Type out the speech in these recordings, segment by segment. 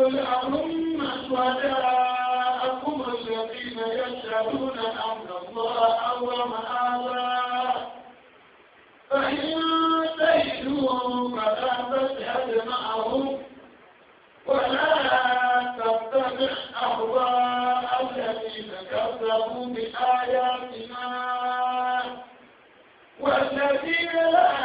قل أهم شهداءكم الذين يشهدون أن الله حرم هذا فإن تجدوا فلا تشهد معهم ولا تتبع أهواء الذين كذبوا بآياتنا والذين لا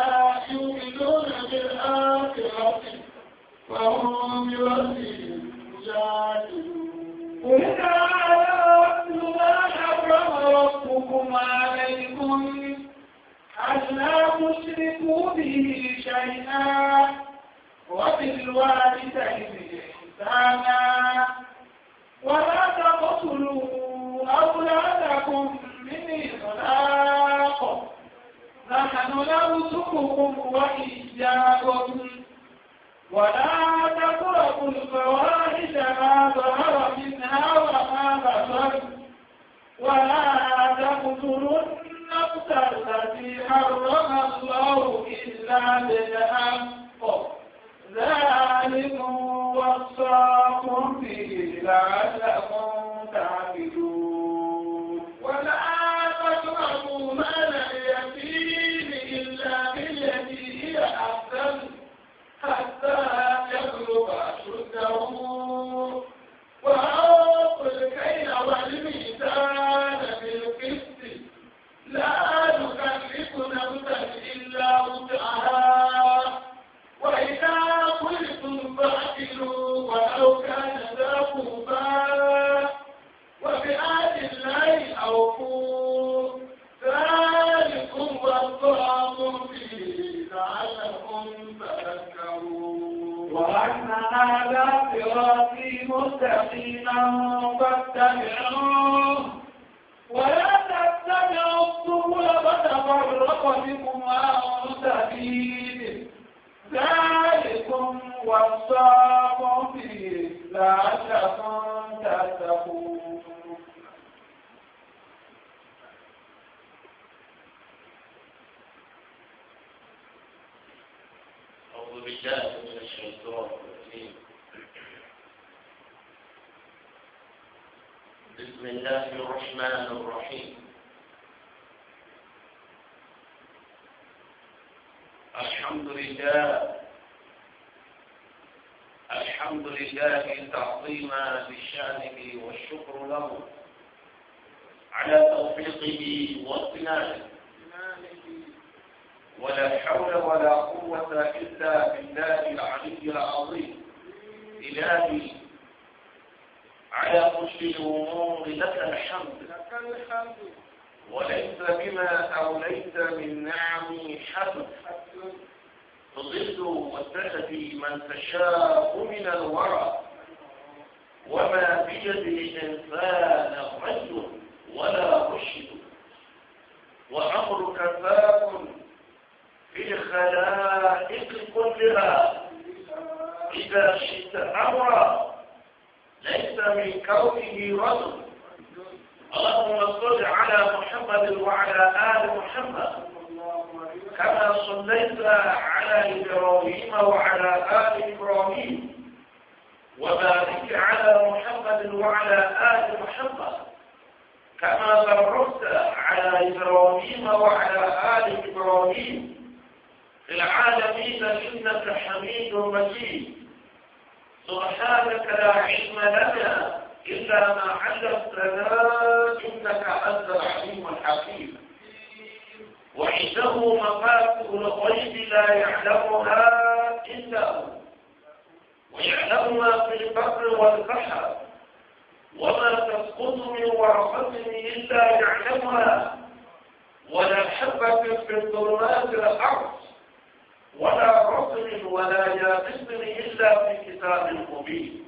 فهم بربهم يعدلون ما حرم ربكم عليكم ألا تشركوا به شيئا وبالوالدين إحسانا ولا تقتلوا أولادكم من إطلاق نحن نرزقكم وإياكم aeaaae haaa nwadaụrụunaụtara adi ha rụụa ọwụaaọ deịiụasụi لا نكلف نفسا إلا وسعها وإذا قلتم فاعدلوا ولو كان ذا قربى وبعهد الله أوفوا ذلكم والطعام فيه لعلهم تذكرون وأن على صراطي مستقيما فاتبعوه ولا تتبعوا السبل فتفرق بكم عن سبيله ذلكم وصاكم به لعلكم تتقون أعوذ بالله من الشيطان الرجيم بسم الله الرحمن الرحيم الحمد لله الحمد لله تعظيما بشأنه والشكر له على توفيقه واطلاله ولا حول ولا قوة إلا بالله العلي العظيم إلهي على كل الأمور لك الحمد لك الحمد وليس بما أوليت من نعم حمد تضل وتهدي من تشاء من الورى وما بجد الإنسان غي ولا رشد وأمرك باب في الخلائق كلها إذا شئت أمرا ليس من كونه رجل اللهم صل على محمد وعلى آل محمد كما صليت على إبراهيم وعلى آل إبراهيم وبارك على محمد وعلى آل محمد كما باركت على إبراهيم وعلى آل إبراهيم في العالمين إنك حميد مجيد سبحانك لا علم لنا إلا ما علمتنا إنك أنت العليم الحكيم وعنده مفاتح الغيب لا يعلمها إلا هو ويعلم ما في البر والبحر وما تسقط من ورقة إلا يعلمها ولا حبة في الظلمات الأرض ولا رطل ولا يابس إلا في كتاب مبين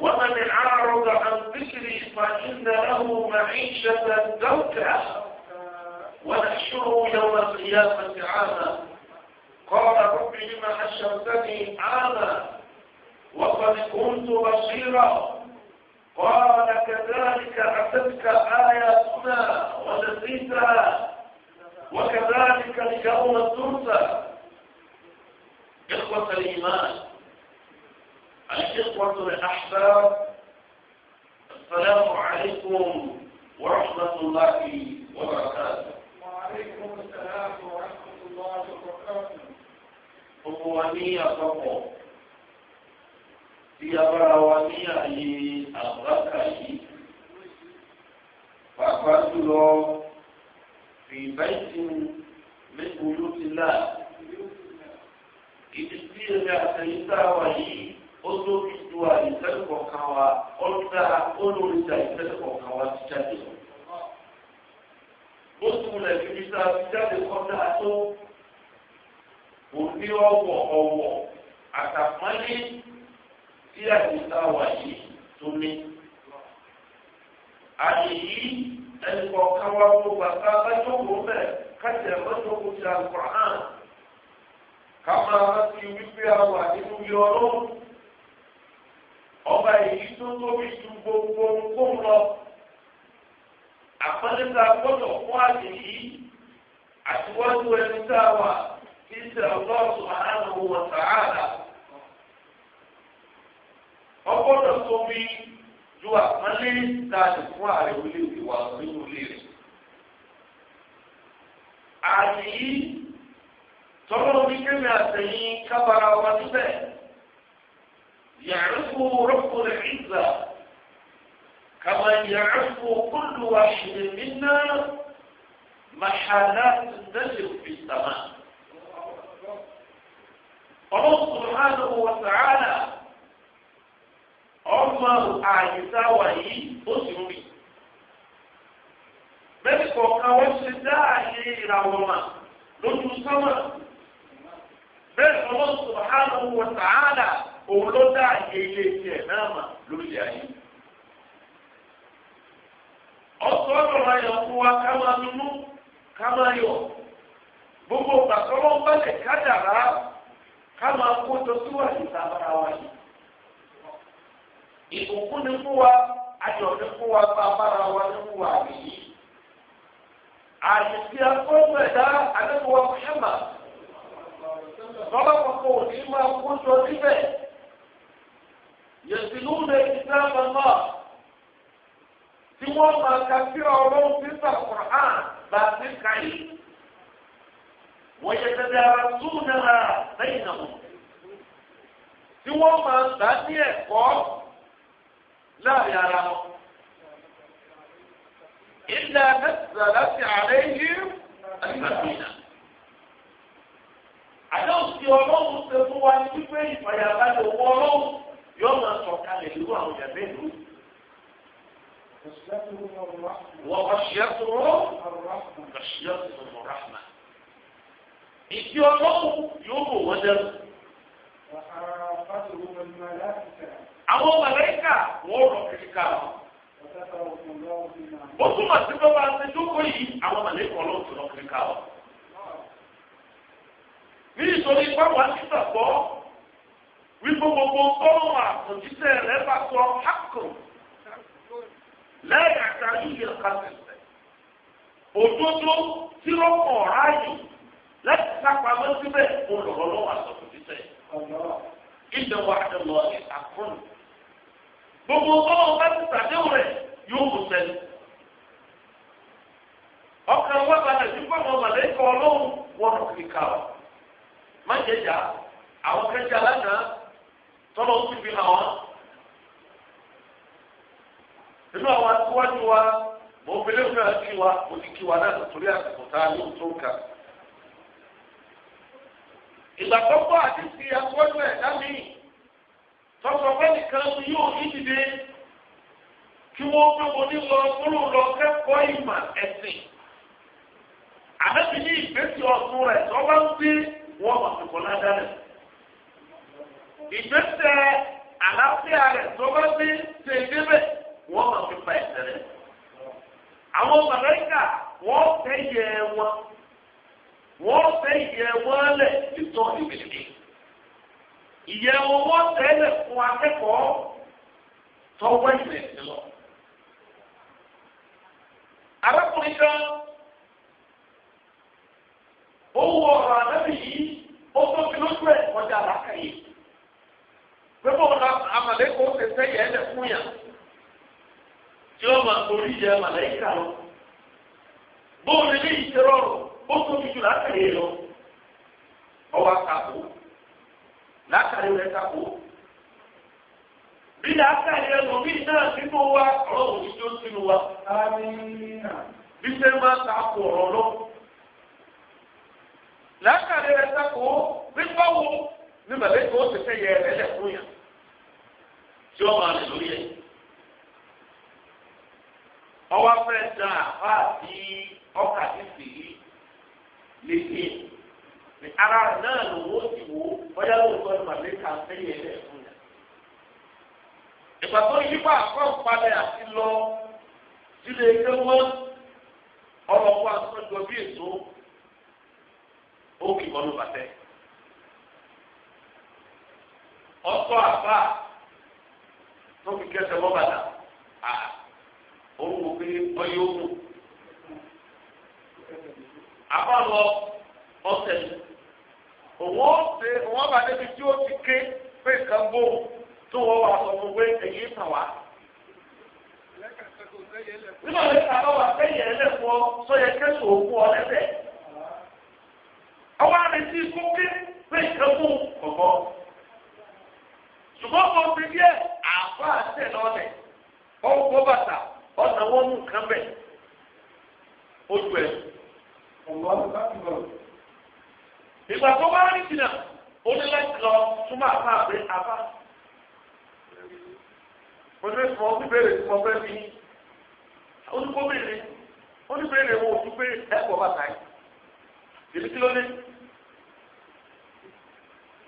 ومن أعرض عن ذكري فإن له معيشة دوكة ونحشره يوم القيامة عاما قال رب لما حشرتني عاما وقد كنت بصيرا قال كذلك أتتك آياتنا ونسيتها وكذلك اليوم تنسى إخوة الإيمان الإخوة الأحباب السلام عليكم ورحمة الله وبركاته وعليكم السلام ورحمة الله وبركاته Gbogbo wa ní àpapọ̀ tí a bára wa ní àyè àbúrákà yìí, ìdí tí èmi àtẹ̀yìntà wà yìí ó tóbi ju àìsẹ́kọ̀ọ́ kan wa ó dára ó lórí ti àìsẹ́kọ̀ọ́ kan wa ti jáde lọ. ó tún lẹ̀ fi ìta jáde kọjá tó òní ọ̀wọ̀ ọ̀wọ̀ àtàpọ́nlé tí àìsẹ́kọ̀ọ́ wà yìí tó ní. àyè yìí ẹnìkọ̀ọ̀kan wa gbogbo àtàlájọ́ kò bẹ̀ kájẹ̀ mọ́tò kò ti àlùkò hàn. káwọn aráàlú wípé a wà nínú ọrụ ọlọ́run ọba èyí tó tóbi ju gbogbo ohunkóhun lọ àpẹẹrẹ gbọ́dọ̀ fún àyè yìí àtiwájú ẹni tá a wà kí n àánú wọn sàárà ọgbọ́dọ̀ tóbi ju àpẹẹrẹ tá a fún فهو بكما سليم كبر وتبه يعرف رب العزة كما يعرف كل واحد منا محالات النجم في السماء الله سبحانه وتعالى عمر عيسى وهي أسرمي ملك وكوش الداعي إلى وما نجو سماء bẹ́ẹ̀ ọlọ́run subhanahu wa ta'ala òun ló dá àyè ilé tiẹ̀ náà mà lórí ayé. ọ̀sọ́ ọ̀rọ̀ ayọ̀ fún wa ká máa dunú ká máa yọ̀ gbogbo gbàtọ́lọ́ ń bẹ̀lẹ̀ kádàrá ká máa kó jọ síwájú ìtàbára wa yìí. ìbùkún ni fún wa ayọ̀ ni fún wa wa a lọ́wọ́ kò ní máa kójọ níbẹ̀. Yẹ̀sìn ló ń lè ní sábà náà tí wọ́n máa ka sí ọlọ́run nípa Kùrán bá ti ka yìí. Wọ́n yẹ tẹ̀lé ara tún náà lẹ́yìn náà. Tí wọ́n máa gbà ní ẹ̀kọ́ láàrin ara wọn. Ilé ẹ̀mẹ́sàlá ti yìí ẹ̀sìn àbínà àdáwòsí ọlọ́run ṣe fún wa ní wípé ìfàyàbalẹ̀ owó ọlọ́run yóò máa sọ kalẹ̀ lórí àwọn ìyá bẹ́ẹ̀ lórí. wọ́n ọ̀ṣẹ́tò ọ̀ṣẹ́tò rahma. ìdí ọlọ́run yóò bò wọ́n dẹ́rù. àwọn màláíkà wọ́n rọ̀ kíríkà wọn. ó túmọ̀ sí pé wọ́n á ti dúkọ́ yìí àwọn màláíkà ọlọ́run tó rọ̀ kíríkà wọn nítorí pàwọ́ àtìgbàgbọ́ wípé gbogbo ọ̀rọ̀ àtòjíṣẹ́ rẹ̀ bá sọ hákò lẹ́yìn àtàrí ìyẹ̀kàtẹ̀sẹ̀ òdodo tí rọ́pọ̀ ráàyè láti sápamọ́ síbẹ̀ olùrànlọ́wọ́ àtòjíṣẹ́ ìjọba àdàlọ́ ìtàkùn gbogbo ọ̀rọ̀ bá ti sàdéhùn rẹ̀ yóò mú sẹ́yìn ọkàn wọ́n balẹ̀ sí pàmò màlẹ́kọ̀ ọlọ́run wọ́n rọ̀ kíkà ọ́ má jẹjà àwọn kẹjà lánàá tọ́lọ́ ó ti fi hàn wọ́n. nínú àwọn aṣíwájú wa mo fi léwu náà kí wa mo ti kí wa náà torí àsìkò tá a lóun tó kà. ìgbà tó kọ́ àti fi aṣíwájú ẹ̀ dá mi tọ́sọ̀ pé nìkan yóò ní dìde kí wọ́n pé mo ní lọ fúlù lọ kẹ́kọ̀ọ́ ìmọ̀ ẹ̀sìn. àbẹ́bí ní ìgbésí ọ̀sùn rẹ̀ tó bá ń gbé wọ́n wà pẹ̀pọ̀ ládàá ìgbésẹ̀ àlàáfíà rẹ̀ tó bá bí ṣe débẹ̀ wọ́n wà pẹ̀pọ̀ ẹ̀sẹ̀ rẹ̀ àwọn màláíkà wọ́n fẹ́ yẹ wọn wọ́n fẹ́ yẹ wọn lẹ̀ títọ́ ìgbèlè ìyẹ̀wò wọ́n tẹ́lẹ̀ fún akẹ́kọ̀ọ́ tọ́wọ́ ìrẹsì lọ arákùnrin kan. ó wọ ọ̀rọ̀ ànábì yìí ó tó fi lójú ẹ̀ akara àlàkà yìí pé bó wọn amàlẹ́kọ̀ọ́ ṣe ẹ̀ lẹ̀ yà tí wọ́n máa torí yẹ màlẹ́kà lọ bó wọn lè ṣe rọrùn ó tó fi jù làákà lọ ọwọ́ àkàkọ́ làákà rẹ̀ kàkọ́ bí làákà rẹ̀ lọ bí náà nínú wa ọ̀rọ̀ òṣìṣẹ́ sínú wa bí sẹ́yìn máa ta àpò ọ̀rọ̀ làákàlẹ rẹ sàkó wípé wo ní màlẹkọ ó ti fẹ yẹ rẹ lẹ fún yàn tí wọn máa lè lórí ẹ ọwọ afẹ da àfáàtì ọkà títì yìí létí ní ara náà lówó ti wò bóyá lóòótọ́ ní màlẹkà fẹ yẹ rẹ fún yàn ìgbà tó yípa àkọ́ǹpadà àti lọ sílé ẹgbẹ́ wọn ọlọ́wọ́ àtúntò bí èso. o kì bọ́ọ̀lù bàtẹ́. ọkọ àbá tó fi kẹsẹ̀ bọ́ bàtà à òun wò pé ọyẹ òkú. àbá lọ ọ̀sẹ̀ òun ó ṣe òun ọba débi tí ó ti ké pé nǹkan gbó tó wọ́n wà sọ fún pé èyí tàn wá nígbà tí a bá wà sẹ́yìn ẹlẹ́fọ́ kẹ́sùn ọwọ́ àrètí kókè pé ìṣẹ́kù kọ̀kọ́. ṣùgbọ́n mo fi díẹ̀ àbá àtẹ̀ lọ́lẹ̀ ọwọ́ gbọ́ bàtà ọ̀nà wọn mú nǹkan bẹ̀ ojú ẹ̀. ìgbà tó wá rí jìnnà ó ní láti lọ súnmọ́ àbá àbẹ́ àbá. mo ní sọ bíbélì tí mo fẹ́ fi oníkó bèrè oníbèrè wo ojú pé ẹ̀kọ́ bàtà yìí. èmi kí ló ní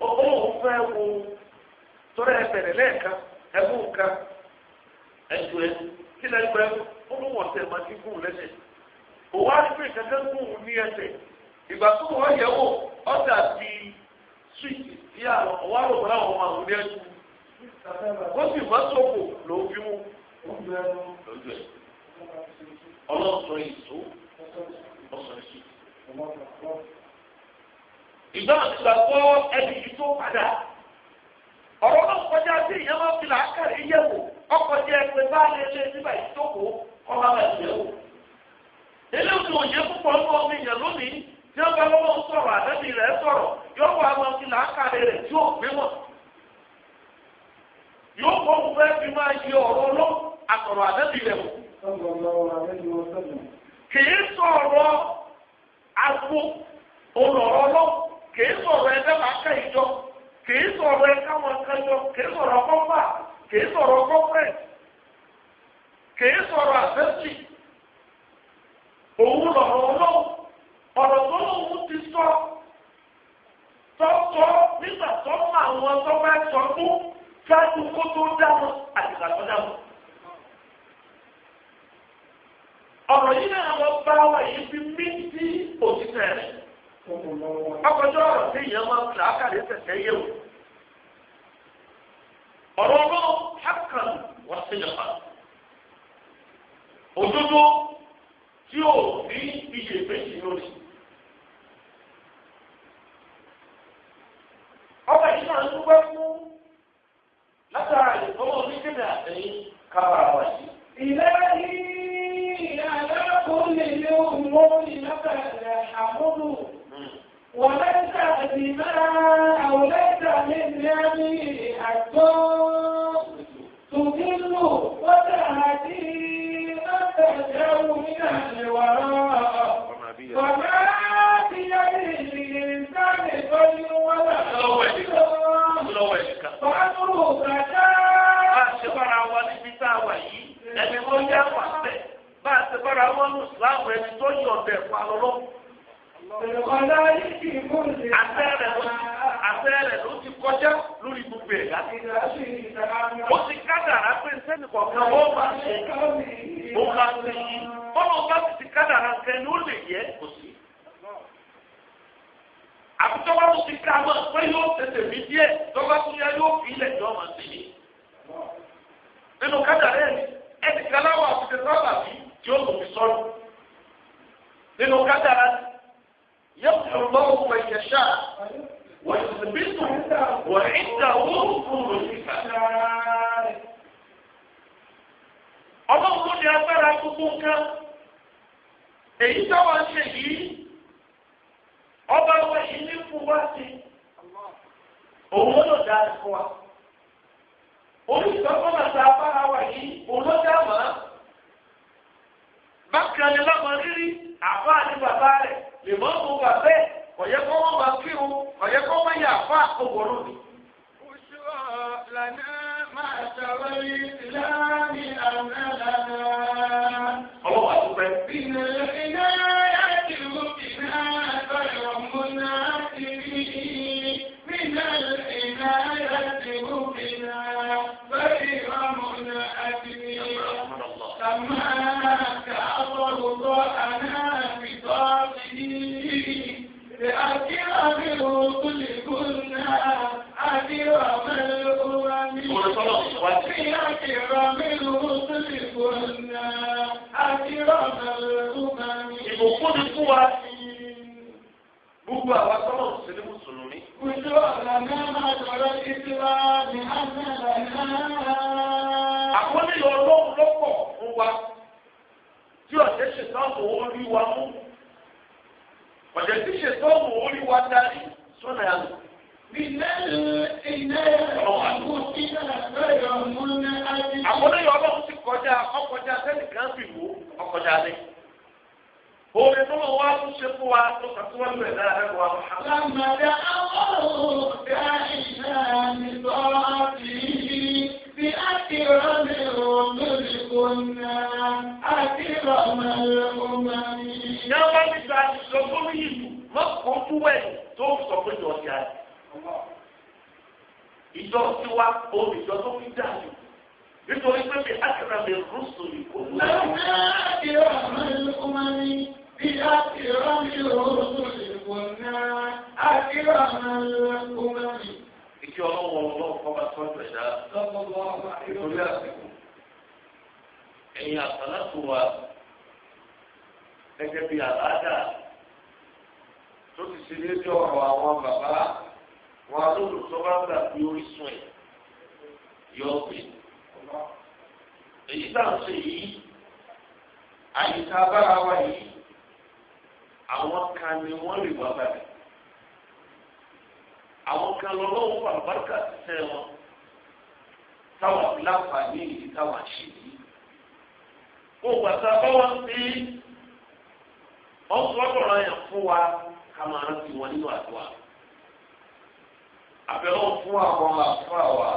òun fẹ́ wo torí ẹ bẹ̀rẹ̀ lẹ́ẹ̀kan ẹ̀mú nǹkan ẹ̀jú ẹ̀ kí lẹ́nu bẹ́ẹ̀ olùwọ̀sẹ̀ máa ti gùn lẹ́sẹ̀ òun á gbé kankan gùn ní ẹsẹ̀ ìgbà tó wọ́n yẹ wò ọ̀dà bíi swíìtì tí àwọn ọ̀wá rò wọ́n àwọn ọmọ àwọn ní ẹ̀jú ó sì má sọ̀kò lòún fi mú lójú ẹ̀ ọlọ́sọ̀ èso ọ̀sọ̀ èso ìjọba ti gbà gbọ́ ẹni yìí tó padà ọ̀rọ̀ náà kọjá sí ìyẹn máa fi làákàrí yẹ̀ wò ọkọ̀ jẹ́ ẹgbẹ́ bá lè lé nígbà ìjókòó ọba bá ti yẹ̀ wò. ilé òkè òye púpọ̀ ń bọ̀ mí yẹn lónìí tí wọ́n bá lọ́wọ́ sọ̀rọ̀ àdẹ́bí rẹ̀ sọ̀rọ̀ yóò wá máa fi làákàrí rẹ̀ tí ò gbé wọ̀. yóò kọ́ fún fẹ́ fi máa yẹ ọ̀rọ̀ ọlọ́ àtọ̀rọ̀ àdẹ́bí rẹ̀ wò. kì í sọ̀rọ̀ àgbo òun ọ̀rọ̀ ọlọ́ kìí e ẹgbẹ́ máa ká ìjọ kìí sọ̀rọ̀ ka ijọ, kájọ kìí sọ̀rọ̀ kọ́fà soro sọ̀rọ̀ kọ́fẹ̀ kìí sọ̀rọ̀ àfẹ́sì òun lọ̀rọ̀ ọlọ́wọ́ ọ̀rọ̀ ti sọ tọ́tọ́ nígbà tó àwọn sọ kó tó dáhùn tó dáhùn. ọ̀rọ̀ yìí náà wọ́n Akọjọ́ ọ̀rọ̀ tí ìyẹn máa ń kà á kàdé tẹ̀tẹ̀ yé o. Ọ̀rọ̀ ọ̀rọ̀ hákàn wọ́n ti yàn án. Òdodo tí ò ní iye méjì lónìí. Ọba yìí náà ń dúpẹ́ fún látara ìfowó oníkèdè àtẹ̀yìn kábàárà wá sí. Ìlẹ́yìn àlẹ́ kò lè lé ìlàkàlẹ̀ àmúlò. وليس الدماء وليس من يعني الدور تضل وتهدي من تهجر من الوراء وما بيده للإنسان خير ولا فأمره فتاه Àṣebára wọn níbi tá a wà yìí, ẹni tó yá wà bẹ́ẹ̀. Bá a ṣe bára wọn ní ìsìláàmù ẹni tó yọ̀ ọ̀dẹ̀ pa lọ́lọ́. Àfẹ́rẹ̀ ló ti kọjá lórí gbogbo ẹ̀dá. Ó ti kádàrá pé sẹ́nì kọ̀ọ̀kan ó bá ṣe. Ó bá ṣe yí. Bọ́lá bá ti kádàrá kẹ́ ni ó lè yẹ kò sí. Àbújọ́ wa ló ti ká mọ̀ pé yóò tètè mí díẹ̀ lọ́gbà tó yẹ yóò fi ilẹ̀ jọ mọ̀ sí mi. Nínú kádàrá ẹ̀ ẹnìkan láwọn àfikẹ́ sábà bí tí ó lò fi sọ́nù. Nínú kádàrá ti. يغفر الله من يشاء ويثبته وعنده أم الكتاب ọlọ́run ló ní agbára gbogbo nǹkan èyí táwa ń ṣe yìí ọba wa yìí ní fún wa sí òun bákan ni àbá ní bàbá ìmọ̀ òun wà bẹ́ẹ̀ ọ̀yẹ́ kọ́ wọ́n máa kí òun ọ̀yẹ́ kọ́ wọ́n yà fà owó lónìí. Oṣùwọ̀ lànà máa ṣàwọn ìsìlámì àná Ọlọ́wà tó fẹ́. Ìnà iná láti wù iná àtọ̀yọ̀ múná ti rí. Ìnà iná láti wù iná bẹ́ẹ̀ ìrọ̀mùnà àti rí. Kàmá kà á bọ̀ lọ́wọ́ àná àbìtọ́ mi. Ìbùkún ni fún wa gbogbo àwa tọ́lọ̀ sí ní mùsùlùmí. Ojú ọ̀la náà máa sọ̀rọ̀ ìtura ní àmàlà náà. Àkọ́lé ọlọ́run lọ́pọ̀ fún wa tí ọ̀sẹ̀ ṣe sáà owó rí wa mú ọ̀dẹ̀ tí ṣètọ́ọ̀mù orí wa darí sọ́nà àlù. Àwọn olóyè ọlọ́run ti kọjá ọkọjá sẹ́nìkan sì wò ọkọjá lé. Oore tó lọ wá tún ṣe fún wa tó ṣàtúwọ́lù ẹ̀ dára lẹ́nu wa. Lámàdà àwọn òkè àìsàn ìtọ́ àti. أكرم الرسل كنا أكرم الأمم Ní ọba ti gba àtìsọ gbórí ìlú, wọ́n kàn fún ẹ̀ tó sọ pé jọ ti àjẹ́. Ìjọ tí wá òun ìjọ tó fi dà jù. Nítorí pé bí àkàrà mi rúṣù ní kò ní. Lọ́nà àkìrọ̀ àmọ́ ìlú kọ́má ní bí ìṣe ọlọ́wọ́ ọlọ́wọ́ kọ́ba sọ́jọ́ ẹ̀dá lórí àsìkò ẹ̀yin àsàlátù wa gẹ́gẹ́ bí àlàáda tó ti ṣe lédè ọ̀rọ̀ àwọn bàbá wọn alólùsọ bá gbà bí orísun ẹ̀ yọ pé èyí tá ṣe yìí àyíká bára wa yìí àwọn kan ni wọ́n lè wá bàbá àwọn kan lọ́wọ́ wà bárúkà tẹ wọn táwọn láǹfààní yìí táwọn ṣe yìí. ó gbàtà báwọn sí ọ̀sọ́dọ̀rọ̀ yẹn fún wa ká máa rántí wọn nínú àdúrà. àbẹ̀wò fún àwọn àfúrà wa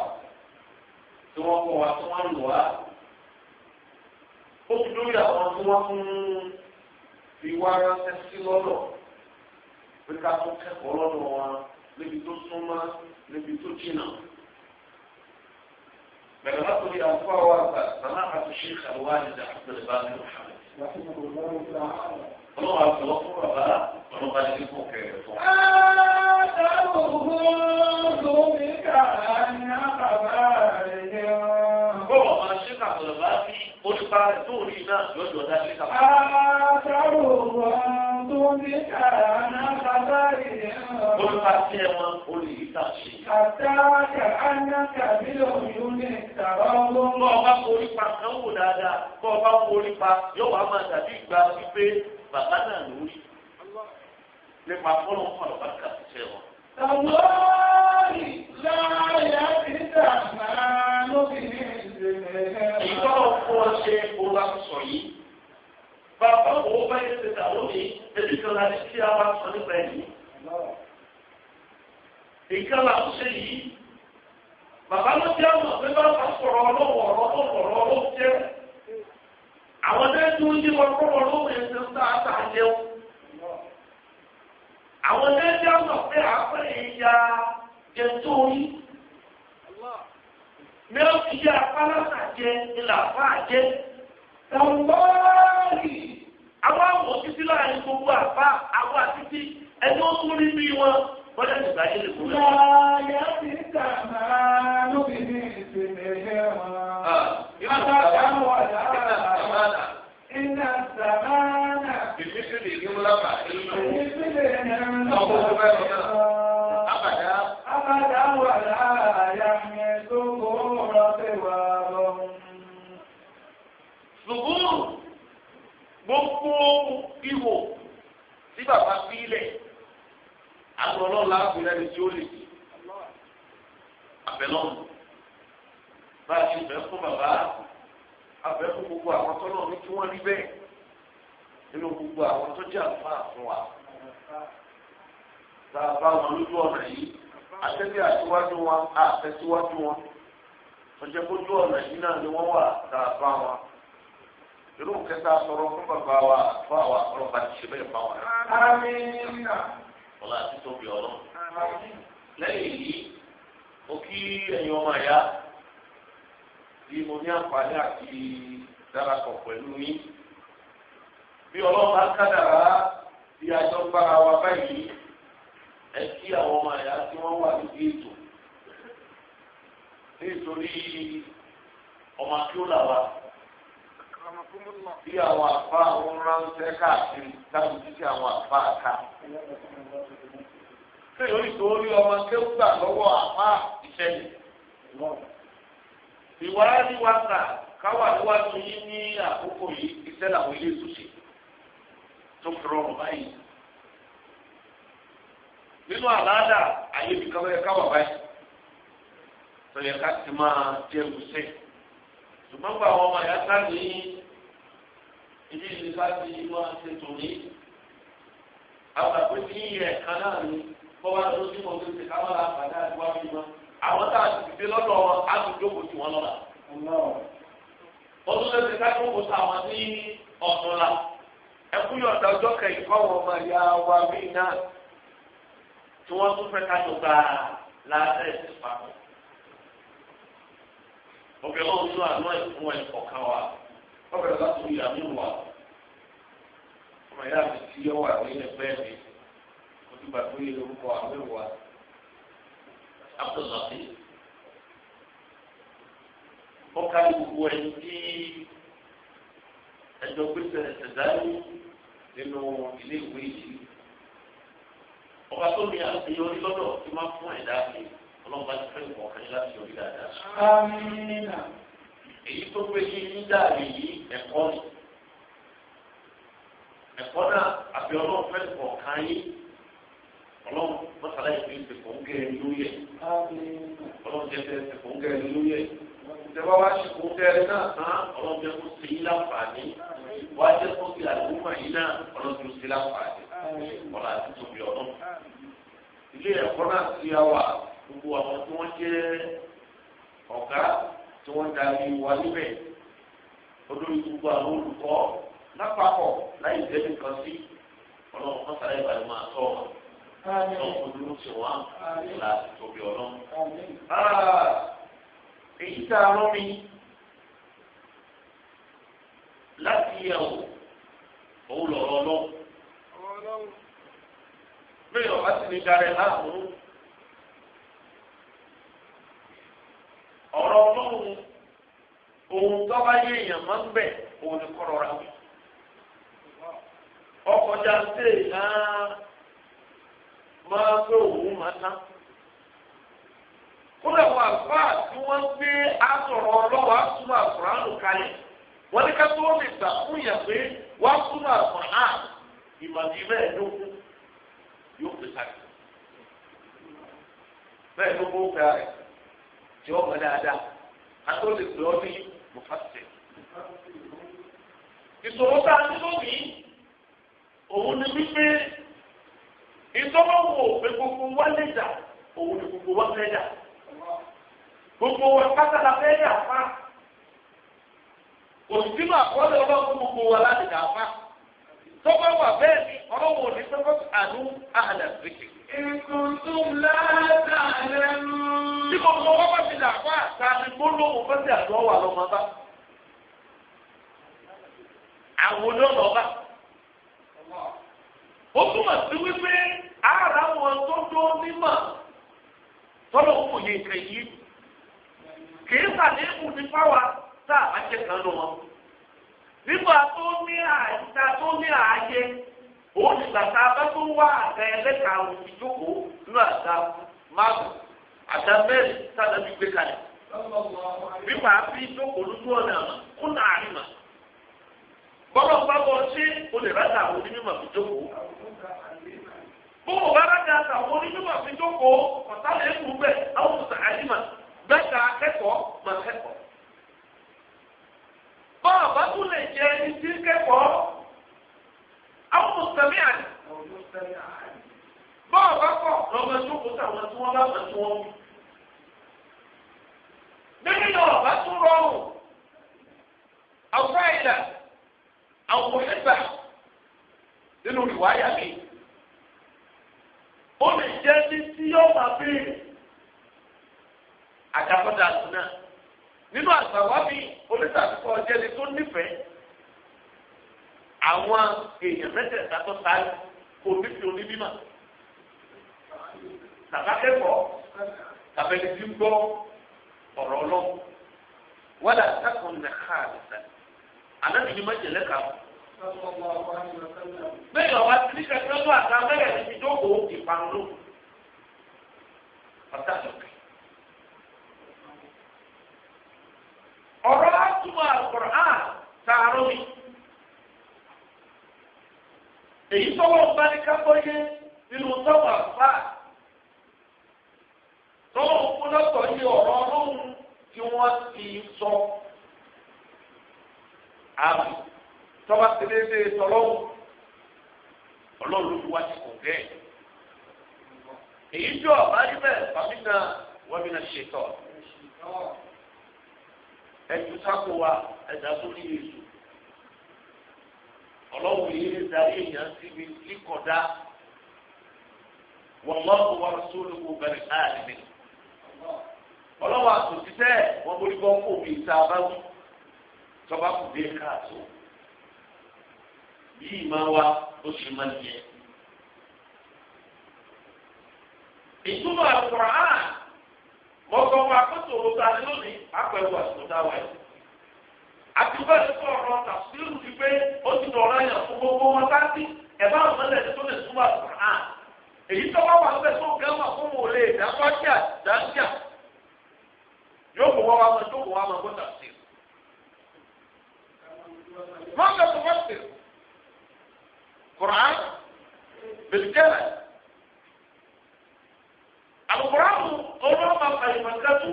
tí wọ́n kọ́ wa tí wọ́n lò wá. ó fi lórí àwọn tí wọ́n fún fi wá ránṣẹ́ sí lọ́dọ̀ pé ká tún kẹ́kọ̀ọ́ lọ́dọ̀ wọn níbi tó súnmọ́ níbi tó jìnnà. bẹ̀rẹ̀ láti rí àfọ́ àwọn àgbà sàmà àti sheikh alwalid abdul bari muhammed. ọlọ́run àti ọlọ́ fún bàbá ọlọ́run bá nílé fún kẹrẹ fún. Bọ́ọ̀ máa ṣe kàkọ̀lọ̀ bá bí olùkọ́ àti òní náà lọ́jọ́ dá ṣe kàkọ̀lọ̀. كنتم بكان خبائر قل فاتيما قل إتاشي حتى كأنك بالعيون تراهم kọ́ bá forí pa kan ìgbà wípé ṣe kó yìí bàbá wo bá yẹ ṣe tàwọn mi ẹbí kan láti kí a wá sọ nípa ẹ̀yìn. nǹkan là ń ṣe yìí bàbá ló jẹ́ àwọn ọ̀gbẹ́ bá bá sọ̀rọ̀ ọlọ́wọ̀ ọ̀rọ̀ ọ̀rọ̀ ló jẹ́ àwọn ẹgbẹ́ tó ń yí wọn kọ́rọ̀ lóhùn ẹsẹ̀ ń tà tà jẹun. àwọn ẹgbẹ́ jẹ́ àwọn ọ̀gbẹ́ àpẹ́ ìyá jẹ̀tó orí. mẹ́rin fi apá lásà jẹ ìlà fáà jẹ. tàwọn bọ́ọ̀lì àwọn àwọn títí láàrin gbogbo àpá àwọn àtítí ẹni ó tún rí bí wọn bọ́dẹ̀ nígbà yẹn lè kúrò. láyé ti kà máa lóbi ní ìsinmi ẹ̀ wọn. ìwádìí àwọn ọ̀dà àmàlà. iná sàmánà. ìfísílì ní múlábà ìlú. ìfísílì ní múlábà ìlú. abàdá. abàdá wà láàyà mi tó wọ. gbogbo ihò tí bàbá fi lẹ̀ àgbọ̀ náà láàbù lẹ́nu tí ó lè di àbẹ̀lọ́nù bá a ti fẹ́ fún bàbá abẹ́ fún gbogbo àwọn tó náà ní kí wọ́n rí bẹ́ẹ̀ nínú gbogbo àwọn tó jẹ́ àǹfààní fún wa tá a bá wọn lójú ọ̀nà yìí àtẹ́bí àtiwájú wọn àtẹ́síwájú wọn tó jẹ́ ọ̀nà yìí náà ni wọ́n wà tá a bá wọn irú nǹkan tá a sọ̀rọ̀ fún bàbá wa fún àwa ọlọ́ba ti ṣe bẹ́ẹ̀ fáwọn. ọlá àti tóbi ọlọ́. lẹ́yìn yìí mo kí ẹ̀yin ọmọ ẹ̀yà bí mo ní àǹfààní àti darapọ̀ pẹ̀lú mi. bí ọlọ́ba kádàrá bí ajọ́ gbára wa báyìí ẹ kí àwọn ọmọ ẹ̀yà tí wọ́n wà níbi ètò nítorí ọmọ akíọ́là wa bí àwọn àfa ń ránṣẹ́ káàkiri táwọn títí àwọn àfa ká. ṣé yóò tó rí ọmọ kéwùgbà lọ́wọ́ àfa ìṣẹ̀lẹ̀? ìwà níwáta káwà níwájú yín ní àkókò yìí iṣẹ́ làwọn ilé ìtúsí tó fi rọrùn báyìí. nínú àlàádà àyè ìbìkan bẹ́ẹ̀ káwà báyìí sọ̀yẹ̀ ká ti máa jẹ́ ìwúsẹ́ ṣùgbọ́n gba àwọn ọmọ ìyá ní ibi ìlúgba ti máa ṣe tòní àwọn àpótí rẹ̀ kan náà ni bọ́wá lọ́dún tí mo ti ṣe káwọn àǹfààní àdúrà fi mọ́ àwọn tá a ti fi lọ́dọ̀ wọn á ti jókòó tí wọ́n lọ́la. ọdún lẹ́sẹ̀ ká jókòó sáwọn ní ọ̀tún la ẹkú yọ ọ̀dà ọjọ́ kẹyìn fáwọn ọmọ ìyá wa mí náà tí wọ́n tún fẹ́ ká tó gba láàrẹ̀ papọ̀. obìnrin ọ̀hún ló àná ìfún ẹ̀kọ́ kan wa ọbẹ̀rẹ̀ láti rí àmínú wa ọmọ ìyá mi ti yọ wà ní ẹgbẹ́ mi ojúbà tó yẹ orúkọ àwẹ̀ wa abdullahi ọkà gbogbo ẹ̀ ní ẹjọ́ gbèsè ẹ̀dáyé nínú ilé ìwé yìí ọba tó ní àṣeyọrí lọ́dọ̀ tó máa fún ẹ̀dá mi ọlọ́run bá ti fẹ́ ìwọ̀n kan láti yọrí dáadáa èyí tó pé ní nídàrí yìí ẹ̀kọ́ ni ẹ̀kọ́ náà àfi ọlọ́run fẹ́ kọ̀ọ̀kan yín ọlọ́run mọ́sálá yìí fi kò ń gẹ̀rẹ́ lóye ọlọ́run jẹ́ fẹ́ fi kò ń gẹ̀rẹ́ lóye ìjọba wa ṣe kò ń gẹ̀rẹ́ náà tán ọlọ́run jẹ́ kó ṣe yín láǹfààní wá jẹ́ kó ṣe àdúgbò yín náà ọlọ́run jẹ́ ṣe láǹfààní ọ̀là àti tòbí ọlọ́run ilé ẹ̀kọ́ náà ti wà gbogbo àwọn tí wọ́n jẹ́ ọ̀gá tí wọ́n darí wa níbẹ̀ olórí gbogbo àwọn olùkọ́ lápapọ̀ láì dẹ́nu kan sí ọlọ́run kan sáré ìbàdàn máa tọ́ wọn lọ́wọ́ olóró tí wọ́n là tóbi ọlọ́run. Ah! èyí tá a rán mi láti yẹ o òun lọ̀rọ̀ lọ. bẹ́ẹ̀ ọ̀gá sì ní darẹ̀ láàmú. ọ̀rọ̀ ọlọ́run ohun tó bá yé èèyàn máa ń bẹ̀ òun ni kọ́ rọra wù. ọkọ̀ já èèyàn máa gbé òun máa tán. kúlẹ̀ wà fà tí wọ́n gbé asọ̀rọ̀ ọlọ́wọ́ asúnmọ̀ àkùránù kalẹ̀ wọ́n ní ká tó lè gbà fún yàn pé wọ́n tí wọ́n mọ̀ dáadáa àti ó lè pè ọ́ ní mufasir. ìṣòro tá a ní lónìí òun ni wípé ìtọ́wọ́wò pé gbogbo wa lè dà òun ni gbogbo wa fẹ́ dà gbogbo wa pátálà fẹ́ dà fa òsínú àkọọ́lẹ̀ ọlọ́run gbogbo wa láti dà fa tọ́wọ́ wà bẹ́ẹ̀ ni ọlọ́run ò ní sọ́kọ́ àánú àhàlà Ìkùntùm láta lẹ́nu. Bí gbogbo wọn bá ti dà fún àṣà ni gbólóhùn bá ti àjọ wà lọ́mọ bá. Àwọn olóòlò ọba. Ó túmọ̀ sí wípé ara wọn tó dó nímọ̀ tọ́lọ̀ kò yẹ nǹkan yìí. Kìí sàlékù ní fáwa tá a bá jẹ́ kan lọ́wọ́. Nígbà tó ní àyíká tó ní ààyè òun ti gbàgbà bá tó wá àgbà ẹlẹ́ka òfin jókòó nínú àgbà márùn àgbà mẹ́rin sábà bí gbé kalẹ̀ bí wàá fi jókòó lójú ọ̀nà àmà kó láàrin mà bọ́lá ń bá bọ́ ṣé o lè rájà àwọn onímọ̀ fi jókòó bó o bá rájà àwọn onímọ̀ fi jókòó ọ̀tá lè kú bẹ́ẹ̀ àwọn òṣèlú àdìmọ̀. wọn bá pẹ̀lú wọn. gbọ́ ọ̀rọ̀ lọ wàlà sàkùn nà ká àbẹ̀sà ànábìyí má jẹ̀lẹ̀ kà ó. bẹ́ẹ̀ lọ́wọ́ ní kẹsàn-án lọ́wọ́ àti abẹ́rẹ́ ti fi jókòó ìparun ló ọ̀tá lọ́kẹ́. ọ̀rọ̀ àtúmọ̀ àkùrọ̀ á sàárọ̀ mi. èyí tọ́wọ́ ń bá ní kápọ́ yé nínú tọ́wọ́ àfáà tọ́wọ́ lọ́tọ̀ ní ọ̀rọ̀ ọlọ́run tí wọ́n ti sọ àbí tọ́ba tẹ̀lé tọ́lọ́run ọlọ́run ló wá sí kò bẹ́ẹ̀. èyí jọ àbájú bẹ́ẹ̀ fàmínà wọ́n mi náà ṣètọ́ ẹtù sáko wa ẹ̀dá sórí èso ọlọ́run yìí ń darí èèyàn síbi kíkọ̀dá wọ́n lọ́kùn wọn sólùkù bẹ̀rẹ̀ káàdì nìkan. ọlọ́wọ́ àtòsíṣẹ́ wọn borí bọ́ kó mi ìta abáwí tọ́ba kù dé káàtó bí ìmọ̀ wa ó ṣe máa ń yẹ. ìtumọ̀ àkùrọ̀ á mọ̀kọ́ kótó òrùka lónìí àpẹ̀wò àtúntà wa yìí. àtúbọ̀ ẹ̀kọ́ ọ̀rọ̀ tàbí ó ti dọ̀rọ̀ fún gbogbo wọn ẹ̀bá ọ̀sán tó lè èyí tó wá wà lọ́bẹ̀ tó gẹ́wà fún mi ò lè dáńgbà jà dáńgbà yóò kó wá wá mọ yóò kó wá mọ kó tà sí. wọ́n fẹ́ fọwọ́ sí kuran bilikẹ́lẹ̀ alukuraanu ọlọ́ọ̀ma fàyìmọ̀kẹ́tù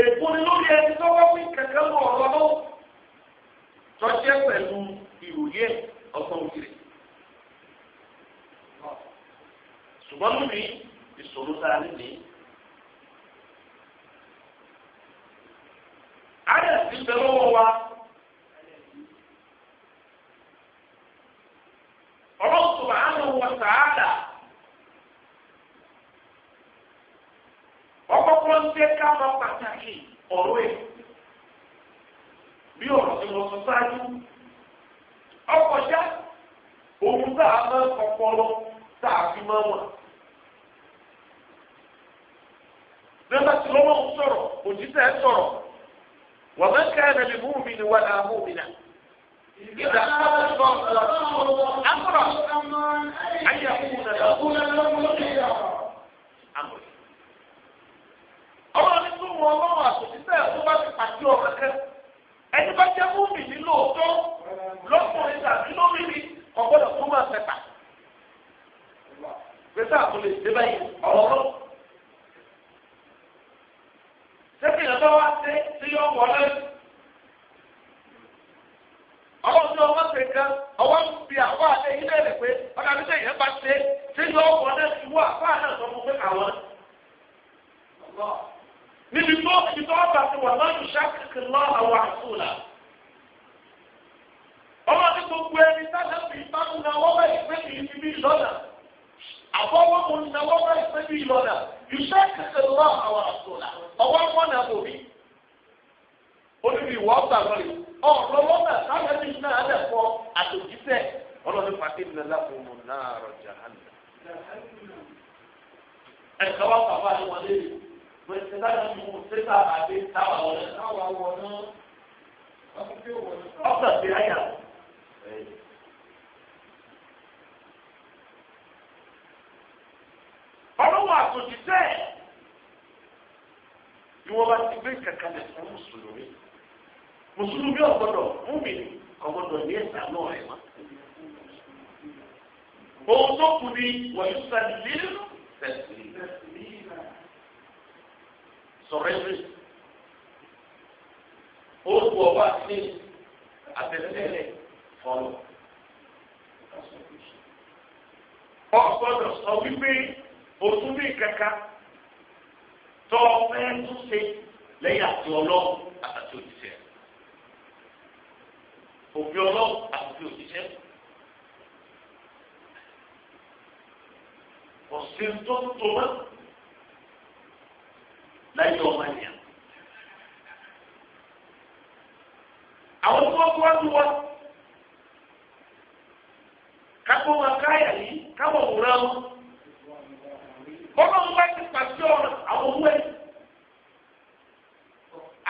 èkó ni lórí ẹni tó wá wí kẹ̀kẹ́ lọ́wọ́ lọ́wọ́ tọ́jú ẹ pẹ̀lú ìròyìn ẹ̀. ọgbọ́n wíìlì ṣùgbọ́n níbi ìṣòro tá a nílé. ayẹ̀sì ti bẹ lọ́wọ́ wa. ọlọ́run subhanahu wa ta'ala. ọkọ̀ọ̀kan ń pàtàkì ọ̀rọ̀ ẹ̀ bí ọ̀rọ̀ ti sọ sáájú ọkọjá òun tá a máa kọpọlọ tá a fi máa wà. nígbà tí lọ́wọ́ ń sọ̀rọ̀ òjíṣẹ́ sọ̀rọ̀ wà máa ká ẹ̀rọ lè mú mi ní wà láà mú mi nà. ọlọ́run tó bá ti pàṣẹ ẹni tá a tún lè ṣe kalẹ̀ fún mùsùlùmí mùsùlùmí ọ̀gbọ́dọ̀ múmi ọ̀gbọ́dọ̀ ní ẹ̀sà náà ẹ̀ mọ́. ohun tó kù ni wàyí sàlẹ̀ sọ̀rọ̀ ẹ̀rí orúkọ ọba sí àtẹ̀lẹ́lẹ̀ fọlọ́. ọ̀gbọ́dọ̀ sọ wípé òtún bí kankan tọ́ ọ fẹ́ tún ṣe lẹ́yìn àti ọlọ́run àtàtì òṣìṣẹ́ òbí ọlọ́run àtàtì òṣìṣẹ́ ọ̀sìn tó ń tó mọ́ lẹ́yìn ọmọ ènìyàn. àwọn tó wọ́n tó wá tó wá kápó wọn káyà yìí káwọ̀ òwúrọ̀ wọn. bọ́lá wọn bá pàṣẹ ọ̀rọ̀ àwọn owó ẹ̀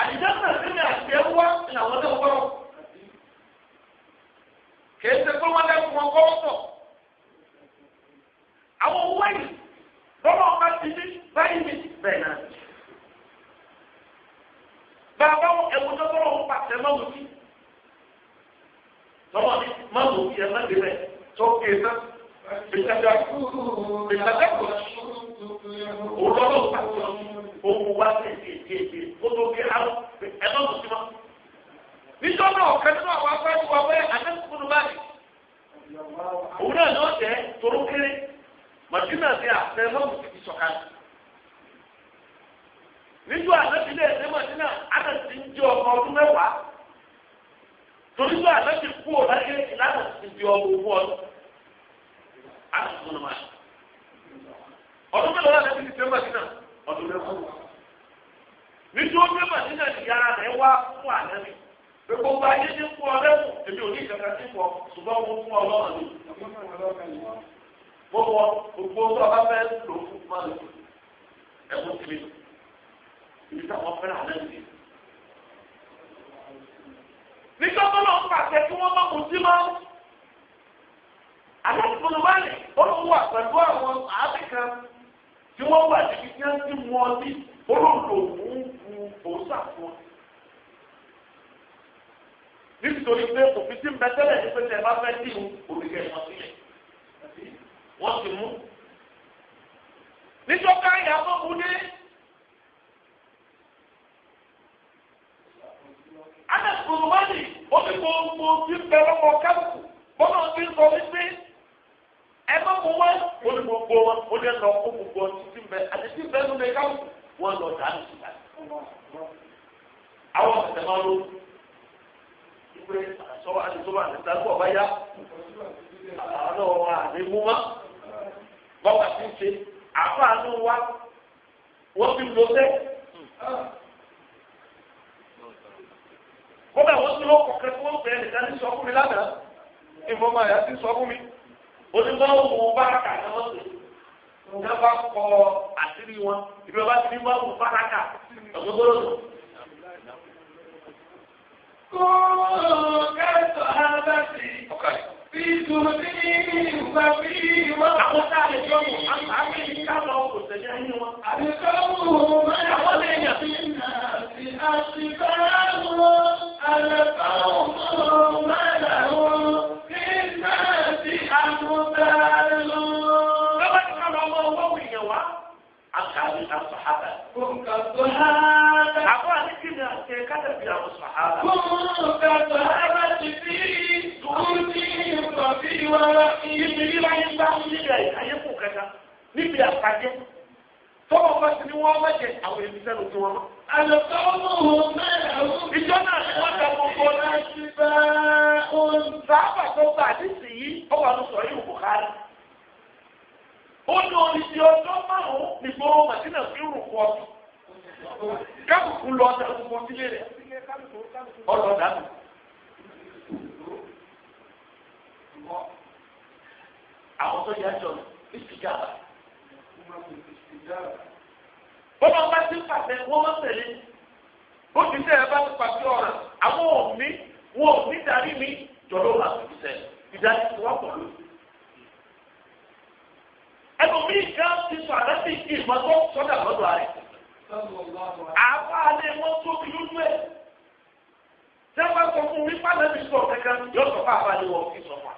àdìjọ́sìn sílẹ̀ àti ẹ̀rú wá ní àwọn tó ń gbọ́rọ̀ kìí ṣe pé wọ́n lẹ́kùn wọn gbọ́rọ̀ pọ̀ àwọn owó yìí lọ́wọ́ ọba ti ní báyìí mi bẹ́ẹ̀ náà bàbá ẹ̀wù tó gbọ́rọ̀ ń pàṣẹ máa wù sí lọ́wọ́ ní máa wù sí ẹ̀ má dé bẹ́ẹ̀ tó kéé náà ìtajà ìtajà kò òun lọ́wọ́ pàṣẹ máa wù sí. òun wá sí èdè èdè kó tó gé àwọn ẹ̀rọ mùsùlùmá. níjọ́ náà kẹ́tí náà wá fẹ́ wá wẹ́ àtẹ́kùnkùn báyìí. òun náà yóò jẹ́ toró kéré màdínà sí àtẹ lọ́wọ́ ti sọ̀ka. níjọ́ àtẹ́sílẹ̀ ẹ̀dẹ́ màdínà àtẹ̀sí ń jẹ́ ọmọ ọdún mẹ́wàá. torí pé àtẹ́sí kú ọ̀dájú ìlànà ti ọmọ owó ọdún. àtẹ̀sí ọdún mẹ́wàá ọdún mẹ́fọ́. nítorí ó gbé màdínà ní yàrá rẹ̀ wá fún ànábì pé kó bá yé ní fún ọ lẹ́kùn èmi ò ní ìkàkà sí fún ọ ṣùgbọ́n mo fún ọ lọ́rọ̀ mi. mo wọ gbogbo tó a bá fẹ́ lò fún má lò ẹ̀kún ti mi ibi táwọn fẹ́ràn ànábì. nítorí tó lọ́n pàṣẹ kí wọ́n má mú sí máa àlọ́ ó lọ wà pẹ̀lú àwọn àáfíkà tí wọ́n wà níbi tí wọ́n ti mú ọ ní olóńgbò ń bu òòsà fún ọ. nítorí pé òfin tí ń bẹ tẹ́lẹ̀ ní pẹ́tẹ́ bá fẹ́ dì í òrìkẹ́ wọn sílẹ̀ wọ́n ti mú. nítorí káyà tó kú dé. alẹ́ kùrùmánì ó ti gbogbo tí ń bẹ lọ́kọ̀ kẹ́kù bọ́lá ti sọ wípé ẹ bá wọ wá wọn gbogbo wọn wọn dẹ lọ kó gbogbo títí bẹ àtẹtí bẹ nù bẹ káwọn wọn lọ dànù síta àwọn ọ̀sẹ̀ máa ló ìpè àtọ́wọ́ àtẹtọ́wọ́ àtẹtàgbọ́ ọba yá àwọn ọmọ àdéhùn wá bọ́wọ́ àti ṣe àfààní wá wọ́n fi lọ sẹ́. kódà wọ́n ti lọ́kọ̀ọ́kẹ́ fún ọ̀gbẹ́ nìkan ní sọ fún mi lánàá ìfọ̀mọ̀ àyà ti sọ fún mi onímọ̀wò bàtà ni wọ́n pè é ní bá kọ àṣírí wọn ìbí wọn bá ti ní mọ̀wò bàtà ọ̀gbọ́gbọ́rọ̀ lọ. kó kẹ́sọ̀ alábàtì fi dùn sí ìgbà bí wọ́n. àwọn tá a lè jọ mọ̀ kò tẹ̀lé ayé wọn. àbíkọ́ wò máa ń wọ́n lè yàn. àti àti bá wọn alẹ́ wọn أصحاب الصحابة هم كالصحابة أقول لك كده كتب يا الصحابة هم كالصحابة في سكوتهم وفي ورقهم أيقوا كذا níbi àpàdé tọ́wọ́ bá ti ní wọ́n má jẹ àwọn èmi sẹ́nu tí wọ́n mọ́. àlùkò ọmọ mẹ́rin. ìjọ náà ni wọ́n ta gbogbo náà. ṣùgbọ́n òun sábà tó gbà nísìnyí ọwọ́ àlùsọ̀ yìí ò bùkárí ó ní oníṣẹ́ ọjọ́ márùn-ún nígboro màdínà fi ń rùn pọ̀ kábùkù lọ ọjà gbogbo sílé rẹ̀ ọlọ́ dànù. àwọn tó yá jọ ìsìkàrà wọ́n máa bá ti pàṣẹ wọ́n máa tẹ̀lé bó ti sẹ́ ẹ bá ti pàṣẹ ọ̀ràn àwọn ò ní wọn ò ní darí mi jọ̀rọ̀ làwọn ti sẹ́ ìdájí wọn pọ̀ lóṣù ẹlòmíì kan ti sọ àdáṣe ìdí ìmọ̀tọ́ sọ́dà lọ́dọ̀ rẹ̀. àbá alẹ́ wọn tóbi lójú ẹ̀. sẹ́wọ́n sọ fún mi pálẹ̀ mi sọ kankan yóò sọ fún àbálẹ̀ wọn kí sọ fún wọ́n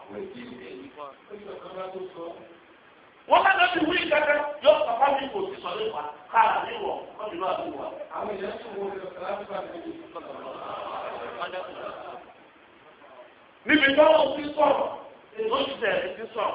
bá lọ́ọ́ fi wí kankan yóò sọ fún mi kò sí sọ nípa káàdì níwọ̀ kọ́ni lọ́ọ́ fi wà. àwọn èèyàn tó wọ níbi tó ń fi sọ̀rọ̀ ló ti tẹ̀lé ti sọ̀rọ̀.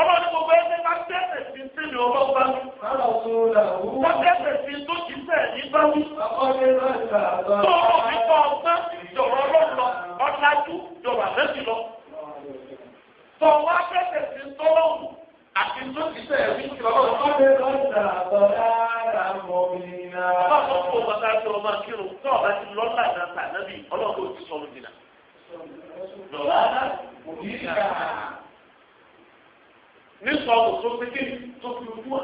ọmọ ní gbogbo ẹgbẹ́ bá tẹ́sẹ̀ sí sí ni ọmọ bá wí. wọ́n tẹ́sẹ̀ sí tó ti sẹ̀ ní bá wí. tó o fi kọ́ ọgbẹ́ jọ̀rọ̀ lọ́lọ́ ọ̀làjú jọ̀rọ̀ àlẹ́sì lọ. tó o wá tẹ́sẹ̀ sí tó lọ́wọ́ àti tó ti sẹ̀ wí. ọmọ ní lọ́sà àbọ̀dá àmọ́ mi náà. ọmọ tó kó bàtà tó o máa kírun tó o bá ti lọ́lá náà tà nábì ọlọ́run nípa ọkọ̀ tó fi kí tó fi ojú wa.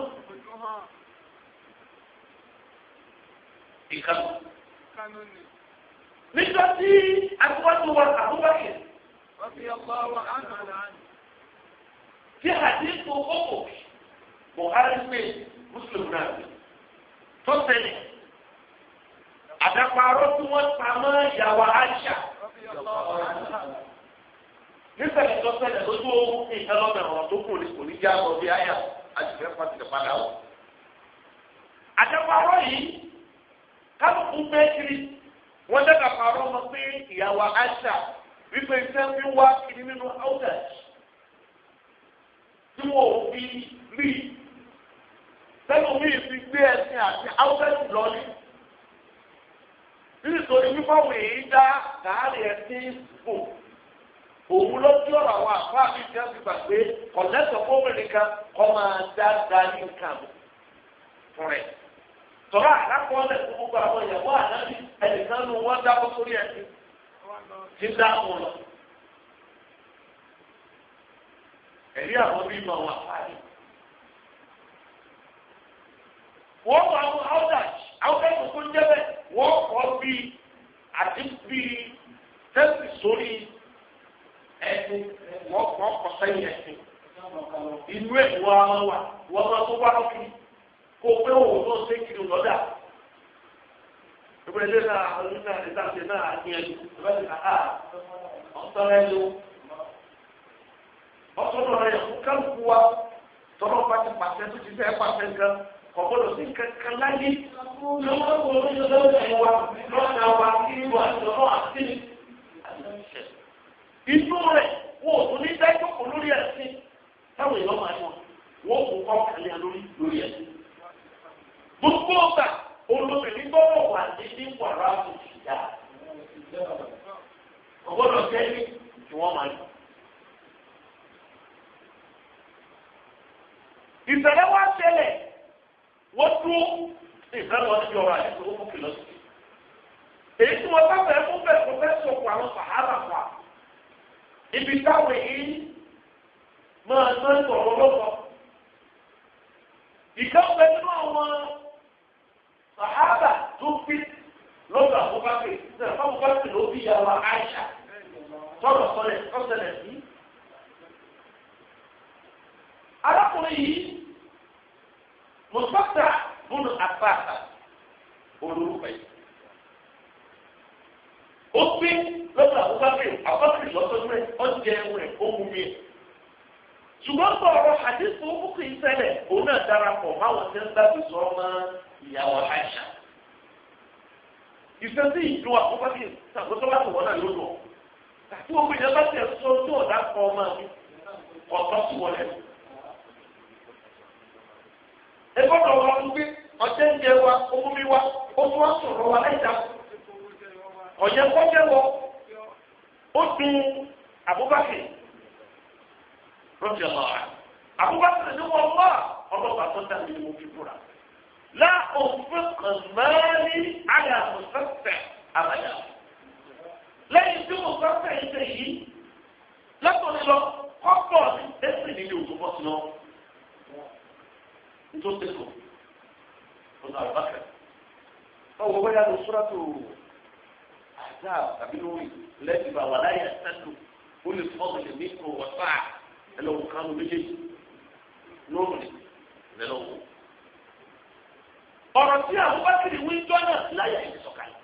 ìkànnì. nígbà tí akọ́tù wa àbúbáyé. tí àdínkù ọkọ̀ Buhari pé Mùsùlùmí náà bí tó ṣẹlẹ̀ àdàpàrọ̀ tí wọ́n pa mọ́ ìyàwó Aisha nísẹ̀lẹ̀ tó ṣẹlẹ̀ lójú owó ní ìtẹ́lọ́mẹ̀ ọ̀rọ̀ tó kù ní kò ní já lọ bí àyà àjùfẹ́ pàtìkì padà wọ̀. àjẹpàrọ̀ yìí kálukú bẹ́ẹ̀ kiri wọ́n dẹ́ka pàrọ̀ ọmọ pé ìyàwó àṣà wípé iṣẹ́ fi wá kiri nínú outlet tí wọ́n ò fi rí sẹ́nu mi fi gbé ẹ̀sìn àti outlet lọ́lé nítorí wípé òun èyí dá kàárẹ̀ ẹ̀sìn bò òun ló tí ọ̀rọ̀ àwọn àfáà mi ti ń gbà pé ọ̀lẹ́sọ̀ fóbìnrin kan kọ́ máa dá darí nǹkan fún rẹ̀. tọ́lá àdákọ́ọ́lẹ̀ fún gbogbo àwọn ìyàwó àdáni ẹnìkan ló wọ́n dábọ́ sórí ẹ̀sìn ti dá wọn lọ. ẹ̀rí àwọn bímọ àwọn àfáà yìí. wọ́n wọ àwọn outdash outdash tó ń jẹ́ bẹ́ẹ̀ wọ́n kọ́ bíi àti bíi tẹ́sí sórí ẹ̀sìn wọ́n kọ́ kọ́ sẹ́yìn ẹ̀sìn inú ẹ̀ wọ́n á máa wà wọ́n máa tó wá lọ́kì kó pé òun náà ṣe kiri lọ́dà ìpínlẹ̀ náà ọdún náà ní sáfẹ́ náà ní ẹ̀jú ìbáṣe àhà ọ̀sán ẹ̀lú ọ̀sán náà yẹ kó kálukú wa tọ́lọ́ pàṣẹ pàṣẹ tó ti fẹ́ pàṣẹ nǹkan ọ̀gbọ́dọ̀ sí kankan láyé lọ́wọ́ lọ́wọ́ lọ́wọ́ wa lọ́sàn-án wa kí wọ́n àti inú rẹ̀ wọn ò tún ní dájú kò lórí ẹ̀sìn táwọn èèyàn máa yàn wọ́n kò kọ́ kàlẹ́ lórí lórí ẹ̀sìn. gbogbo ọgbà olóbìnrin gbọ́dọ̀ wà ní ní wàrà òṣìṣà ọgbọ́dọ̀ tẹ́lẹ̀ tí wọ́n máa yàn. wá ṣẹlẹ̀ wọ́n wọn ti èyí tí wọ́n bá bẹ̀rẹ̀ fún bẹ̀rẹ̀ fẹ́ sọ̀kọ̀ àwọn ibi táwọn èyí máa ná sọ̀rọ̀ lọ́kọ̀. ìjọba nínú àwọn sàhábà tó fi lọ́dọ̀ àbúkáfẹ́ ìṣẹ̀lẹ̀ àbúkáfẹ́ ló bí yàrá àìsà tọ́lọ̀ sọlẹ̀ kọ́sẹ̀lẹ̀ sí. arákùnrin yìí mùsùlùmí bùnú àpáàtà olórúkọ yìí ó gbé lọ́dọ̀ àbúkáfíìn àbúkáfíìn lọ́sọ̀tún rẹ̀ ọ̀jẹ̀ rẹ̀ ó mú mi. ṣùgbọ́n bọ̀ ọ̀rọ̀ àdínkù òkú ìṣẹ̀lẹ̀ òun náà darapọ̀ máwọn tẹ́ ń dábì sọ ọmọ ìyàwó àṣà. ìṣẹ́sí ìlú àbúkáfíìn ṣàkóso láti wọ́n náà lónìí. àti òkú ìyẹn bá tẹ̀ sọ tó ọ̀dà kọ ọmọ mi ọ̀tọ́ sí wọlé. ẹgbọ́n ọ̀rọ̀ ọ̀tún gbé ọ̀jẹ̀ ń jẹ wa ó mú mi wa ó tún wá sọ̀rọ̀ wa láì dáa ọ̀yẹ́ kọ́jẹ́ lọ ó dun Abubakar rọ́bìyàn lọ́wọ́ Abubakar ni wọ́n wá ọlọ́wọ́ àtọ́jà ni mo fi búra lá òfin kan mẹ́rin àyà mùsàfẹ́ àbàyà lẹ́yìn tí mùsàfẹ́ yìí ṣe yìí lọ́tọ̀ọ́ lọ kọ́pọ̀ ẹ̀sìn nílé òkúbọ̀ sí lọ nítorí tẹ̀sán ọ̀nà Abubakar ọ̀wọ́ bóyá lọ sọ́ra tó o azab tàbí lórí lẹ́yìn ìgbà wà láyé ẹ̀sẹ̀tù ó lè fọ́ọ̀mù lè ní kò wọ́n fà ẹ lọ́wọ́ kánú méjèèjì lórí lẹ́lọ́wọ́. ọ̀rọ̀ tí àbúbákiri wí jọ́ náà láyà ẹ̀ sọ̀kalẹ̀.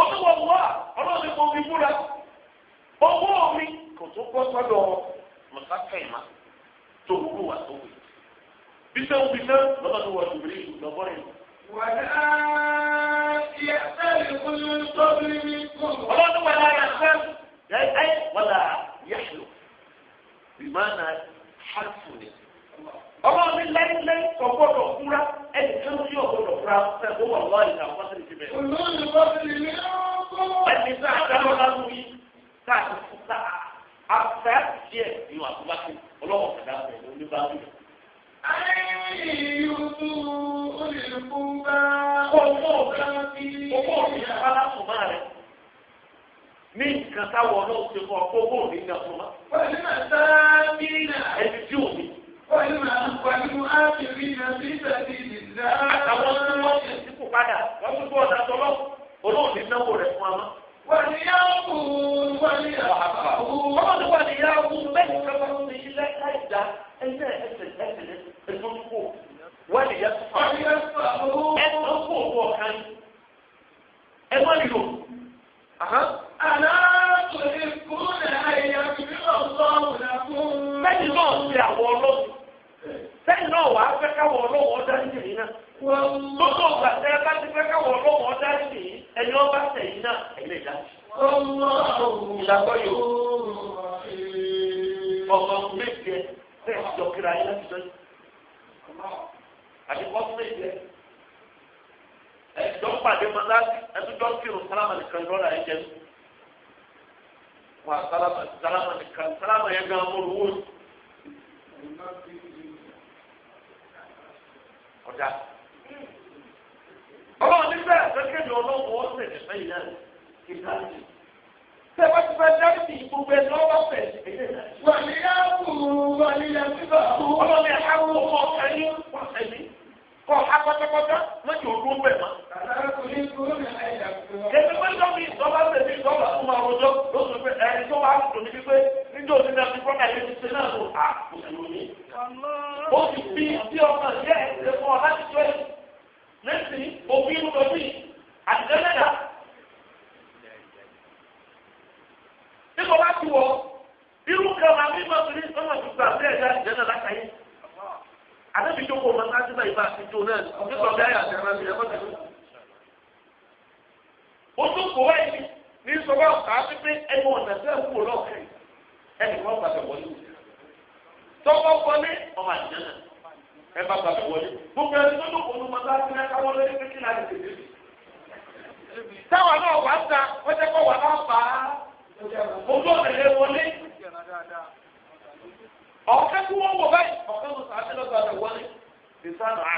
ó ní wọ́n wá ọlọ́run kò fi múra owó mi kò tó gbọ́ sọ́dọ̀ mọ̀sákẹ́yìmá tó kúrò wà tó wù. bí sẹ́wọ́n bí sẹ́wọ́n lọ́dọ̀ ọlọ́run wà lára sẹ́ẹ̀kù ẹ̀ wọ́lá yẹ̀lò bìmánà hàtù ni ọlọ́run ní lẹ́yìnlẹ́yìn kò gbọ́dọ̀ fúra ẹnì kan tí yóò gbọ́dọ̀ fúra fẹ́ kó wà lọ́wọ́ ìgbà fọ́sẹ̀ ti bẹ̀rẹ̀. a dáná lánàá yìí tá a ti fún ní nǹkan táwọn náà ti kọ owó òní ní ọ̀túnmá. pẹ̀lú àtà bínà. ẹni tí ò ní. pẹ̀lú àpàlù ábìrì náà bí sẹ́ẹ̀dì ìdá. àtàwọn tí wọ́n ti sípò padà wọ́n tún bọ́ ọ̀dà tọ́lọ́ olóòní náwó rẹ̀ fún wa. wàníyáwó wàníyáwó. ọmọdé wàníyáwó bẹ́ẹ̀ ni láì ẹsẹ̀ ẹsẹ̀ ẹ̀dúnkù wẹ́ẹ̀lì yẹn tó fà ẹ̀dùn kò wọ̀ kan ẹ̀ má lò. Àná kò ní kú ní àyà ìbí ọ̀sán ọ̀dàkùn. Bẹ́ẹ̀ni náà ṣe àwọn ọlọ́run. Bẹ́ẹ̀ni náà wàá fẹ́ káwọn ọlọ́run ọ̀dá ń jìnnì náà. Gbogbo ìgbà tẹ ẹ bá ti fẹ́ káwọn ọlọ́run ọ̀dá ń jìnnì, ẹni ọba tẹ̀yìn náà, ẹ̀yìn lè dá. Ìlàgbọ́ yòó. Ọmọ méje tẹ̀ ìjọkìrà yẹn ti dọ́jú àti kọ́sùmẹ̀ jẹ ẹjọ́ pàdé mọ́láàbí ẹtújọ́ kírun sálámà nìkan lọ́la ẹ jẹ wà sálámà sálámà nìkan sálámà yẹn gan mọ́ lówó. ọjà ọlọ́run nígbà tó kéde ọlọ́run ó sì lè fẹ́ yìí náà kí n náà lè. Sẹ́wọ́n ti fẹ́ dáríbi gbogbo ẹ̀ lọ́wọ́ bá fẹ̀. Wàlíyá wù wàlíyá bíbà. Ọlọ́run ẹ̀ á wọ ọmọ ọ̀kan yín wọ́n tẹ̀lé. Kọ́ akọ́tọ́kọ́tọ́ mọ́jọ òdúró bẹ̀ mọ́. Èmi pé sọ́mi ìjọba tẹ̀lé ìjọba tó máa rojọ́ lóṣù pé ẹni tó wàá tó ní wípé níjọ́ òní náà ti fọ́ ẹ̀yẹ ti ṣe náà lò á kò sí lómi. Ó ti fi sí ọmọ ìyá ẹ̀ ṣe fún ọ láti tó ẹ̀. Lẹ́sìn òbí inú lọ sí àtìlẹ́yìn náà. nígbà wá ti wọ̀ irú kan máa bí máa fi ọmọ fi gbà bẹ́ẹ̀ dá ìjẹ́ náà látàyè. Àdébí jókòó máa ká síbẹ̀ ìbá àtijọ́ náà nígbà bí ayé àti ẹran ti ẹ̀fọ́ tẹ̀lé. Ó tún kó wáyé ní sọ́wọ́ kàá fi pé ẹnu ọ̀nà tẹ́ kúrò lọ́ọ̀kẹ́ ẹnì kan gbàgbẹ́ wọlé. Tọ́wọ́ wọlé ọmọ àtijọ́ náà ẹ bá gbàgbẹ́ wọlé. Gbogbo ẹni tó lóko ló máa bá ti náà káwọ́ lórí pé kí ojú ọ̀tẹ̀lẹ̀ wọlé ọ̀kẹ́ tí wọ́n wọ báyìí ọ̀kẹ́ tó sàá sílọ́gbà rẹ̀ wọlé lè sánà á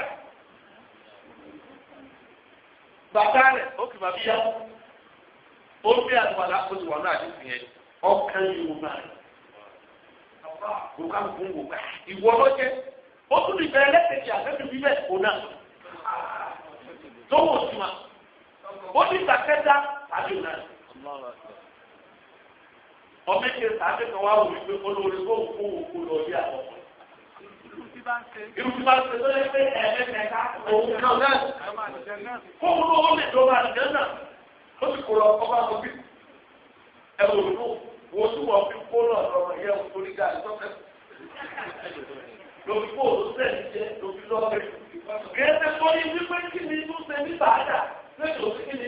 bàbá rẹ̀ ó kì bàbí yá ó bí àgbàlá ó ti wà náà àti fìyẹn ọ̀kẹ́ yìí wọ́n náà òkà fún wò ìwọ lọ́jẹ́ ó tún lè bẹ̀rẹ̀ lẹ́sẹ̀kì àfẹ́fẹ́ bíbẹ̀ òun náà tó wọ̀ sí ma ó ní ìgbà kẹta tàbí náà ọmọ ìṣe sàbẹ kan wá wò wípé olórí kó kó òkú lọ bí àkọ́kọ́. irú tí wàá ṣe tó lé pé ẹ̀ẹ́dẹ́gbẹ̀ta òun náà náà kó olú owó lè dọ́gba àdìgẹ́ náà ó sì kó lọ ọba tó bí ẹ̀rọ òdúró wo tí wọ́n fi kó lọ ọ̀rọ̀ yẹ orí ga ìtọ́fẹ́. lórí kó òun sẹ́ni jẹ́ lórí lọ́ọ̀rẹ́ kẹ́ẹ́sẹ̀ kọ́ ní wípé kí ni tó ṣe ní bàádà lẹ́yìn òsì kí ni.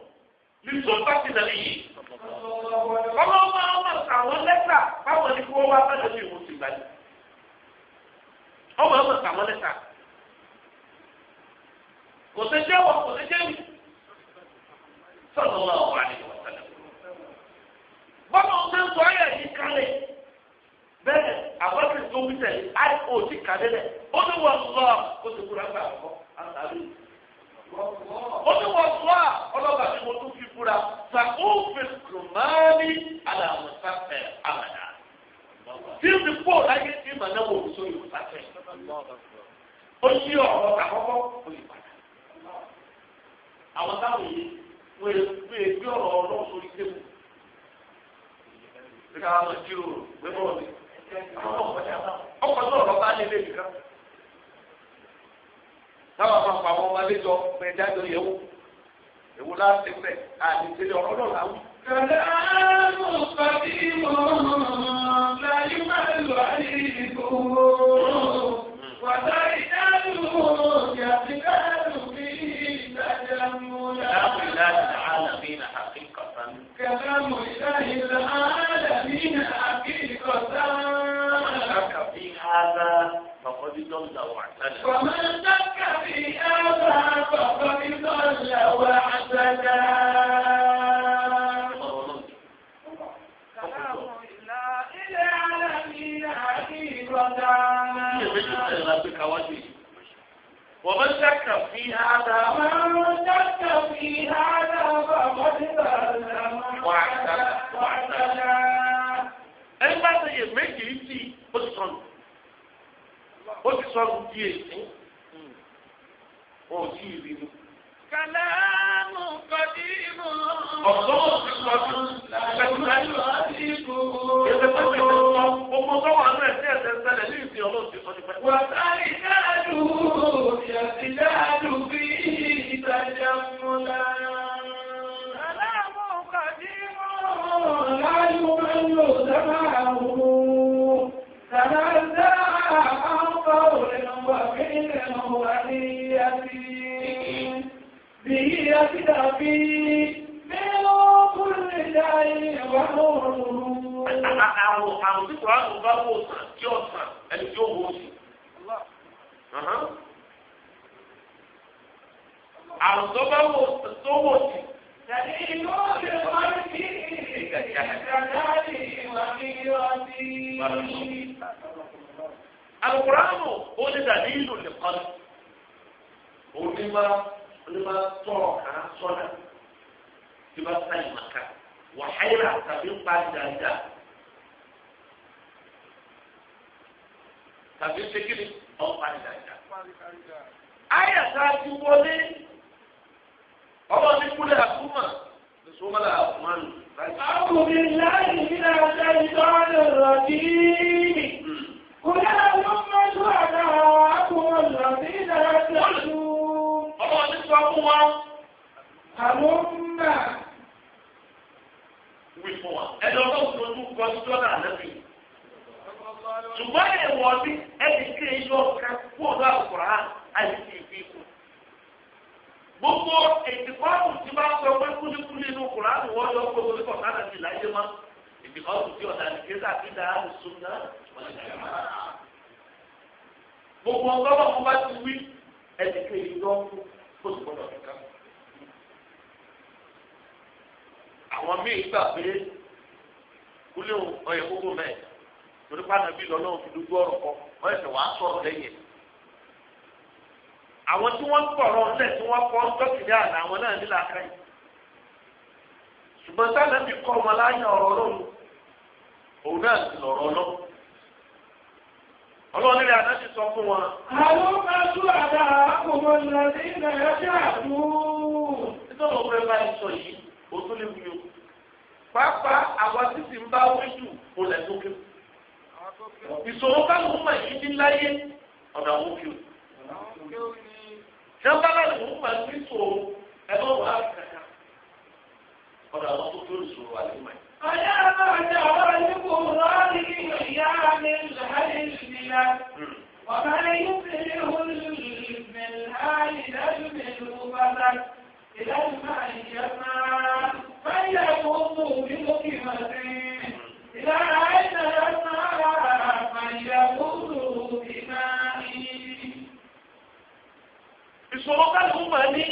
lùsọ̀tàtì nàlẹ́ yìí. ọmọ ọmọ ọmọ sàwọn lẹ́tà báwọn ni kí wọ́n wá fẹ́ lórí ìwọ̀n ti gbà yìí. ọmọ ọmọ sàwọn lẹ́tà. kò sí jẹ́ wọn kò sí jẹ́ mi. sọ̀rọ̀ wọn ọ̀rọ̀ àlejò wọn sẹ́lẹ̀. bọ́lá ọ̀sẹ̀ sọ ayé yìí kalẹ̀. bẹ́ẹ̀ àbọ̀tì tó tẹ̀lé kàdé lẹ̀ ó ní lọ kó kúrò ó ní wọ́n fún wa ọlọ́ba tí mo tún fi fúra sa ó fi kùrùmáàlì tí o ti pọ̀ láyé tí màá náwó òṣù yóò sáfẹ́ ó yí ọ̀rọ̀ àkọ́kọ́ ó yí padà àwọn táwọn yìí wọ́n èé gbé ọ̀rọ̀ ọlọ́run sórí tébù bí káwọn ọmọ jíròrò gbé bọ́ọ̀lù ọkọ̀ tó ọ̀rọ̀ bá lé lé nìkan táwọn àwọn àpò àwọn ọmọdé jọ pé jáde yẹ̀wò èwo láti fẹ́ àti ìdílé ọ̀rọ̀ náà láwù. Kàlámù pàdé mọ́ láyé máa lọ àyíkó. Wàtá ìdájú yàtí dájú bí ìdájà múlá. Kàlámù ìdájú àlàmì nà àkíkọ̀tà. Kàlámù ìdájú àlàmì nà àkíkọ̀tà. Kàkà bí hàdá. فقد ضل واعتدى ومن شك في هذا فقد ضل واعتدى ومن شك في هذا ومن شك في هذا فقد ضل واعتدى واعتدى اي ما تيجي ميجي بصن ó ti sọ ọdún di èsì wọn ò tí ì rí mi. kàlámù kọ́dí mọ́. ọ̀sán ò ti sọ ọdún pẹ̀lú àdìgbò. ètò tó ti sọ gbogbo tó wà ní ẹ̀sìn ẹ̀sẹ̀ sẹlẹ̀ ní ìsìn ọlọ́run ti sọ ní pẹ̀lú. wàtàlì dáàdù yàtì dáàdù bí ìtajà múlá. kàlámù kọ́dí mọ́. láyé wọn yóò dábàá àwọn. عنه عن يمين به يكتفي من كل شيء ونوره àrùn àrùn tí kòrán ló bá wò sàn kí ó sàn ẹni tí ó wò ó sì. àrùn tó bá wò tó wò sí. Tẹ̀lé ìlú ọ̀sẹ̀ wọn kí ìgbàjáde ìwà mi yọ alukuraanu هو ní dàdílù nìkan òun ní bá ní bá tọrọ kàn án sọ́nà tí bá sáyìn màkà wàhálà tàbí pa dàda tàbí sekiri ọ̀pá dàda. ayà tá a ti wọlé ọmọ mi kúlẹ̀ àkúmà sọ́mọ́lá àkúmà nù. àwọn obìnrin láàyè nílẹ̀ ọ̀sẹ̀ ìtọ́jú rọ̀ bíi. Àlọ́mà wí fún wa. Ẹni ọlọ́run tó tún kọ sí Jọ́nà àlẹ́bí. Ṣùgbọ́n ẹ̀wọ̀ ní ẹni tí èyí yọ ká kú ọ̀dọ́ àkùrá àìsí ìbí kù. Gbogbo ètò kọ́ọ̀tù tí bá sọ pé kúlíkúlí inú kùrá ni wọ́n yọ kó lórí kọ̀ọ̀tà náà ti láyé mọ́. Ètò kọ́ọ̀tù tí ọ̀dà nìkéjà fi dáa lùsùn náà gbogbo ọgbọ́n kó bá ti wí ẹnìkan èyí lọ kó sì gbọdọ̀ nìkan. àwọn míì gbà pé kúlẹ̀ ọyẹ gbogbo mẹ́ẹ̀ torí pàánà bí lọ́nà òfin dúdú ọ̀rọ̀ kọ wọ́n ẹ̀sẹ̀ wàá sọ̀rọ̀ lẹ́yìn. àwọn tí wọ́n gbọ̀rọ̀ ńlẹ̀ tí wọ́n kọ́ dọ́kítà àná àwọn náà nílà káyì. ṣùgbọ́n sáà náà ti kọ́ ọmọ láyé ọ̀rọ̀ ọlọ́run òun náà ti lọ̀rọ̀ ọlọ́run ọlọ́run nílẹ̀ àdáṣe sọ fún wọn. àwọn aṣọ àdá àkùnmọ̀ ìrìnàjò ìrìnàjò ṣáàdù. nítorí òun rẹ̀ bá ń sọ yìí ó tún lè wúyọ. pápá àwa títí ń bá wí jù kó lẹ̀ tó kéwù. ìṣòro káwọn mọ̀ yìí ní láyé ọ̀dà wọn kéwù. ṣé bára lè wọ́n máa ìṣòro ẹ̀rọ wà kàkà. ọ̀dà wọn tó tó ìṣòro àlè mọ̀. ọ̀yá náà jẹ́ ليلا ومن يفلح الملحال يجمل بدل إلى الماء يسعى فليقوم بمقيمة إلى أين يسعى فليقوم بماء ìṣòro kálukú máa ní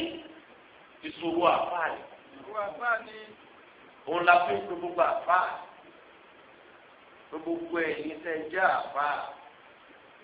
ìṣòro àfáàní òun la fi ń gbogbo àfáà gbogbo ẹ̀yin tẹ́ jẹ́ àfáà.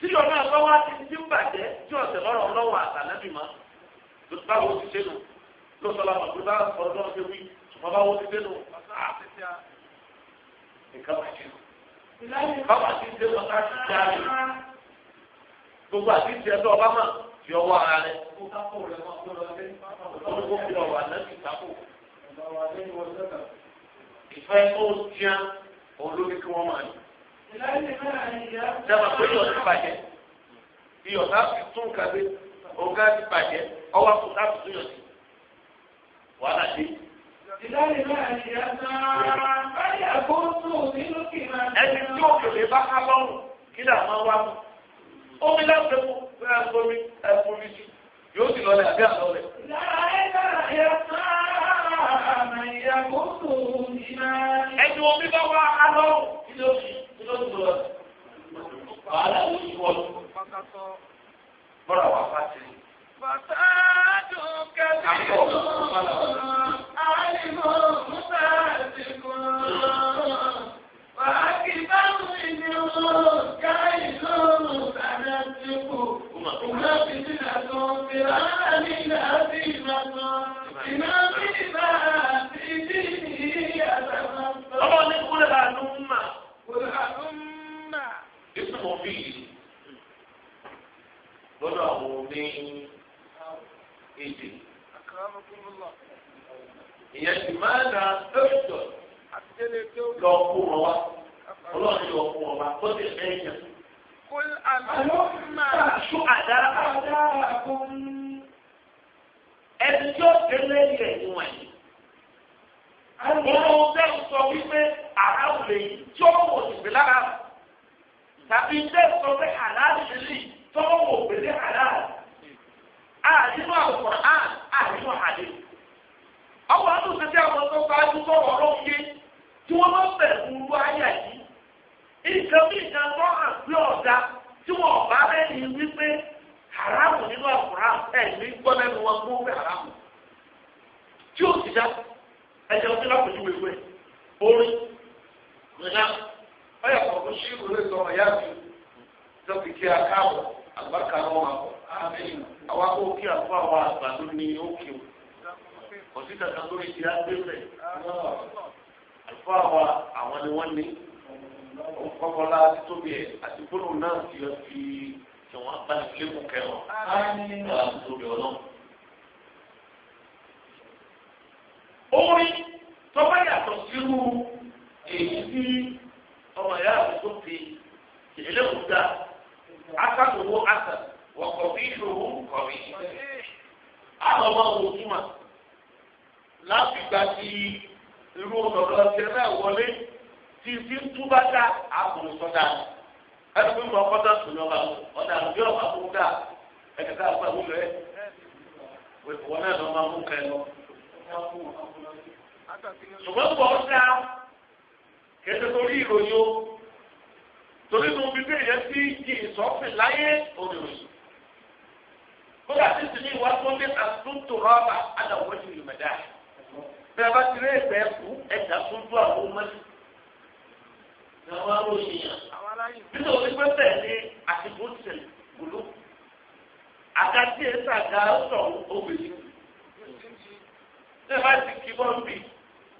tí yọ̀ náà lọ́wọ́ á ti ti ń bàjẹ́ tí ọ̀sẹ̀ lọ́rọ̀ lọ́wọ́ àtàlẹ́bì mọ́ báwo ti ṣe nù lọ́sọ̀lá ọ̀gbìn bá ọ̀dọ́ ṣe wí ṣùgbọ́n báwo ti ṣe nù nǹkan bàjẹ́ nù. báwa ti ṣe lọ ká ti ṣe àlè gbogbo àti ṣe ẹgbẹ́ ọba mọ̀ fi ọwọ́ ara rẹ̀ olùkọ́ fi ọwọ́ àlẹ́bì sábò. ìfẹ́ ó jẹun olórí kí wọ́n máa yìí dábàá pé iyọ̀ ti bàjẹ́ iyọ̀ tá tún kàgbé ọ̀gá ti bàjẹ́ ọwọ́ àpò tún yọ̀ sí wàhálà dé. Ìdáyìí náà ni ẹ máa báyà kó sùn nínú kìnnà. Ẹni tí òkèlè bá ká lọ́rùn kí là máa wá mú. Omi láti mú fún ẹgbọ́n mi ẹgbọ́n mi yóò sì lọlẹ̀ àbí àlọ́lẹ̀. Ìdáyìí náà ni ẹ máa báyà kó sùn nínú. Ẹni omi bá wá ká lọ́rùn kí ló sì ló ń lọ wàhálà ló ń wọ́n bọ́lá wà fásitì. Fasadu kabiru alimu musasiku wa akibaru inu kailu sanatiku uma fitina tó fira nina fi ma tó iná fi ma fi di ni yàtọ̀. Ọmọ ní kúrẹ́ bá nù mà. Ismu fi'il lọ́dọ̀ àwọn oní èdè. Ìyẹn ti máa na ẹ̀rọ lọ kú wọn wá. Ọlọ́run yóò kú wọn wá. Ó ti fẹ́ yẹn. Kul àlọ́mà. Ṣú àdá àkún. Ẹni tí ó délé yẹ̀ wọ̀nyí. Òun bẹ́ẹ̀ sọ wípé àráwù lèyí tí ó wò síbi lára tàbí bẹ́ẹ̀ sọ pé àláàlì lèyí tí ó wò pèlè àláàlì. Àdínú àwòrán àn àdínú àdé. Ọwọ́ àdúgbò tí àwọn tó kájú sọ̀rọ̀ ọlọ́run yé tí wọ́n bá bẹ̀rù lu ayà yìí. Nǹkan bí nǹkan tó hàn sí ọ̀dà tí wọ́n bá rẹ́ni wípé àráwù nínú ni gbọ́ ẹjẹ ọtí lápò ju ìwé orin nìyá ọyọ kan kó sí ìwé sọ ọyá mi lọ́kì kí a káàbọ̀ àgbàkà wọn wà bọ̀ àmín àwa kó kí àfọ àwọn àgbà ló ní òkè o kòsí kàkà lórí ìdí agbẹ́fẹ̀ àfọ àwa àwọn ni wọ́n ní kọ́kọ́lá títóbi ẹ̀ àti gbólóhùn náà ti yọ sí ìwọ̀n abánilẹ́kùn kẹwọn láti tóbi ọlọ́run. irú èyí tí ọmọ ìyá àkókò ti ìdílé òkúta asàtòwò asà wọkọ̀bí ìṣòwò kọ̀bí. àwọn ọmọ wò túmọ̀ láti gba ti irú ọ̀dọ̀dọ̀ ti rẹ̀ wọlé tí tí ń túbá dá àbùrù sọ́dà ẹni pé mo ọkọ̀ dán sùn lọ́ba ọ̀dà àbí ọ̀bà fún dà ẹ̀kẹ́ta àgbà ẹ̀ wọ́n náà lọ́ máa mú kẹ́ lọ ṣùgbọ́n wọ́n dá kẹsẹ̀ torí ìròyìn o torí nu bíbí èèyàn sí di ìsọ́fìn láyé oníròyìn kódà tí sì ní ìwádìí ní àtúntò rọ́bà aláwọ̀ ní ìmọ̀dá bẹ́ẹ̀ bá ti rí ẹgbẹ́ kú ẹ̀dá tó dún àwọn ọmọdé àwọn aróyìn yàn nítorí pé bẹ́ẹ̀ ni àtìkú tẹ̀lé gbòló àgàtì ẹ̀sà ga sọ̀rọ̀ òwe yìí. Ṣé bá ti kí bọ́ọ̀lù bíi?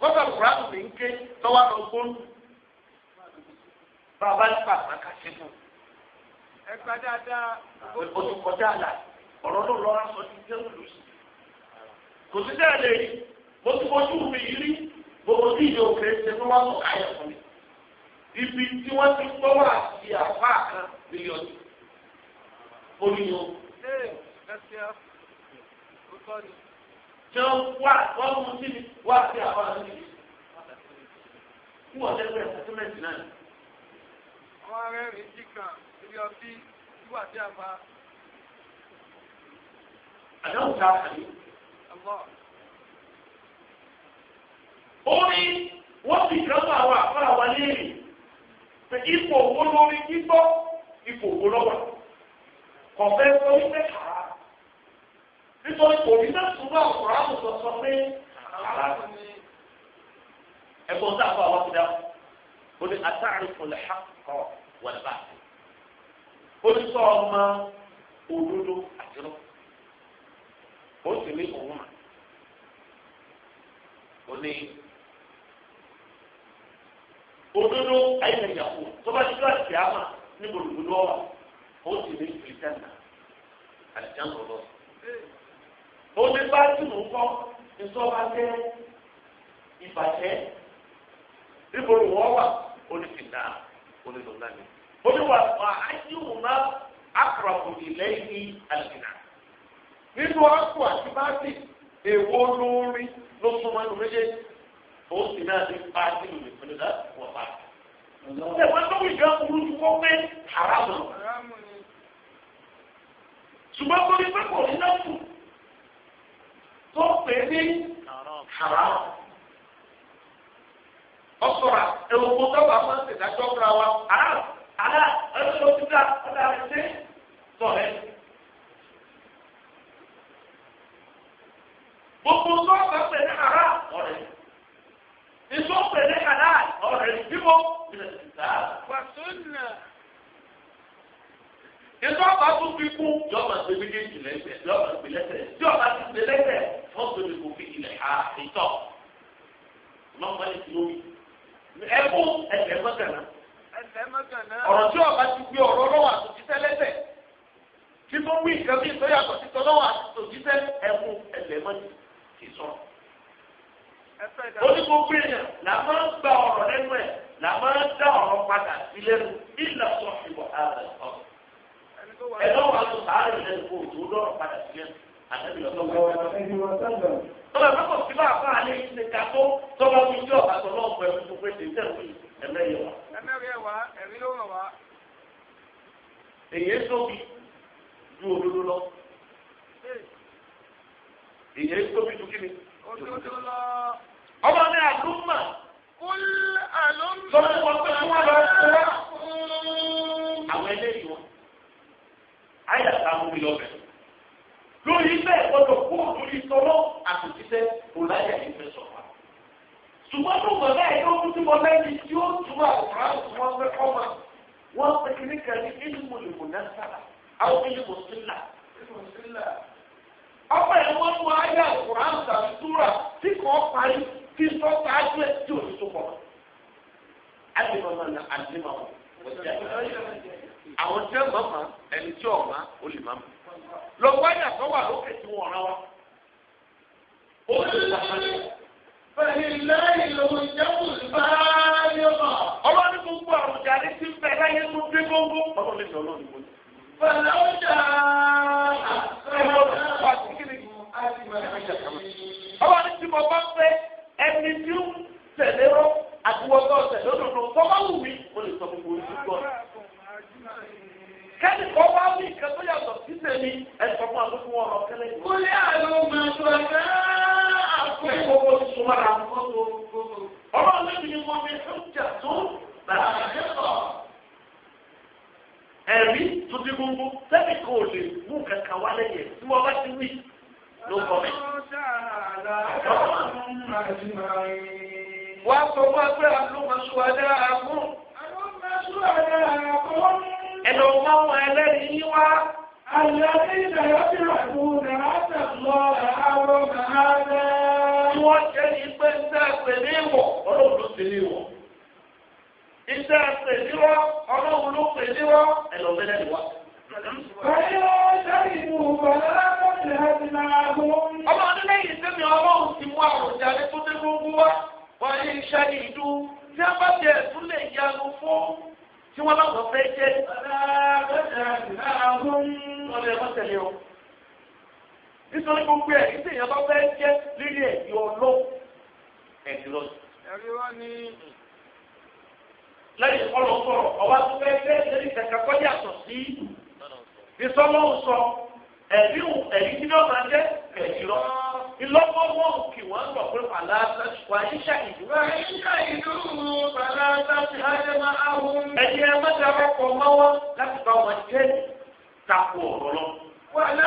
wọ́n bá kúránù ní ké tọ́wọ́ lọ gbóhùn bàbá ní pàpà ká sí fún. ẹ gba dáadáa. o ti kọjá àlà ọ̀rọ̀ ló lọ́ra sọ ti dé òlù sí. kò sí dáa lè rí mo ti fojú mi rí gbogbo tí ìyẹn òkè ṣe fún wọn kò káyọ̀ fún mi. ibi tí wọ́n ti gbọ́ wà sí àfa kan mílíọ̀nù. mo ní o. ṣé ẹ ṣe é ó tọ́ ni tí wọ́n wá wọ́n mú sí mi wá sí àwọn àwọn níbi. Kí wọ́n tẹ́lẹ̀ sẹ́tímẹ́ǹtì náà. Àwọn ará rẹ̀ jí kan ibi ọtí wíwà sí àbá. Àdáwò ta àlè. Ó ní wọ́n fi ìdánwò àwọn àfárá wa léèrè. Ipò owó lórí gbígbọ́ ipò owó lọ́wọ́. Kọ̀fẹ́ sọ wípé àá. Ah, nítorí kò ní bá sùúrù àkùrọ̀ àbùsọ̀ sọ pé ẹ̀gbọ́n tá a fọ àwọn kúdà ó ní àtàrífù lẹ́hàkọ̀ wà lẹ́bà ó ní sọ ọmọ òdodo àjọrọ ó sì ní òun mà ó ní òdodo ayélujáfó tó bá dúró àti àmà ní gbòdògbòdò ọwà ó sì ní ìfìlítẹ́nà àti jẹ́ ń ó ní bá tìmù kọ́ ìsọba jẹ́ ìbàjẹ́ níbo ni wọ́n wà ó ní fìdá ó ní lọ́nà ni ó ní wà wà á yí wù má àkàràkù ìlẹ́yìn àlìkìnà nínú àpò àti báàsì èwo lórí ló súnmọ́ ẹnu méjèèjì ó sì náà ní pàṣẹ ìlú ìpínlẹ̀ láti wọ̀ pàṣẹ ẹ̀wọ̀n tó wùjọ burú tó kọ́ pé haramu. ṣùgbọ́n kò ní pẹ́ kò ní náà fún un tó pè é ní haram ọ̀sọ̀ra ẹ̀wọ̀n tó bá máa ń tẹ̀dájọ́ fúnra wa gbogbo èèyàn là máa ń gba ọ̀rọ̀ lẹ́nu ẹ̀ là máa ń dá ọ̀rọ̀ padà sí lẹ́nu ìlà sọ ìwọ̀ ààrẹ ọ̀. ẹ̀dọ́ wa ló sàárè lẹ́nu kó tó lọ́rọ̀ padà sí lẹ́nu àtẹ́bí lọ́tọ́ wọ́n. ọ̀rọ̀ ẹ̀fọ́ kò sí bá àbá alẹ́ yìí ṣe ká tó tọ́ba mi jọ àtọ̀ náà pẹ̀lú gbogbo ètò ìtẹ̀wé ẹ̀mẹ́yẹwà. ẹ̀mẹ́yẹwà ẹ̀mí ló rọ̀ wá. èyí sóbi ju òdodo lọ. èyí sóbi ju kíni. òdodo lọ ọba ní àdúmà. sọ fún wọn pé kí wọn lọ fún wa. àwọn eléyìí wọn àyà táwọn mi lọ bẹ lórí bẹ́ẹ̀ gbọ́dọ̀ kó lórí sọlọ àtòjíṣẹ́ ọláyà yìí fẹ́ sọ wa. ṣùgbọ́n tó bàbá ẹ̀ yóò tún wọn lẹ́ni tí ó tún àwòrán àtúnwá fẹ́ kọ́ ma wọ́n pe kí ní kàní ìlú mọ̀lẹ́mọ̀ náà sára àwọn ìlú mọ̀sílà ọ̀pẹ̀ ẹ̀ wọ́n tí sọ sáájú ẹ tí òṣìṣú pọ̀ àdìmọ̀ máa na àdìmọ̀ wọ̀ àwọn tí wọn mọ ẹni tí wọn mọ olè máa mọ lọ wáyà tó wà lókè tí wọn rán wa. Ọlọ́run gbogbo àwùjá ní ti ń bẹ tó dé gbogbo. Ọlọ́run ní sọ ọlọ́run ní gbogbo. Bàlá ọjà àti ọjà àti kìnnìkan. Ọlọ́run ní tí bá fẹ́ ẹni tí ó tẹ̀lé rọ àtiwọ́tọ̀ tẹ̀lé òdòdó tọ́ba wù mí ó lè sọ gbogbo ojú gbọ́. kẹ́ni kọ́ wá mí nǹkan tó yàtọ̀ sí tèmi ẹ̀sọ́ fún àdókò wọn lọ kẹ́lẹ́. ó lé àlọ́ máa tó ẹgbẹ́ àpò gbogbo tuntun máa ra gbogbo. ọlọ́run ló ní wọn fi tó jà tó bàrà àjẹsọ̀. ẹ̀rí tuntun gbogbo sẹ́ni kò lè mú kankan wálé yẹn tí wọ́n bá ti wí ló kọ́ mi. wàá sọ fún agbẹ́ alómọ̀sọ́wádà àgún. alómọ̀sọ́wádà àgún. ẹ̀rọ máa ń wọ ẹlẹ́rìí yín wá. الذين يفرحون أتى الله حرم هذا wọ́n jẹ́ ìpè ńdá pèlè wọ̀ ọlọ́run ló pèlè wọ̀ ńdá pèlè wọ̀ ọlọ́run ló pèlè wọ̀ ẹ̀lọ́mẹ́lẹ́ ni wọ́n. Ọmọ ọdún lẹ́yìn sẹ́mi ọlọ́run ti mú àròjàre tó dé gbogbo wá. Wọ́n lé iṣẹ́ ní ìdú. Tí a bá jẹ ẹ̀sùn lè yanu fún tí wọ́n láwọn fẹ́ jẹ́. Wọ́n lè wọ́n tẹ̀lé o. Nítorí gbogbo ẹ̀ ní tèèyàn bá fẹ́ jẹ́ lílé ẹ̀yìn ọlọ́. Ẹ̀sìn lọ. Ẹ̀rí wá ní lẹ́yìn ọlọ́sọ̀rọ̀ ọba tó fẹ́ fẹ́ lẹ́yìn kẹ̀kẹ́ kọjá sọ̀ sí. ìsọmọ sọ ẹ̀rí ẹ̀rí tí náà máa jẹ́ ẹ̀rí lọ. ìlọ́pọ̀ wọn kì wọ́n gbọ̀ pé fàlà wà ní ṣàkìdú. wà ní ṣàkìdú fàlà sáfì ájẹ́mọ́ ahùn. láti bá wọn jẹ́ ọ̀rọ̀ lọ. àwọn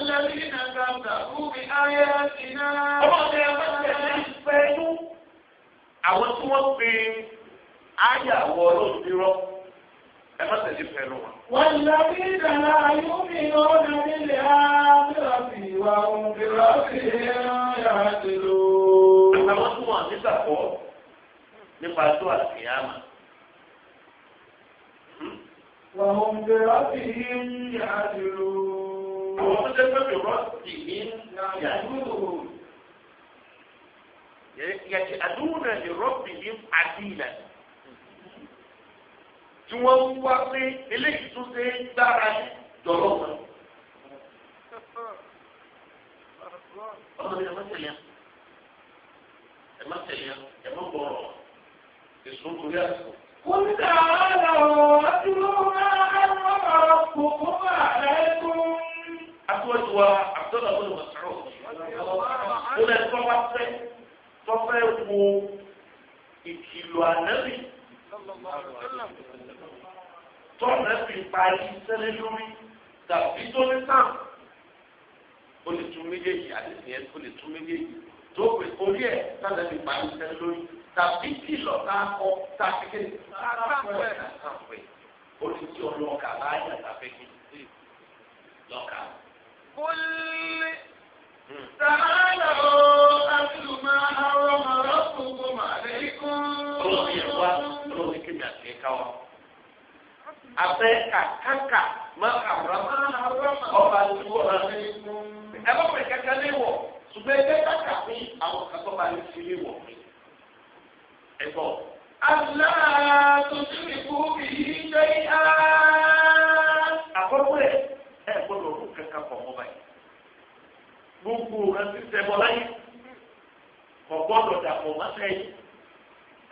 àlàyé nàgbà ayé náà. والذين لا يؤمنون بالآخرة وهم بربهم يعدلون. àwọn tó wọn nígbàgbọ́ nípa tó àlùkìyàmà. Hmm? وهم بربهم يعدلون. àwọn tó jẹ́ pé بربهم يعدلون. يجعلون لربهم عديلا. tí wọ́n ń wá pé eléyìí tún ṣe é dára ní dọ̀rọ̀ wọn. ọlọ́run ẹ má tẹ̀lé ẹ má tẹ̀lé ẹ má bọ̀rọ̀ èso torí àsìkò. قل تعالوا أتل ما حرم ربكم عليكم أتوت وعبد الله بن مسعود قل أتوقف tọ́fẹ́ wo ìkìlọ̀ ànábì tọ́ọ̀rẹ́ fi parí sẹ́lẹ̀ lórí tàbí tó ní sàn ó lè tún méjèèjì àdéhùn yẹn ó lè tún méjèèjì tó pè orí ẹ̀ sálẹ̀ fi parí sẹ́lẹ̀ lórí tàbí kìlọ̀ tá a kọ tàbí kí ni sáfẹ́ sáfẹ́ ó hmm. lè tí ọ lọ́ọ̀kà láàyè àtàfẹ́ kí lọ́ọ̀kà. kúlẹ̀ sàárà ó àtúntò máa ń rọmọ rọ́pò gbọmọ àlẹ́ ikú. olóòyè wa olóòyè kejì àti ẹ̀ka wa abẹ́ kàkàkà má àwòrán ọba tó hàn. ẹ bá pè kẹkẹ lé wọ ṣùgbọ́n ẹgbẹ́ kàkà ní àwọn kàtọ́ bá ní fi lé wọ. ẹ bọ̀. aláàtúntì kú yìí ṣe é á. àkọ́kọ́ ẹ̀ ẹ gbọ́dọ̀ ọdún kankan pọ̀ mọ́ báyìí. gbogbo ọ̀rẹ́ ti tẹ̀ bọ́ láyé. kò gbọ́dọ̀ dàpọ̀ mọ́ sẹ́yìn.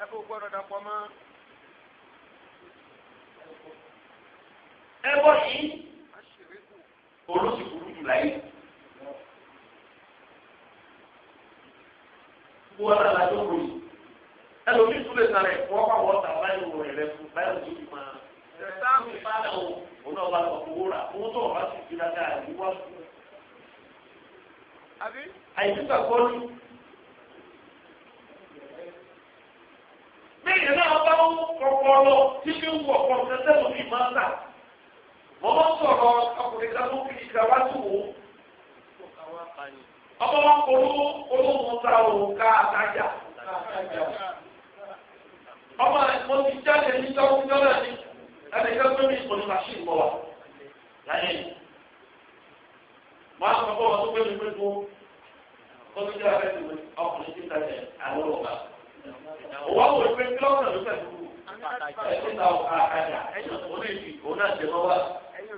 ẹ kò gbọ́dọ̀ dàpọ̀ mọ́ ẹbọ yìí olóṣù burú jù láyé. gbogbo ọ̀la la tó kúrò yìí ẹlòmíì tún lè sàrẹ̀ fún ọkọ̀ àwọn ọ̀tà báyìí wò rẹ̀ fún báyìí tó fi máa. sáàmù ìbára o òun náà bá sọ owó rà owó tó ọ̀rá sì fi dáadáa àdúgbò. àìsíkà kọ́ ni. bẹ́ẹ̀ náà bá kọ́kọ́ lọ tí bí wọ́n kọ́ sẹ́sẹ́ lómi máa ń tà wọ́n bá sọ̀rọ̀ ọkùnrin kan ló fi ìjọba tó wò ó ọmọ wọn polówó polówó ta òǹkà àtàjà ọmọ mo ti jáde ní sọ́kúnjọ́ náà ní ẹnìkan tó ní ìkànnì màṣíìnì mọ́ wa láyé yìí máa sọ fún ọmọ tó gbé mi gbé tó kọ́míjà rẹ̀ ti wọ́n ọkùnrin ti ta jẹ àwọn ọ̀gá òwò àwọn òwe pé kílọ̀ọ̀nà ló fẹ́ dúró ẹ̀kọ́ ta ọ̀gá àkàjà òun náà jẹ mọ́ wa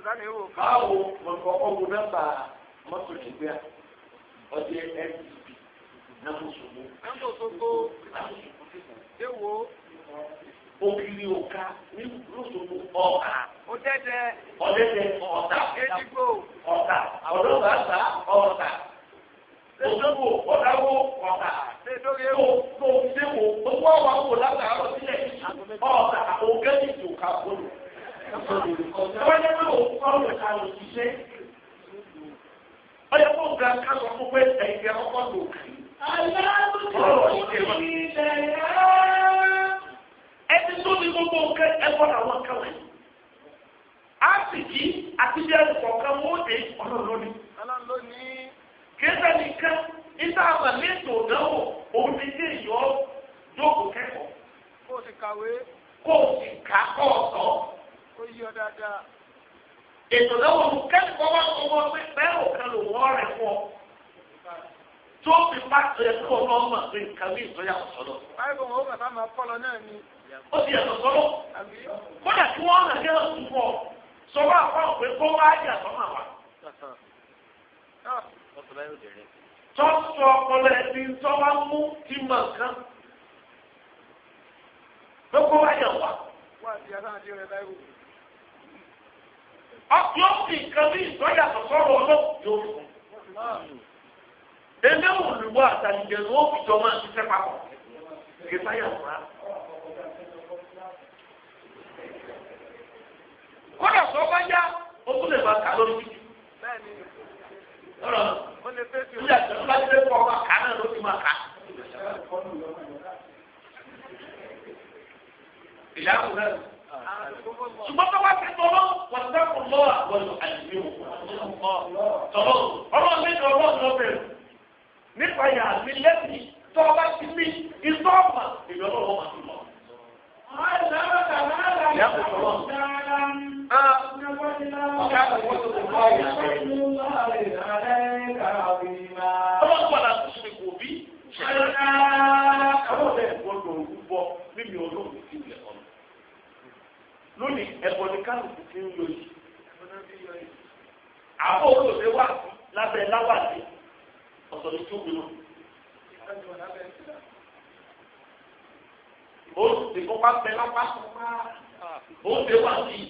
sani wò. báwo mọ̀kọ́ ọ̀gbọ̀n nọ́mbà mọ́tò nàìjíríà ọdí ndp nàmúsùnmù. nàmúsùnmù gbogbo ewo. Okiri oka ni, lóṣogbo ọ̀ka. Ọ̀dẹ́dẹ́. Ọ̀dẹ́dẹ́ ọ̀tà. Edigbo. Ọ̀tà. Ọ̀dọ́gba ta ọ̀tà. Òṣogbo ọ̀dàwó ọ̀tà. Tó tó ṣéwò owó àwọn àwòrán àtàrọ̀ sílẹ̀ ọ̀tà ògẹ́dìtì òkà bọ̀lù wọ́n yẹ kó ọ̀rọ̀ ta lò ṣiṣẹ́ wọ́n yẹ kó ọ̀gá ká sọ fún pé ẹ̀yìn fẹ́ ọkọ̀ lò kì í ọ̀rọ̀ ṣiṣẹ́ wọn. ẹni tó ní gbogbo nǹkan ẹgbọ́n àwọn nǹkan wọ̀nyí á sì kí àti bí ẹnu kọ̀ọ̀kan wọ́n dé ọ̀nà lónìí. kéésà nìkan nígbà àwọn mẹ́tò ìdánwò òun ti dé ìyọ́ jókòó kẹ́kọ̀ọ́. kó o sì kàwé. kó o sì kà kọ́ ọ̀tọ̀ ètò lọ́wọ́ mu kẹ́kọ̀ọ́ wá owó pé bẹ́ẹ̀ ò kan lò wọ́n rẹ̀ fún ọ tó fi bá tẹ̀lé kó o lọ́wọ́ mà pé nǹkan bí ìtọ́jà kò sọ́dọ̀. báyìí wọn ò bàbá máa kọ́ lọ náà ni. ó ti yàtọ̀ sọ́dọ̀ kódà kí wọ́n rà kí wọ́n kọ̀ sọ́wọ́ àpá òpè kó wá yàtọ̀ mà wá. tọ́sọ ọpọlọ ẹni tọ́wá mú ti mọ̀ nǹkan ló kó wá yà wá. wá àti yóò fi nǹkan bí ìtọ́jà sọ̀rọ̀ ọlọ́ yóò fi kún. eléwò olùwọ́ àtàlìjẹ ló fi jọ máa ṣiṣẹ́ papọ̀ kí sáyà wá. kódà sọ bá yá o tún lè máa kà lórí títí. lọ́rọ̀ nígbà tí bá ti lè kọ́ ọba kà náà ló ti máa kà. ìyá kò náà ṣùgbọ́n tó wá sí tọ́lọ́ wọ́n ti dẹ́kun lọ́wọ́ àgbọ̀dọ̀ àìsíwò. tọ́lọ́ ọlọ́run méjì ọlọ́run ló bẹ̀rù nípa ìyá àti lẹ́sìn tó ọba ti mí ìtọ́ ọ̀mà ìyọ́nà ọ̀mà ti lọ. Ọlọ́run padà tún ṣe kò bí. Ṣé ẹ ká àwọn ọ̀rẹ́ ìgbọ́dọ̀ òkú bọ́ mímí ọlọ́run? lónìí ẹ̀kọ́ ní kálukú fi ń lò yìí. àbọ̀ olóògbé wà lábẹ́ láwàdì ọ̀sọ̀ ní túbú náà. ó ti kọ́ bá bẹ lápá ó ti wà sí i.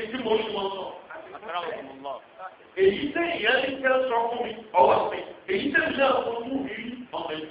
Èyí mo ní wọn sọ. Èyí tẹ́ ìyá ní kẹ́ sọ fún mi ọwọ́ mi. Èyí tẹ́ ìyá ọmọ mú mi ọmọ yìí.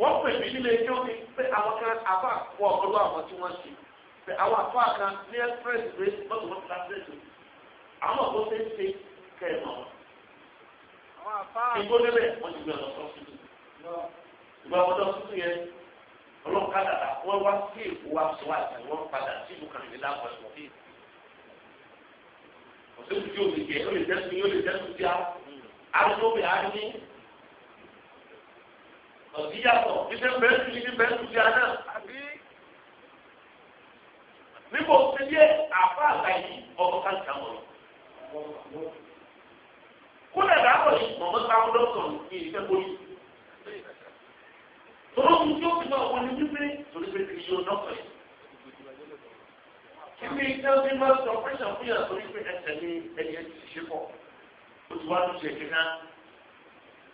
wọ́n pè mí nílé ẹjọ́ mi pé àwọn kan àbá wọ ọ̀pọ̀lọ́ àwọn tí wọ́n ṣe pé àwọn àbá kan ní express race mọ́tò wọn ti láti ṣe àwọn ọ̀pọ̀ ṣe ń ṣe kẹ́ẹ̀mọ́. ìgbó débẹ̀ wọ́n ti gbé ọ̀dọ̀ sọ sí i. ìgbà ọ̀dọ̀ tuntun yẹn ọlọ́kadà wọ́n wá sí èkó wá sọ àti wọ́n padà sí ìlú kan nílá pẹ̀lú. ọ̀sẹ̀ tuntun yóò lè jẹ́ ó lè jẹ́ tuntun yóò lè jẹ́ tuntun ọ̀díyàtọ̀ ibi bẹ́ẹ̀tù ibi bẹ́ẹ̀tù ti àná. níbo ti yé àfa àgbà yìí ọmọ káńtà mọ̀ kúlẹ̀ dàbọ̀ yìí mọ̀mọ́ táwọn dọ́kítọ̀ ní ìfẹ́ bóyí. tọ́lọ́ mi yóò fi náà wọlé wípé torí pé kì í yọ dọ́kítọ̀ yìí. kí ni ìjọba bí máa sọ pẹ́sàn fún yàrá torí pé ẹsẹ̀ ní ẹni ẹni ti ṣe pọ̀ ó ti wá lóṣèlú náà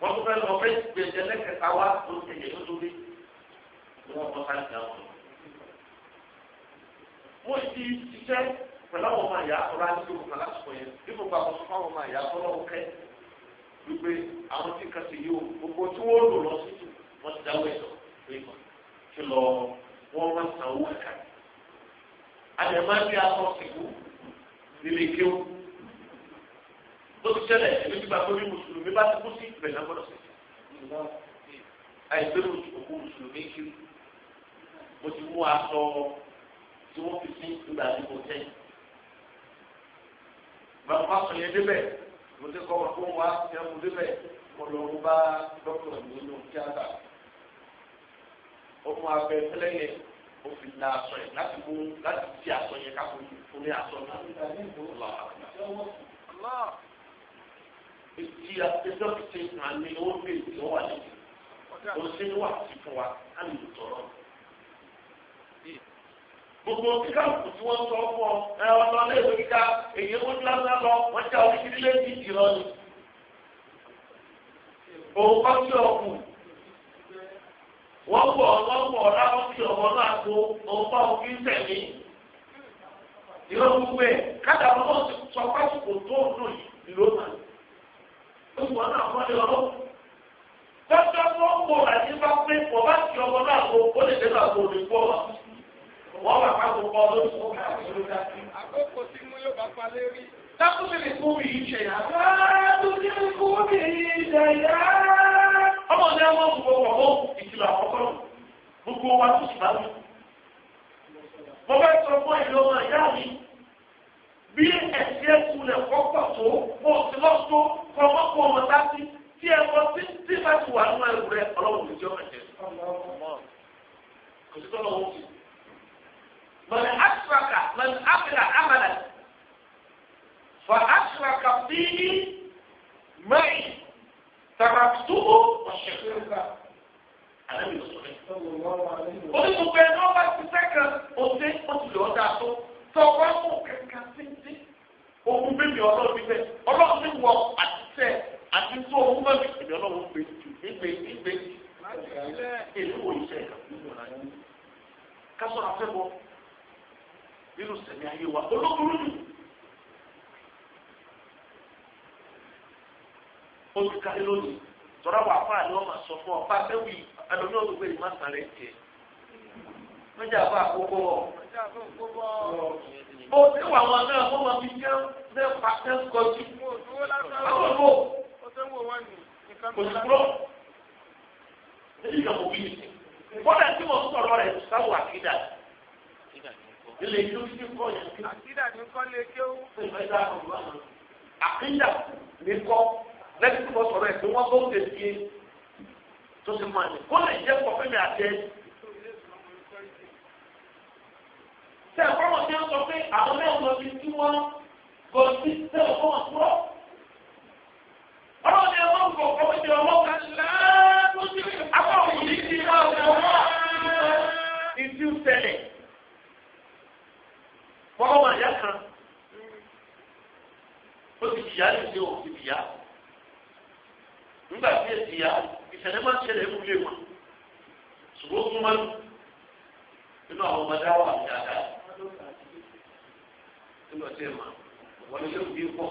wọ́n tún fẹ́ lọ fẹ́ gbèsè lẹ́kẹ̀ẹ́ta wá tó tẹ̀lé tó tóbi ni wọ́n kọ́ sáà jà wọ́n. mo ti ṣiṣẹ́ pẹ̀lú àwọn ọmọ ìyá ọ̀rọ̀ àti ìlú kan lásìkò yẹn bí mo gbà wọ́n fún àwọn ọmọ ìyá ọlọ́wọ́ kẹ́ wípé àwọn tí kan ti yí o gbogbo tí wọ́n lò lọ sí tù wọ́n ti dáwọ́ ẹ̀sọ́ pé kí lọ wọ́n wá sanwó ẹ̀ka. àdèmọ́ bí a sọ sìnkú nílé kéwù tó ti ṣẹlẹ̀ ìlú ti gba pé mùsùlùmí bá ti kú sí ìbẹ̀ náà gbọ́dọ̀ sí. àìsí òkú mùsùlùmí kiri mo ti mú aṣọ tí wọ́n fi sí ìgbà tí mo tẹ́. bàbá sọ yẹn débẹ̀ mo ti kọ́ wọn fún wa ṣe mo débẹ̀ mo lọ mo bá dókítà mi nínú tíátà. ó mú abẹ tẹ́lẹ̀ yẹn ó fi la aṣọ yẹn láti mú láti fi aṣọ yẹn káfíńtì fún mi aṣọ náà a etí ẹjọ́ kìtì àmì o bèèrè tí wọ́n wà níbi òṣèlú wà sí fún wa á o tọ̀rọ̀. gbogbo kíkà òkú tí wọ́n sọ fún ọ ẹ ọlọ léèwé kíkà èyí ó lọ́nà lọ wọ́n já oríṣiríṣi léèdì ìdìrọ̀ ni. o kọ́ sí ọkù wọ́n wọ̀ wọ́n wọ̀ láwọn sí ọ̀wọ́ náà o òun o òfin tẹ̀lé. ìrọ̀ gbogbo ẹ̀ kájà lọ́wọ́ sọ pásítọ̀ tó ń lò yìí ló máa ń gbogbo ọ̀nà àkọ́lé ọlọ́. Lọ́jọ́ tó ń wo àti bá pé kò bá ti ọmọ náà wo ó lè dé náà lòdì pọ̀ wá. Wọ́n wà ká gbogbo ọdún tó kọ́ àkókò dá. Àkókò tí mo yóò bá pa lérí. Dákúndé lè fún mi yìí ṣe yá. Dákúndé lè fún mi yìí ṣe yá. Ọmọ ní ọmọ gbogbo ọmọ ìkìlọ̀ àkọ́kọ́ gbogbo wa tó sì bá mi. Mo fẹ́ sọ fún ìlú ọmọ ìyá mi bí ẹ̀sìn ẹ̀kún lẹ̀ kọ́kọ́ tó kó o ti lọ tó kọ́ ọmọ kó ọmọ tá sí tí ẹ wọ sí tí bá ti wà nínú ẹrù rẹ ọlọ́run lè jẹ́ ọmọ ẹ̀jẹ̀ kò sí tọ́lọ́ wọn fi. mọ̀lẹ́ aṣọ́ka mọ̀lẹ́ abẹ́là amẹ́lẹ̀ fọ aṣọ́ka bíi mẹ́rin tàbátú ọ̀ṣẹ̀kẹ́rẹ́ka alẹ́ mi lọ sọ tọwọ́ mú kẹ̀kẹ́ títí ohun bèbí ọlọ́run mi bẹ́ẹ̀ ọlọ́run mi wọ àtìsẹ́ àti tó ogun bẹ́ẹ̀ èmi ọlọ́run gbé gbé gbé èmi wò iṣẹ́ kásọ̀rọ̀ afẹ́bọ nínú sẹ̀mí ayé wa lónìí tọ́lá wà fún àlọ́ máa sọ fún ọ bá sàrẹ̀ wọ́n àkókò bó ṣe wà wọn náà wọ́n máa fi jẹ́ mẹ́fà tẹ́ kọjú. báwo ló òṣùpọ̀ èyí kan kò bíyì kódà tí wọ́n sọ̀rọ̀ rẹ̀ sáwọ́ àkídà ilé ìlú ti kọ́ yẹn kí. àkídà ní kọ́ lè ké o. àkídà ní kọ́ lẹ́yìn tí wọ́n sọ̀rọ̀ ẹ̀ pé wọ́n bó ń tẹ̀sí tó ti máa ní kó lè jẹ́ pọ̀ fẹ́mi àti ẹ̀. tẹ ọmọ tí wọn sọ pé àwọn náà lọ sí tí wọn gọ sí tẹ ọmọ sọ ọmọ ni ọmọ gbọ ọmọ ni ọmọ kan láàbù sí akọ̀wé yìí ti máa wọ ọmọ ìdí ṣẹlẹ̀ wọ́n máa yá kan ó ti jìyà ní ìdí òun ti jìyà nígbà tí èsì yá ìṣẹ̀lẹ̀ máa ń ṣẹlẹ̀ ń wúlé wọn ṣùgbọ́n ó tún máa ń nínú àwọn ọmọdé àwọn àmì àdáyé nígbà tí ẹ máa wọ́n ní yóò bí pọ̀.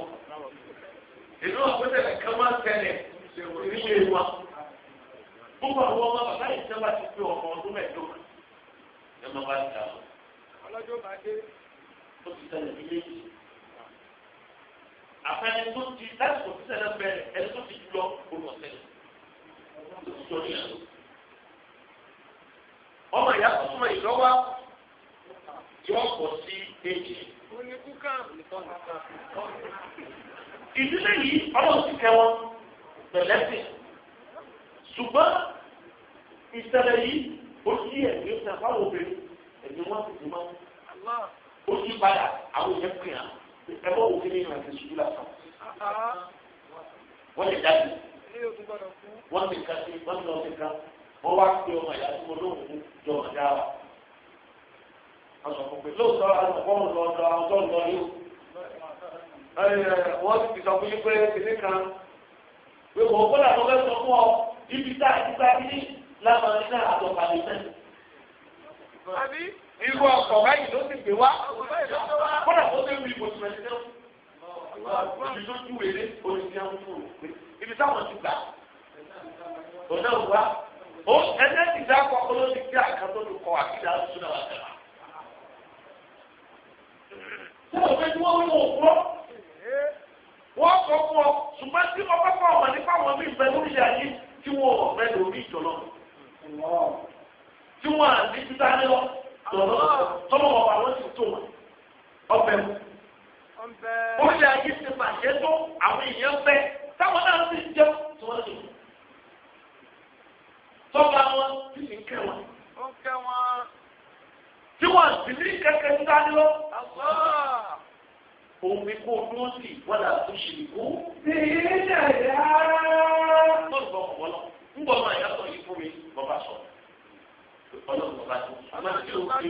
Ìlú àpótẹ́lẹ̀ kan máa ń tẹ̀lé ìrìnlẹ̀ wa. Gbogbo àwọn ọmọ bàbá yìí sábà ti fi ọmọ ọdún mẹ́ẹ̀ẹ́dọ́gbọ̀n. Ẹ máa bá ta ọ. Ọlọ́jọ́ bá dé. Ó ti tẹ̀lé bí méjì. Àfẹ́ni tó ti láti kò sísẹ̀ náà bẹ̀rẹ̀ ẹni tó ti lọ olùwọ̀ Ó ti sọ ní àná. Ọmọ ìyá tó súnmọ́ ìlọ́wọ́ yọ ọkọ sí èjì. ìdílé yìí ọlọ́run ti kẹ́ wọn pẹ̀lẹ́sì ṣùgbọ́n ìṣẹ̀lẹ̀ yìí ó yí ẹ̀mí ó sàn fáwọn obìnrin ẹ̀mí wọn sì ti mọ́ ó yí padà àwọn èèyàn pè án ẹ̀fọ́ òfin ní ìrìnàjò ṣubú lásán wọ́n lè dájú wọ́n lè ká sí wọ́n lè lọ́ọ́ fi ká wọ́n wá pé ọmọ ìyá tó lóhùn jọ ọ̀dá wa ọ̀sọ̀kùn pé lóòótọ́ ọ̀gbọ́n lọ lọ ọjọ́ lọ yóò. wọ́n ti sọ fún yín pé kìnní kan pé wọ́n gbọ́dọ̀ àwọn fẹ́ sọ fún ọ ibi tá a ti ta ní lábàá ní náà àtọ̀ pàdé náà. irú ọkọ̀ báyìí ló ti gbé wá kódà kó tó ń bí ibò tìmọ̀ ẹ̀sìn náà ibi tó ju wèrè oníṣẹ́ ń fún un ibi táwọn ti gbà òun náà wá ẹ̀sẹ̀ ti dá kọ́ olóṣèlú àkàtọ́ ló kọ́ àkídá sódà tí mo fẹ́ tí wọ́n wọ́n kúrọ́ wọ́n kọ́ fún ọ ṣùgbọ́n tí ọkọ̀ fún ọmọ nípa wọn bí ìbẹ̀ lórí ayé tí wọ́n ọ̀fẹ́ lórí ìjọlọ tí wọ́n à ní títà ní lọ tọ́lọ́ ọ̀pọ̀ àwọn ti tó wọn ọbẹ̀ mu orí ayé ti bàjẹ́ tó àwọn èèyàn fẹ́ táwọn náà ti jẹ́ tí wọ́n lè tọ́ba wọn ti ń kẹ́ wọn tí wọ́n sì ní kẹ́kẹ́ ń dání lọ. Òun ni kó dúró sí ìwádà tó ṣe kú. Èyí dàda. Bọ́ọ̀lù bọ̀ wọ́n lọ. Ń bọ̀ máa yá sọ yìí fún mi, bàbá sọ. Ọlọ́run bàbá tó. Àmọ́ tí o fi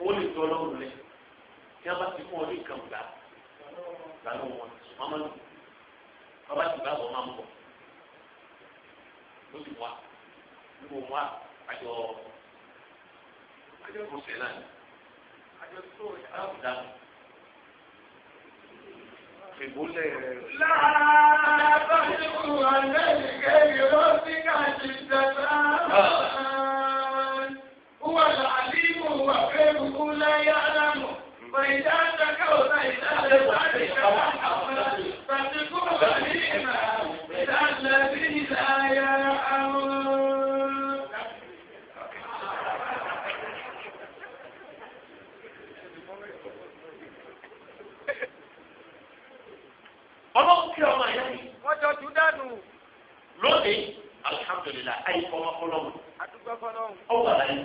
wọ́n lè tọ́ ọlọ́run lẹ. Tí a bá ti fún ọ ní nǹkan gbà, gbà wọn. Màmá lò. Bàbá ti bá bọ̀ máa ń bọ̀. Ló ti wá. Ló wá àjọ kùsẹ̀ náà àbùdá ìbúlẹ̀ rẹ̀. láàbàtìkù àlẹ́yìnkẹ́ yóò sí káàkiri dàgbà. wọ́n lọ àlímù wà fẹ́ kúkú láyé ádámù. فإذا ذكرت إذا ذكرت فاذكر فيهما إذا الذي لا ìlà ayé kọ́mọ́ fọlọ́mù. ọwọ́ àlàyé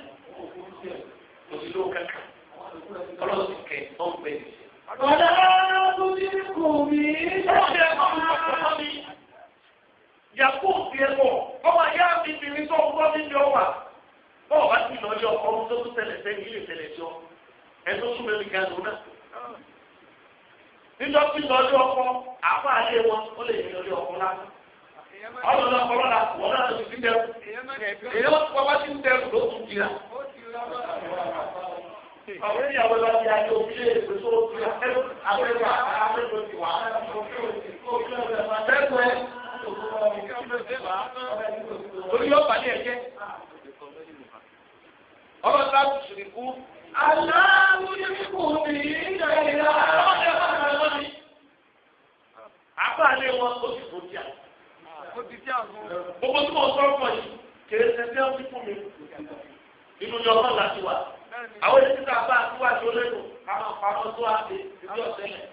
kò sí ló kẹ́kẹ́ ọlọ́run ti kẹ́ ọ́n bẹ́ẹ̀ ni. ọ̀dà tó ti kù mí. ọ̀dà tó ti kù mí. yàtọ̀ òfin o ọmọ ìyá mi bìrì tó ń gbọ́ níbi ọwà. bọ́ọ̀ bá ti lọ yọ ọrùn tó tún tẹ̀lẹ̀ sẹ́yìn ilé tẹ̀lẹ̀ jọ ẹ̀ tó tún mẹ́rin gan nítorí lọ́jọ́ ọkọ àbá alẹ́ wọn ó lè ní lọ́jọ́ ọkọ lásán. ọdún náà kọ́ lọ́la wọ́n náà tó ti ọkụ èyí wọ́n kọ́ wá sí ń dẹrù ló tún jìnnà. àwọn ènìyàwó lọ sí ayé Ọ gbogbo tí mo sọ fún yìí kèrè sẹ́sẹ́ ọtí fún mi inú ni ọlọ́run láti wà àwọn èyí títà bá a tó wà tó lẹ́nu àwọn àpamọ́ tó wà dé ibi ọ̀sẹ̀ yẹn.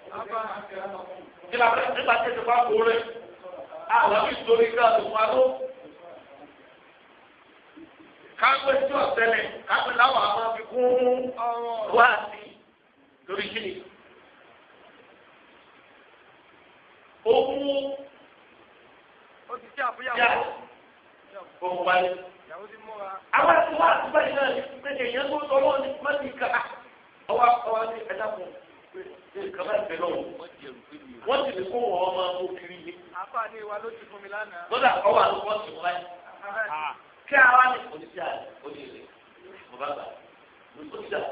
nígbà tí nígbà tí ètò bá kó rẹ̀ àwọn àbí ìtòrí ká ló wà ló. káwé tí ọ̀sẹ̀ lẹ̀ káwé láwọn àwọn àbí kún wá sí lórí kíni. ó mú. Òun wáyé. Àwọn àti wá àtúbà yìí náà ní pẹ̀lú èèyàn tó sọ wọ́n ní mọ́tì ìka. Ọwọ́ ọwọ́ ní ẹ̀dá kan ṣe ìkàbá ìfẹ́ náà. Wọ́n ti lè kó wọ́n ọmọ ọmọ kiri yìí. Àfáà ní ìwà ló ti fún mi lánàá. Lọ́dà ọwọ́ àti wọ́n ti wáyé. Kí a wá oníṣẹ́ àlẹ́ oníṣẹ́ mo bá oníṣẹ́ àlẹ́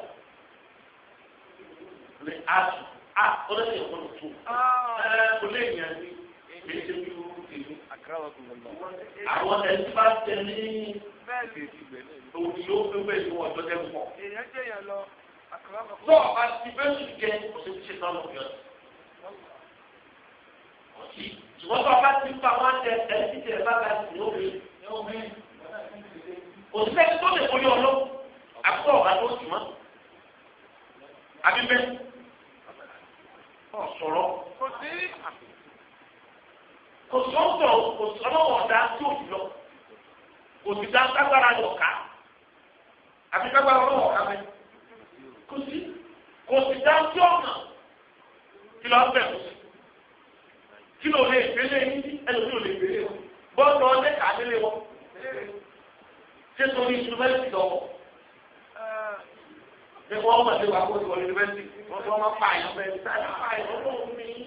lè a tù a àwọn ẹni bá tẹ ní òun yóò fi wẹ̀ ní wọn lọ́jọ́ pọ̀. tó ọba ti bẹ́ẹ̀ sì jẹ o ṣe ti ṣe tán lọ́wọ́ yọ̀ọ́. ṣùgbọ́n tó ọba ti fa wọn tẹ ẹni tí tẹ bá ga sí òwe. òṣìṣẹ́ tó lè borí ọlọ́ àkókò ọ̀gá tó sì mọ́. àbí bẹ́ẹ̀ sọ̀rọ̀ kò sọ́kọ̀ kò sọ́kọ̀ ọ̀dà tí ò lọ kò sì dá kágbára lọ ká àfi kágbára lọ́wọ́ ká bẹ́ẹ̀ kò sí kò sì dá tí ọ̀nà kí lọ́ọ́ bẹ̀ kò sí kí ló lè gbélé yín ẹlòmíì ò lè gbélé wọn bọ́ọ̀lù ọdẹ kà délé wọn ṣé torí yunifásitì lọ́wọ́ ṣé wọ́n mọ̀ sí wa kó tó yunifásitì wọ́n tó wọ́n máa pààyàn bẹ́ẹ̀ sáyà pààyàn ó lóun mi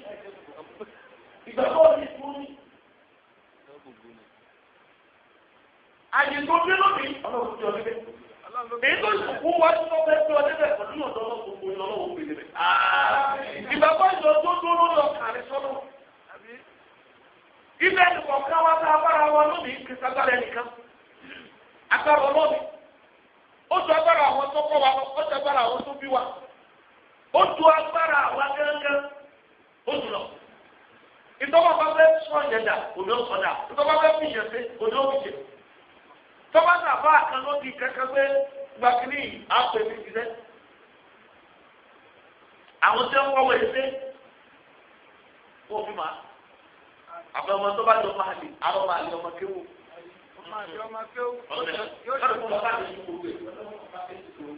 ìgbàgbọ́ ní ìfúnni. àyètò bí lómi ọlọ́run ti ọdún bẹ́ẹ̀. èyí tó ìsìnkú wa ti sọ fẹ́ tó ọdún bẹ́ẹ̀ pẹ̀lú ọ̀dọ́ ọlọ́run gbogbo ìlú ọlọ́run gbèlè bẹ́ẹ̀. ìgbàgbọ́ ìjọ tó dúró lọ kàrí sọ́nù. ibẹ̀ nìkọ̀ọ̀kan wa tá a bára wa lónìí kì í sagbára ẹnìkan. agbára ọlọ́ọ̀ni ó ju agbára àwọn tó kọ́ wa lọ ó ju agbára àwọn tó bí wa ó ju agbára àwa gángan ó jù lọ ìtọ́wọ́ bá fẹ́ sọ̀yẹ̀ dà òní ó sọ̀dà ìtọ́wọ́ bá fẹ́ fi yẹ̀ sí òní ó fi yẹ̀. tọ́wọ́ náà bá kan ló di kẹ́kẹ́ pé gbàkiri àpè mi ti dẹ́. àwọn tí wọ́n wọ̀ ẹsẹ̀ kó fi máa. àbẹ̀ ọmọ tó bá lọ máa lè àrọ́ máa lè ọmọ kéwù.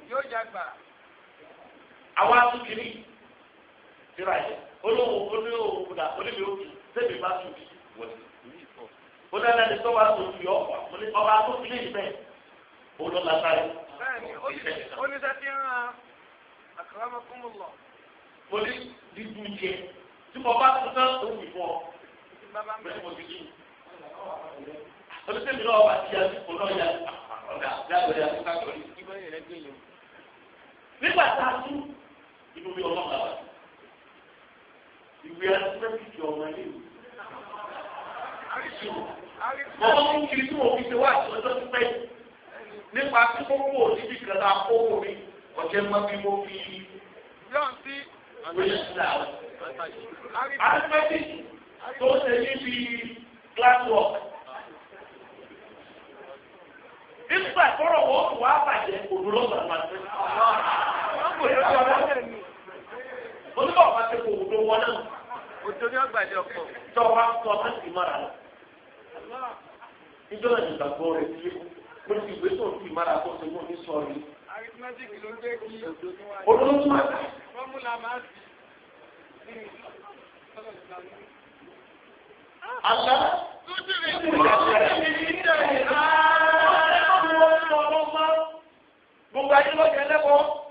yóò jágbà. àwa tún kiri síra yẹn olóhùn olóhùn kúdà oníbi òkè sẹ́mi bá tù bí wọ́n ti tù ó dáná ní sọ́wọ́ àti òfin ọ̀pá ọba tó fi lè bẹ́ẹ̀ ó lọ la sáré. bẹ́ẹ̀ni oníṣẹ́ ti ń ran àkàràmọ fún mi lọ. mo ní dídú jẹ tí mo bá tún náà ó wù fún ọ bẹ́ẹ̀ mo ti dùn. oníṣẹ́ mi náà wà sí àdúgbò náà yà ọ̀gá jáde àti kájọ ní. nígbà tá a tún inú mi ọlọ́run làwọn ìwé asúmẹ́tìkì ọmọ ilé ìwé. Mo máa ń kiri tí mo fi ṣe wá àtúntò tó pẹ́ nípa tí mo kú òdìdí kan náà kówó mi ọ̀jẹ̀ mọ́ bí mo fi wíyà sílẹ̀ àwọn. Asúmẹ́tìkì tó ṣe níbi glasswork. Nígbà tọ́rọ̀ wọ́n wá bàjẹ́ òdòdó bàbá oníbọ̀ wa ti kò wúlò wọn náà. òjò ní ọgbà ìdí ọkọ. tọ́ wa sọ ọ́ láti mara lọ. níjọ́ náà ìgbàgbọ́ rẹ̀ ti mo ti gbé tó fi mara tó ṣe mú ní sọ́ọ̀rì. arithmetic ló ń jẹ́ kí olóńtú máa ta. fọ́múlà máa ń bì. àlá. tó ti rìn ìrìn àjẹ́. gbogbo ayé lọ́jọ́ ẹlẹ́kọ̀ọ́.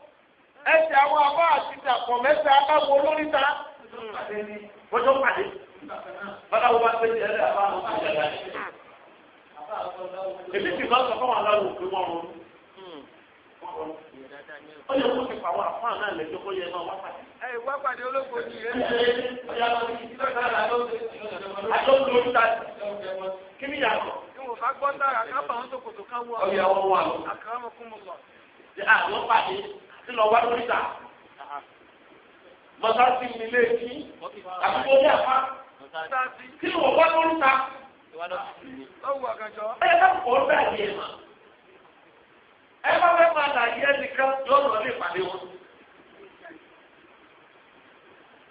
ẹsẹ̀ àwọn abọ́ àti ìtàkùn mẹ́sẹ̀ abáwo olórí ta. bọ́jọ́ pàdé bọ́láwo bá gbé jẹ́ ẹ̀rẹ́ àbá àwọn ọ̀gá rẹ̀. èmi sì máa ń sọ fáwọn aláwọ̀ tí lọ wá lórí ta mọ́sáàsì mi lé kí àtúntò ní àpá tí lọ wá lórí ta. ẹ ká kọ́ ọ́ bẹ́ẹ̀ yẹn mà ẹ bá fẹ́ máa là yẹ nìkan lọ́nà lè pàdé wọn.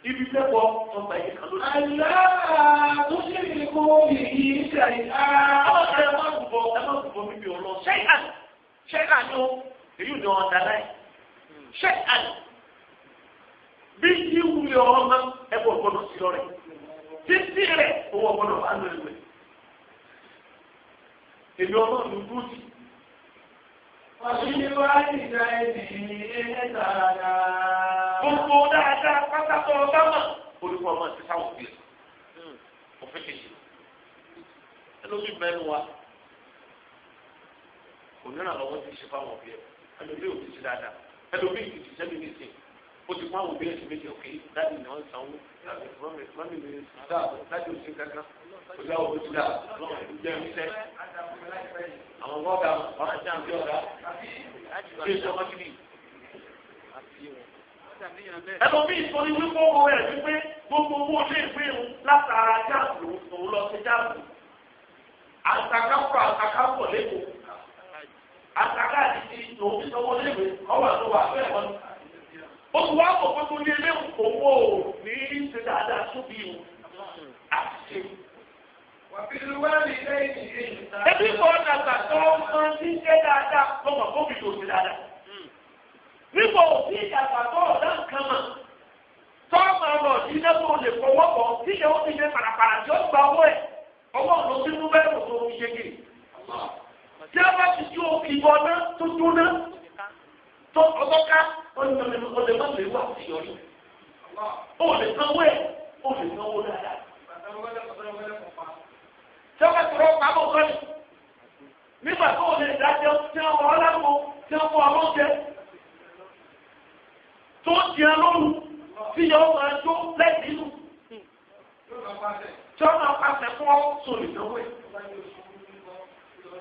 Ibi tẹ́ bọ ọgbà yìí kan lónìí. Àlá tó ṣe lè kó yìí ṣe àyè. Àwọn ọ̀rẹ́ ẹ má dùbọ̀ ẹ má dùbọ̀ bíbí ọlọ́. Ṣé àná ṣé àná èyí ò ní ọ̀dà láì ṣé àlè bí yíwúlẹ̀ ọ̀rọ̀ náà ẹ̀bùn ọ̀gbọ́dọ̀ sí lọ́rẹ̀ títí rẹ̀ owó ọ̀gbọ́dọ̀ wà lórí rẹ̀ èmi ọlọ́run ló dúró sí. Ọ̀sìn wa ti gba ẹ̀sìn ilé tààrà. Gbogbo dáadáa pátákó ọ̀gámà olùkọ́ ọmọ ti sáwọ́ bí ẹ̀ òfin kejì ẹlòmíì mẹ́nu wa òmíràn lọ́wọ́ ti ṣe fáwọn òbí ẹ̀ ẹlòmíì ò ti ṣe dáadáa ẹlòmíì ti ti sẹ́mi nìsín o ti fún àwọn òbí ẹ̀sìn méjì òkè láti ní wọ́n sanwó tàbí mọ́mí mi dá láti òsín kankan kò dá owó tó dá lọ́wọ́ ìjẹ́ ìṣẹ́ àwọn ọ̀gá ọ̀gá ṣáà ń bí ọ̀gá bí ìṣọ́ ọmọ kìíní. ẹlòmíì sọ ní wípé owó ẹ̀ wípé gbogbo owó ilé ìwé òun látara jáàbù òun lọ sí jáàbù àtàkàpọ̀ àtàkàpọ̀ lẹ́kọ̀ọ́ àtàkà àti òbí sanwó léwé ọwọ́ àtọwọ́ àfẹ́ wọn. ó ti wá bọ̀ pé mo ní ilé òwò ní ṣe dáadáa sóbì o àti ṣe. Ebi kò dàgbà tó ń kan sí ṣe dáadáa lọ́mọ kóbi tó ṣe dáadáa. Nígbà òbí dàgbà tó ọ̀dà nǹkan mọ̀ tọ́ọ̀mù ọ̀rọ̀ yìí tí ìyẹn ti ṣe pàràpàrà tí ó gba owó ẹ̀ ọwọ́ òun ló ti mú bẹ́ẹ̀ kò tó ń ṣe kiri tí wọ́n bá ti jó ìbọn náà tó jóná tó ọgọ́ká ọlẹ́ má wà sí ọdún. ó sanwó ẹ̀ ó sanwó dáadáa. tí wọ́n bá tọrọ pàbó kan nígbà tó o lè dájọ́ tí a wọ́n lágbo tí wọ́n fọ́ ọmọ jẹ tó di lóru tí yọ ọmọ ẹ lẹ́yìn inú. tí pàṣẹ fún ọ sórí ìnáwó ẹ̀.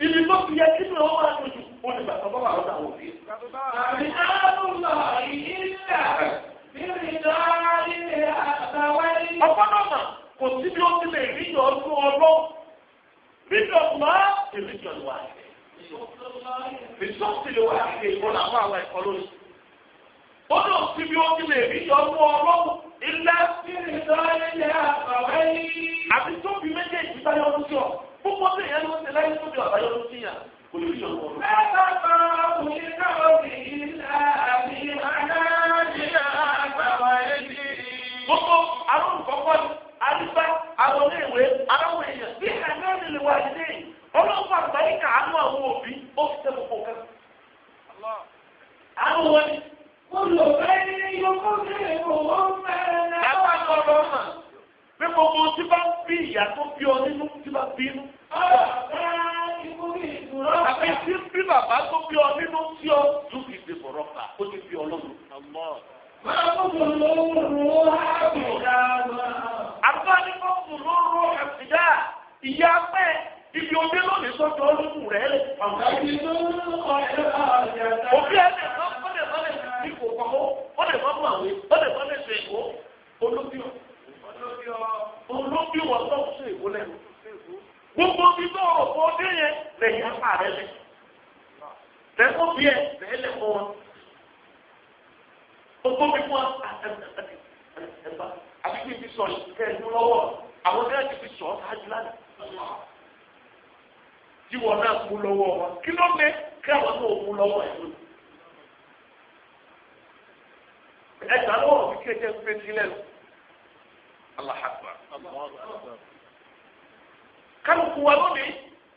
ibi tó fi yẹ kí ni wọ́n máa dojú ó ní bàtà bọ́ bàtà wò sí. àmì àbúlọ̀ ìyílẹ̀ bíbí náà nílé àtàwárí. ọgbọ́dọ̀ mà kò sí bí ó ti lè rí yọ ọdún ọlọ́ bíbí ọ̀gbọ́n èmi jọ lù wá. bísọ́ọ̀sì lè wá ìgbè ìbọn àwọn àwọn ẹ̀kọ́ lórí. ó lọ sí bí ó ti lè rí yọ ọdún ọlọ́ ilẹ̀ bíbí náà nílé àtàwárí. àbí tó fi méjèèjì báyọ̀ lójú ọ̀ púpọ̀ sí ìyẹn ló ń ṣe láyé tó bí ọ̀bá yọ tó sí yàn kò lè rí ọ̀pọ̀. ẹ bá bá òye káwọ́ sí ilé àbí adájí àgbàwá àwọn olùkọ́kọ́ ni àríwá ni. olùfẹ́ ni yóò kó sí ìwòwò mẹ́rin náà. ẹ bá tọ́ lọ́mọ pé gbogbo tí bá ń bí ìyá tó bí ọ nínú tí bá bí inú. àbí tí ń bí bàbá tó bí ọ nínú tí ọ tún fi dè bọ̀rọ̀ kà ó ti bí ọlọ́run. Àbúrò ní kò kùn lóró ẹ̀fìdá ìyá pẹ́ ibi omi lónìí sọ́jọ́ olókùn rẹ̀ lè. Òbí ẹ̀ lè sọ́ ọ́ lè sọ́ lè sí kò pamọ́ ọ́ lè sọ́ mọ̀ àwé ọ́ lè sọ́ lè sọ èkó olóbìọ̀ olóbi wọ̀ tó ṣe ìwúlẹ̀ gbogbo bí tó rò fún ọdẹ yẹn lẹ́yìn apá rẹ lẹ lẹ́kọ̀ọ́ bí ẹ lẹ́yìn lẹ́kọ̀ọ́ wọn gbogbo bí wọn àbí kí n fi sọ ìkẹyìn lọ́wọ́ àwọn ọdẹ ti fi sọ ọ́ ṣáájú lánàá tí wọn náà mú lọ́wọ́ wọn kí ló lé kí àwọn náà mú lọ́wọ́ ẹ̀ lónìí ẹ̀ta lọ́wọ́ fi kéde ń pè sílẹ̀ lọ. Allah akbar kálukú wa lónìí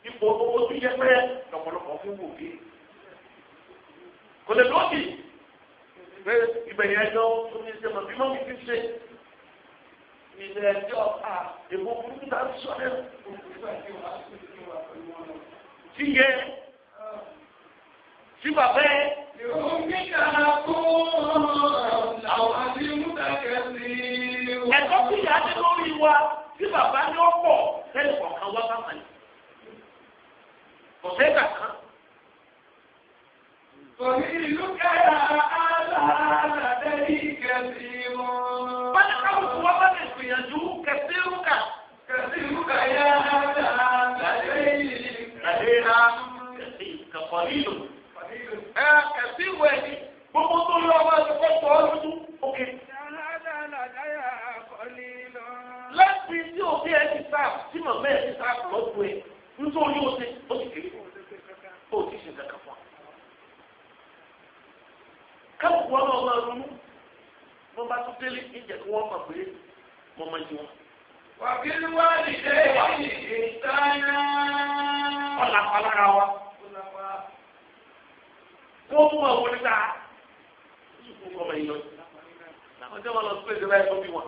ipò ojú yẹpẹrẹ lọ́pọ̀lọpọ̀ fún wòkè kò lè lọ́ọ̀bì pé ìbẹ̀yẹ ẹjọ́ tó ní ṣe mọ̀ bí mọ́ mi ti ṣe ilé ẹjọ́ a èwo burúkú náà ń sọ ẹ́ tí yẹ tí bàbá ẹ. ìròyìn kan kó. wa tí bàbá ní ọ̀pọ̀ tẹ́lẹ̀ kọ̀ọ̀kan wá bá wà ní. ọ̀sẹ̀ kàkan. Òhìlú kẹ́ra aláàlàdẹ́rì kẹsì mọ́. Bọ́lá káwọn tó wá bá lè gbìyànjú kẹsì rúkà. Kẹsì rúkà yá aláàlàdẹ́rì kẹsì mọ́. Kẹsì kẹfọ́ nílò. Ẹ kẹsì wẹ̀ ni gbogbo tó lọ́wọ́ ẹ̀ fọ́ tọ́ lójú. Ókè. Aláàlàdẹ́rì láti tí òbí ẹ ti sá tí màmá ẹ ti sá lọ́dún ẹ nítorí ó ti ó ti kéré ó ti ṣe kankan fún wa. káwọn wọn náà máa ronú wọn bá tún délé ìjẹ kí wọn máa pè é mọ máa jí wọn. wàbílí wá ní ṣe ìdáná. ọ̀làpá lára wa. wọ́n mú àwọn oníta. mú ọmọ yìí lọ. ọjọ́ wọn lọ sí pé ẹ̀kọ́ bí wọn.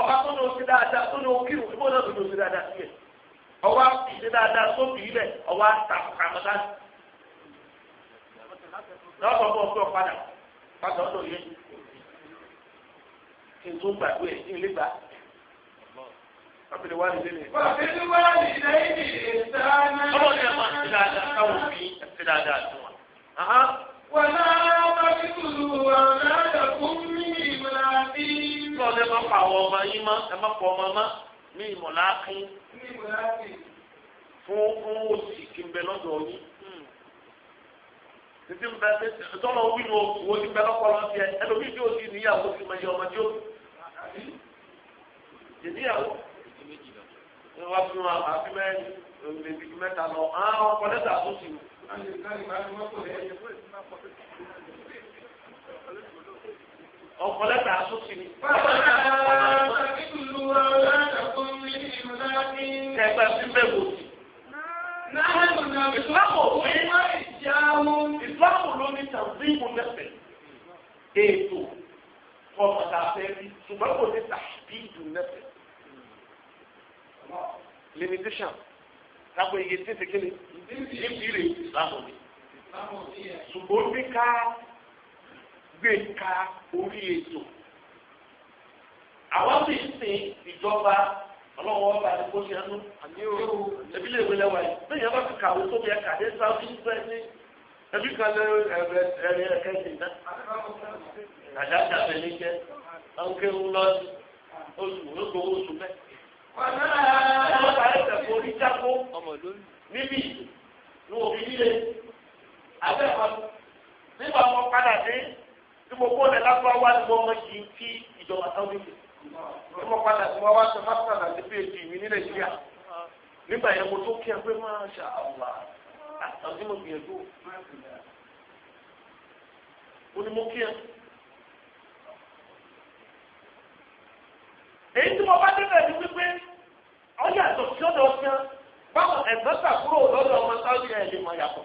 ọba tó ní o ṣe dáadáa tó ní o kírun ìbò náà tó ní o ṣe dáadáa sílẹ̀ ọba ṣe dáadáa sóbì yìí bẹ̀ ọba ta kàmọ́tà lọ́sọ̀ bọ̀ ọ̀pẹ́ ọ̀padà padà ọ̀dọ̀ yẹ kí n tó gbàgbé ẹ̀ ní ilé gbà. Ọ̀pẹ̀lẹ̀ wá nílé mi. Ọ̀pẹ̀lẹ̀ wá nílé mi ìsáná. Ọlọ́run ẹ̀ máa ṣe dáadáa káwọn òbí ṣe dáadáa sí wọn. Wàlá bá fi kúrú àwọn àdàkùn mí ìmúra bíi títọ́ ní ma pa àwọn ọmọ yín mọ́ ẹ má pọ̀ ọmọ mọ́ ní ìmọ̀lá kín fún fún òsì kí n bẹ lọ́dọ̀ yín. Hmm. títí n bẹ tọ́lọ̀ wí ní owó ti bẹ lọ́pọ̀lọ́ tiẹ̀ ẹlòmíì tí o ti níyàwó ti mọ iye ọmọ tí o ti níyàwó. wọ́n fi wọn àfi mẹ́rin lèbi mẹ́ta lọ àwọn ọkọ̀ lẹ́tà tó ti ọkọ lẹ́tà asọ́sí ni. ẹgbẹ́ fífẹ́ wò sí. ìsìlámù òwe ìsìlámù ló ní tàbí ìmúlẹ̀fẹ̀ ètò kọ̀ọ̀tà fẹ́ẹ́rí ṣùgbọ́n kò ní tàbí ìmúlẹ̀fẹ̀. limitation lápò iye tí ń ṣe kéde ìbíire ìsìlámù ni. ṣùgbọ́n bí ká gbé ka orí ètò àwọn sì ń sin ìjọba ọlọ́wọ́ ọba ní kó ṣe ẹnu ẹbí lè wọlé wáyé lẹ́yìn ọba ti kàwé tó yẹ kàdé sáwọ́dí ń fẹ́ ní ẹbí kan lé ẹ̀rẹ̀ ẹ̀rẹ̀ ẹ̀kẹ́ ìdìdá àdá àdàbẹ̀ ní jẹ́ ọ̀nkẹ́ ń lọ sí oṣù lóko oṣù bẹ́ẹ̀. ọ̀nà ọba ẹ̀sẹ̀ kò ní jákó níbí ní òbí líle abẹ́ẹ̀kọ́ nígbà wọn padà dé. tí mo kó lẹ lágbára wá ni mo mọ kí n kí ìjọba sáwọn ìṣe tí mo padà tí mo wá sọ masters àti phd mi ní nàìjíríà nígbà yẹn mo tó kí ẹ pé máa ṣe àwà àtàwọn mo gbìyànjú o ni mo kí ẹ. èyí tí mo bá débẹ̀ ni wípé ẹ̀gbọ́n lọ́dọ̀ ọmọ ẹ̀ lè mọ yàtọ̀.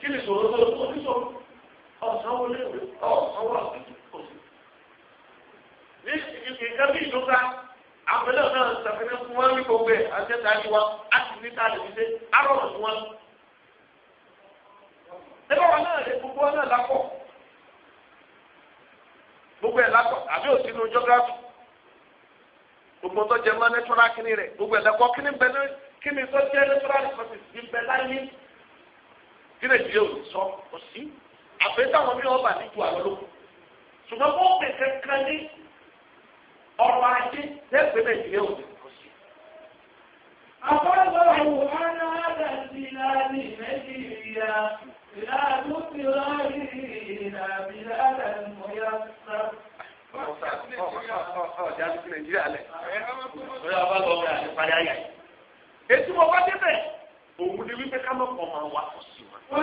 kí ni sòrò tó tó ní sòrò ọ̀sánwó léèrè ọ̀sánwó àgbẹ̀jù kò sí. ní nǹkan bí ìdúgba àpẹẹrẹ náà sàfihàn fún wọn ní gbogbo ẹ àti ẹta ní wa á sì ní táàlì ní sẹ arọrọ fún wọn. nígbà wọn náà lè gbogbo wọn náà lápọ gbogbo ẹ lápọ àbí òsínú jọgráfì gbogbo tó jẹ mọ nẹtúrà kínní rẹ gbogbo ẹ lẹkọ kínní bẹ ní kínní tó jẹ nẹtúrà rẹ pẹ̀lú ìbẹ láyé kí nàìjíríà ò sọ kò sí àfẹ́tàwọn mi ọba níjú àlọ́ ló ṣùgbọ́n kó pè kankan ní ọrọ̀ ajé lẹ́gbẹ̀ẹ́ nàìjíríà ò kò sí. àbálọ̀ wàhálà àdàtì láti nàìjíríà ìlànà tí láàyè ìlànà ìlànà mọ̀yá sá. Ọ̀jà ti Nàìjíríà lẹ̀. Ọ̀jà bá lọ bẹ̀rẹ̀ àti parí ayà yìí. Ètò ọba débẹ̀, òun ni wípé ká mọ̀ pọ̀ máa wà fọ̀ sí bí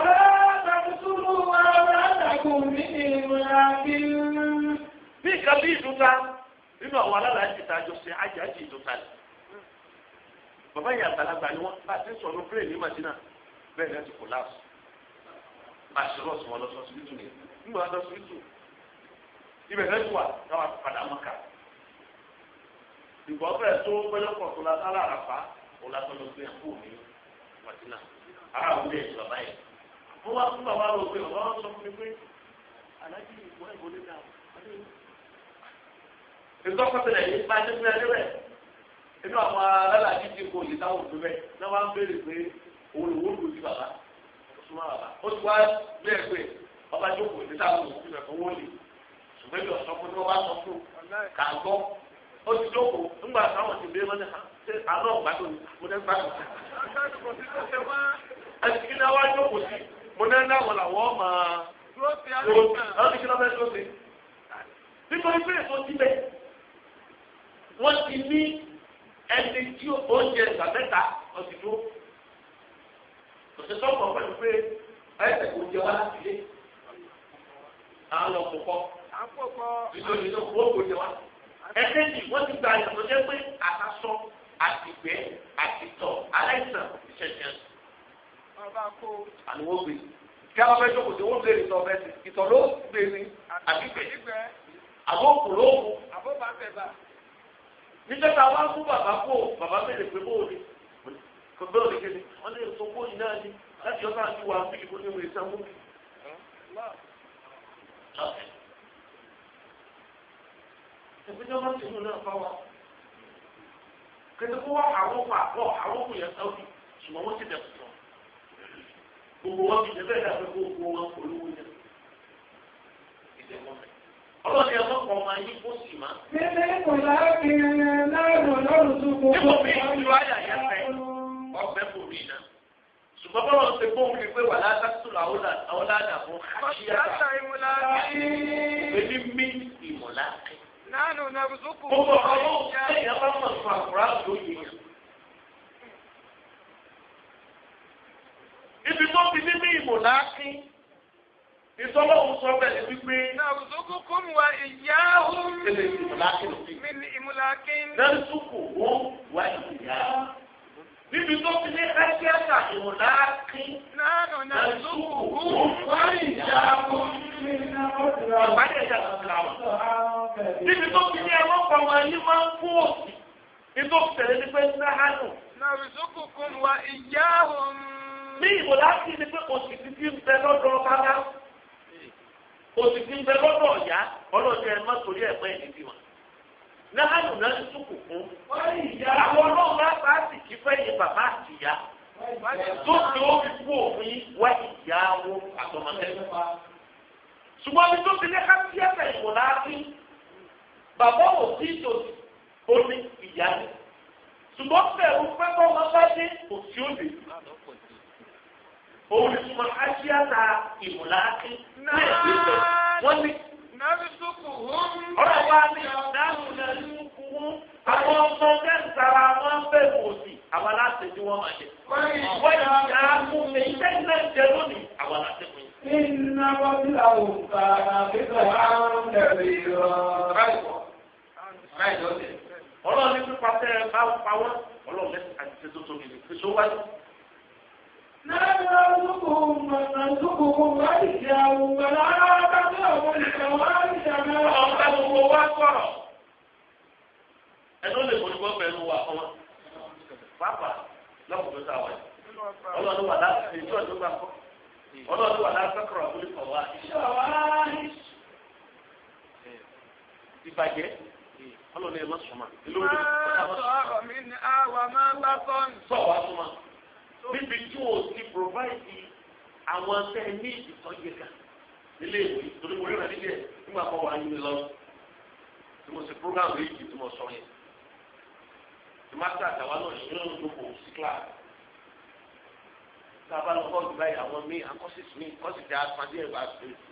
nǹkan bí ìdúta nínú àwọn alálàájì tá a jọ ṣe ajájì ìdúta rẹ bàbá yìí àgbàlagbà ni wọn bá ti ń sọ̀rọ̀ péré ní madina bẹ́ẹ̀ ni wọn ti kò láàsù àṣírọ̀sì wọn lọ sọ síbítù ni nígbà wọn lọ síbítù ibẹ̀ lẹ́tù wà káwọn padà mọ́ka ìgbà ọbẹ̀ tó gbẹ́lẹ́pọ̀ tó la sára àràfà òun la tọ́ lọ gbé ẹ̀kú ní madina ara òun lè sọ báyìí wọ́n wá fún bàbá rò pé ọ̀rọ̀ sọ fún mi pé aláàjì ìwọ ìbò lè dà ìtọ́kọ̀tẹ̀lẹ̀ yìí bá ṣẹ́gun ẹni rẹ̀ inú àwọn alálàájì ti kò yìí táwọn òbí bẹ́ẹ̀ náà wá ń béèrè pé òun lòun lò sí bàbá súnmọ́ bàbá ó ti wá gbé ẹ pé ọba jókòó ní táwọn òbí rẹ̀ fún wọ́ọ̀lì ṣùgbọ́n ibi fún tí wọ́n bá sọ ó ti jókòó nígbà táwọn ti béèrè mọ́ni àná ọ̀gbádùn mo dẹ́ gbádùn. ẹ mo ní ẹ̀dá wọn làwọn máa. dúró sí àlejò náà. àwọn kìí lọ́fẹ́ dúró sí. nítorí pé èso síbẹ̀ wọ́n ti ní ẹni tí oúnjẹ ìgbà mẹ́ta ọ̀sìn dúró. òṣìṣẹ́ ọ̀pọ̀ pẹ̀lú pé ẹ̀sẹ̀ kò jẹ wá láti ilé. àwọn lọ kó kọ́. àpòkọ. nítorí náà wọ́n kò jẹ wá. ẹsẹ̀ ni wọ́n ti gba ìyàtọ̀ jẹ́ pé àtàsọ àtìgbẹ́ àtìtọ̀ aláìsàn ìṣẹ̀ṣẹ̀ àníwó gbé kí a bá fẹ́ jókòó tí wọ́n béèrè ìtọ̀ bẹ́ẹ̀ ìtọ̀ ló gbé ni àbígbẹ̀ àbókù ló kù. níjẹ́ ta wá fún bàbá kó bàbá béèrè pé bóòlì kò bẹ́ẹ̀ lè kéde wọ́n lè sọ bóòlì náà ni láti ọ̀sán àti wà fún ìdìbò ní ìwé sanwó. ìpínlẹ̀ wọn ti mú náà fáwọn kẹ́tẹ́kọ́ wá àwọn kò àbọ̀ àwọn kò yẹ sáwọn ṣùgbọ́n wọ́n ti dẹ̀kùn gbogbo wọn fi ṣẹlẹ̀ dàbí gbogbo wọn olówó yẹn ọlọ́ni ẹ̀fọ́ kan máa yí kó sì máa. Bébè kò láàbì lẹ́rùn lọ́rùn tó kó. Bí mo fi ìlú àyà yẹn fẹ́, ọ̀fẹ́ kò rí iná. Ṣùgbọ́n bọ́lá ń ṣe fóun rí pé wà látàkùn àwọn ládàá fún àṣìyàrá. Bàtà ìmúlá rí. Bébí mi ìmọ̀lá. Nánú nàbùsùkù. Gbogbo ọ̀rọ̀ ẹ̀yà bá mọ̀ fún àkùrá lóye yẹn. ibi tó fi nínú ìmọ̀ láàkín ìsọlọ́hún sọ bẹ́ẹ̀ ni wípé. nàbùsùkú kún wa ìyá òun. tẹlẹ ìmùlákin òfin. mi ìmùlákin. nàbùsùkú wọn wà ìyá. níbi tó fi ní ẹ́kẹ́ta ìmùlákin. nàbùsùkú wọn wà ìyá òun. àgbáyé ìyá kankan wọn. níbi tó fi ní ẹlọ́pàá wọn yìí máa ń kú òsì. nítorí tẹ̀lé ní pé náà hánù. nàbùsùkú kún wa ìyá mí ìbò láti ní pé kò sì ti ń bẹ lọ́dọ̀ bàbá kò sì ti ń bẹ lọ́dọ̀ ọ̀yá ọlọ́dẹ ẹ̀ má torí ẹ̀ mọ́ ẹ̀yìn bímọ. Náhánù náà ń sùkù fún. Àwọn ọlọ́run bá bá sì kí fẹ́ yẹ bàbá àti ìyá. Tó ti ó fi kú òfin wá ìyá wo àtọmọdé. Ṣùgbọ́n mi tó ti lé ká sí ẹ̀fẹ̀ ìbò láti. Bàbá ò sí ìtòsí, ó ní ìyá òun ni súnmọ́ aṣíáta ìmùláàkì náà ti sọ wọ́n ní. ọ̀rọ̀ wa ni dáhùn náà ní kúkú àwọn ọmọ kẹsàrà wọn fẹ́ wò sí àwọn aláṣẹ tí wọ́n máa jẹ. wọ́n yà á mú mi iṣẹ́ iná jẹ lónìí àwọn aláṣẹ kò yẹ. iná wọn bí àwọn òǹkà àbíkọ̀ àrùn ẹ̀rí rọ. ọlọ́run ní pípa tẹ́ ẹ bá pa wọ́n ọlọ́run lẹ́sìn àti ṣe tó tóbi rẹ̀ fi wáyé láàrín ọdúnkùn mọ̀sánṣùkùn wáyìíṣẹ́ àwọn ọmọdé aláàbájọ́ ọmọ nìkan wáyìíṣẹ́ àwọn ọmọdé gbogbo wá sọ̀rọ̀. ẹnu lè mọ̀lúkọ́ pẹ̀lú wa ọmọ pápá lọ́kùnrin sáwà yìí ọlọ́run wà láti ìjọ tó gbà kọ́ ọlọ́run wà láti sọ́kọ̀rọ̀ àbúlé kọ̀ wá ìbàjẹ́ ọlọ́run yẹn lọ́sùnmá. sọ̀rọ̀ mi ni àwa máa ń bá tọ́ni. sọ̀rọ̀ wa súnmọ́ níbi tí o ti provide àwọn tẹ́ ní ìtọ́jú kan nílé ìwé torí mo ríra níbẹ̀ nígbà kan wà nínú lọ tí mo ṣe program méjì tí mo sọ yẹn tí má sá àtàwọn náà ṣe ń lò kò sí class tá a bá lọ kọ́ọ̀tù báyìí àwọn míì akọ́sìs míì kọ́sìs tí a pàdé ẹ̀ bá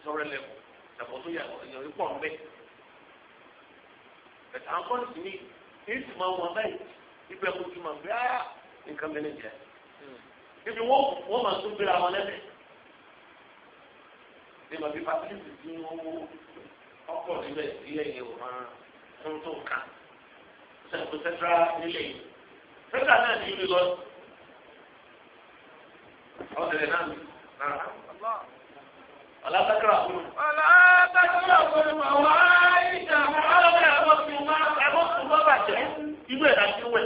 sọ̀rọ̀ lẹ́kọ̀ọ́ ṣàpọ̀ tó yà ọ̀yàn pọ̀ ń bẹ̀ bẹ̀tẹ̀ akọ́sìs míì èyí ti máa wọn báyìí ibẹ̀ kojú máa bẹ́ẹ̀ nǹkan mẹ́rin jẹ́ níbi wọ́n wọ́n máa tún gbéra wọn lẹ́sẹ̀ nígbà tí pàtílìsì tí wọ́n wó ọkọ̀ níbẹ̀ sílẹ̀ yìí ò máa tún tún kà sẹ́kù sẹ́tìrà nílẹ̀ yìí sẹ́tìrà náà ní ìlú lọ ọ̀sẹ̀lẹ̀ náà ní rárá. Ọlá Sákìrà kúrò. Ọlá Sákìrà kúrò mọ̀ wá ìjà mọ́. Ọlọ́dẹ ẹ̀rọ fi máa ẹ̀rọ fún bọ́ bàjẹ́. Inú ẹ̀dá ti wẹ̀.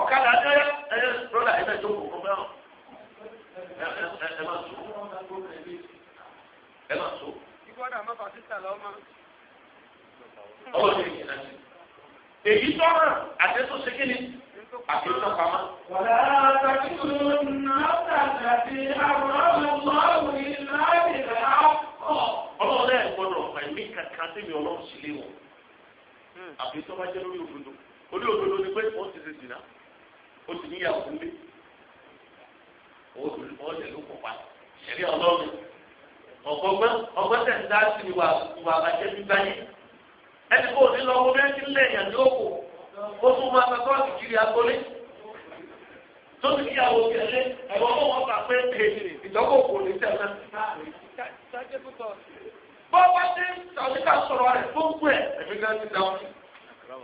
ọ̀kadà ẹ ẹ rọ́là ẹ bẹ tó kù fún mẹ́wọ̀n ẹ má so ẹ má so. ìgbọ́dọ̀ àmọ́ pàṣípà lọ́mọ. ọ̀rọ̀ yìí náà èyí tọ́nà àti ètò ṣẹ́kìnì àti ètò pamọ́. wàlá àtàkùn náà tàbí àti àwọn ọlọ́run ìlà ìlà ọ̀. ọlọ́run náà gbọ́dọ̀ ẹ̀mí kankan tẹ̀mí ọlọ́run sílé wọn hmm. àfi tó bá jẹ́ lórí òdodo olórí òdodo ni pé wọ́n ti ṣe jìnnà ó ti níyàwó nílé ó lè ló kópa ṣẹ̀rí ọlọ́run ọ̀gbọ́gbọ́n ọgbọ́n tẹ̀ ń dá sí ìwà ìwà àbàjẹ́ gbígbá yẹn ẹni kò ní lọ́wọ́ bí ẹni lé èèyàn ní òkò ó tún máa fẹ́ kọ́ọ̀tù kiri agbolé tó ti níyàwó kẹlẹ́ ẹ̀wọ̀n tó wọ́n gbà pé ìjọba òkò ní tẹ̀lé. bọ́ọ̀ bá dé tàbí ká sọ̀rọ̀ rẹ̀ tó ń ẹ̀mí gan ti dáwọn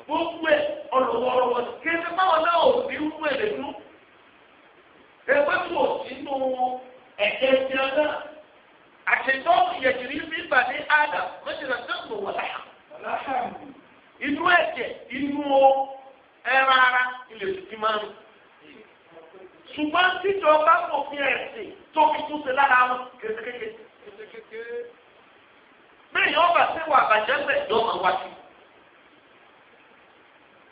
gbogbo ẹ ọlọ́wọ́lọ́wọ́ kéde báwọn náà ò ní wú ẹ̀ lẹ́nu ẹgbẹ́ kò sínú ẹ̀jẹ̀ ti ọ̀nà àṣetọ́ ìyẹ̀jìrì bíbà ní ádà méjìlá sẹ́kùn wọ̀ láhà inú ẹ̀jẹ̀ inú ẹ̀rọ ara ilẹ̀ tuntun máa ń ṣùgbọ́n tíjọba kò fi ẹ̀sìn tó fi tún ṣe lára wọn kékeré. bẹ́ẹ̀ ni ọba ṣé wà bàjẹ́ bẹ́ẹ̀ yọ ọmọ wa sí i.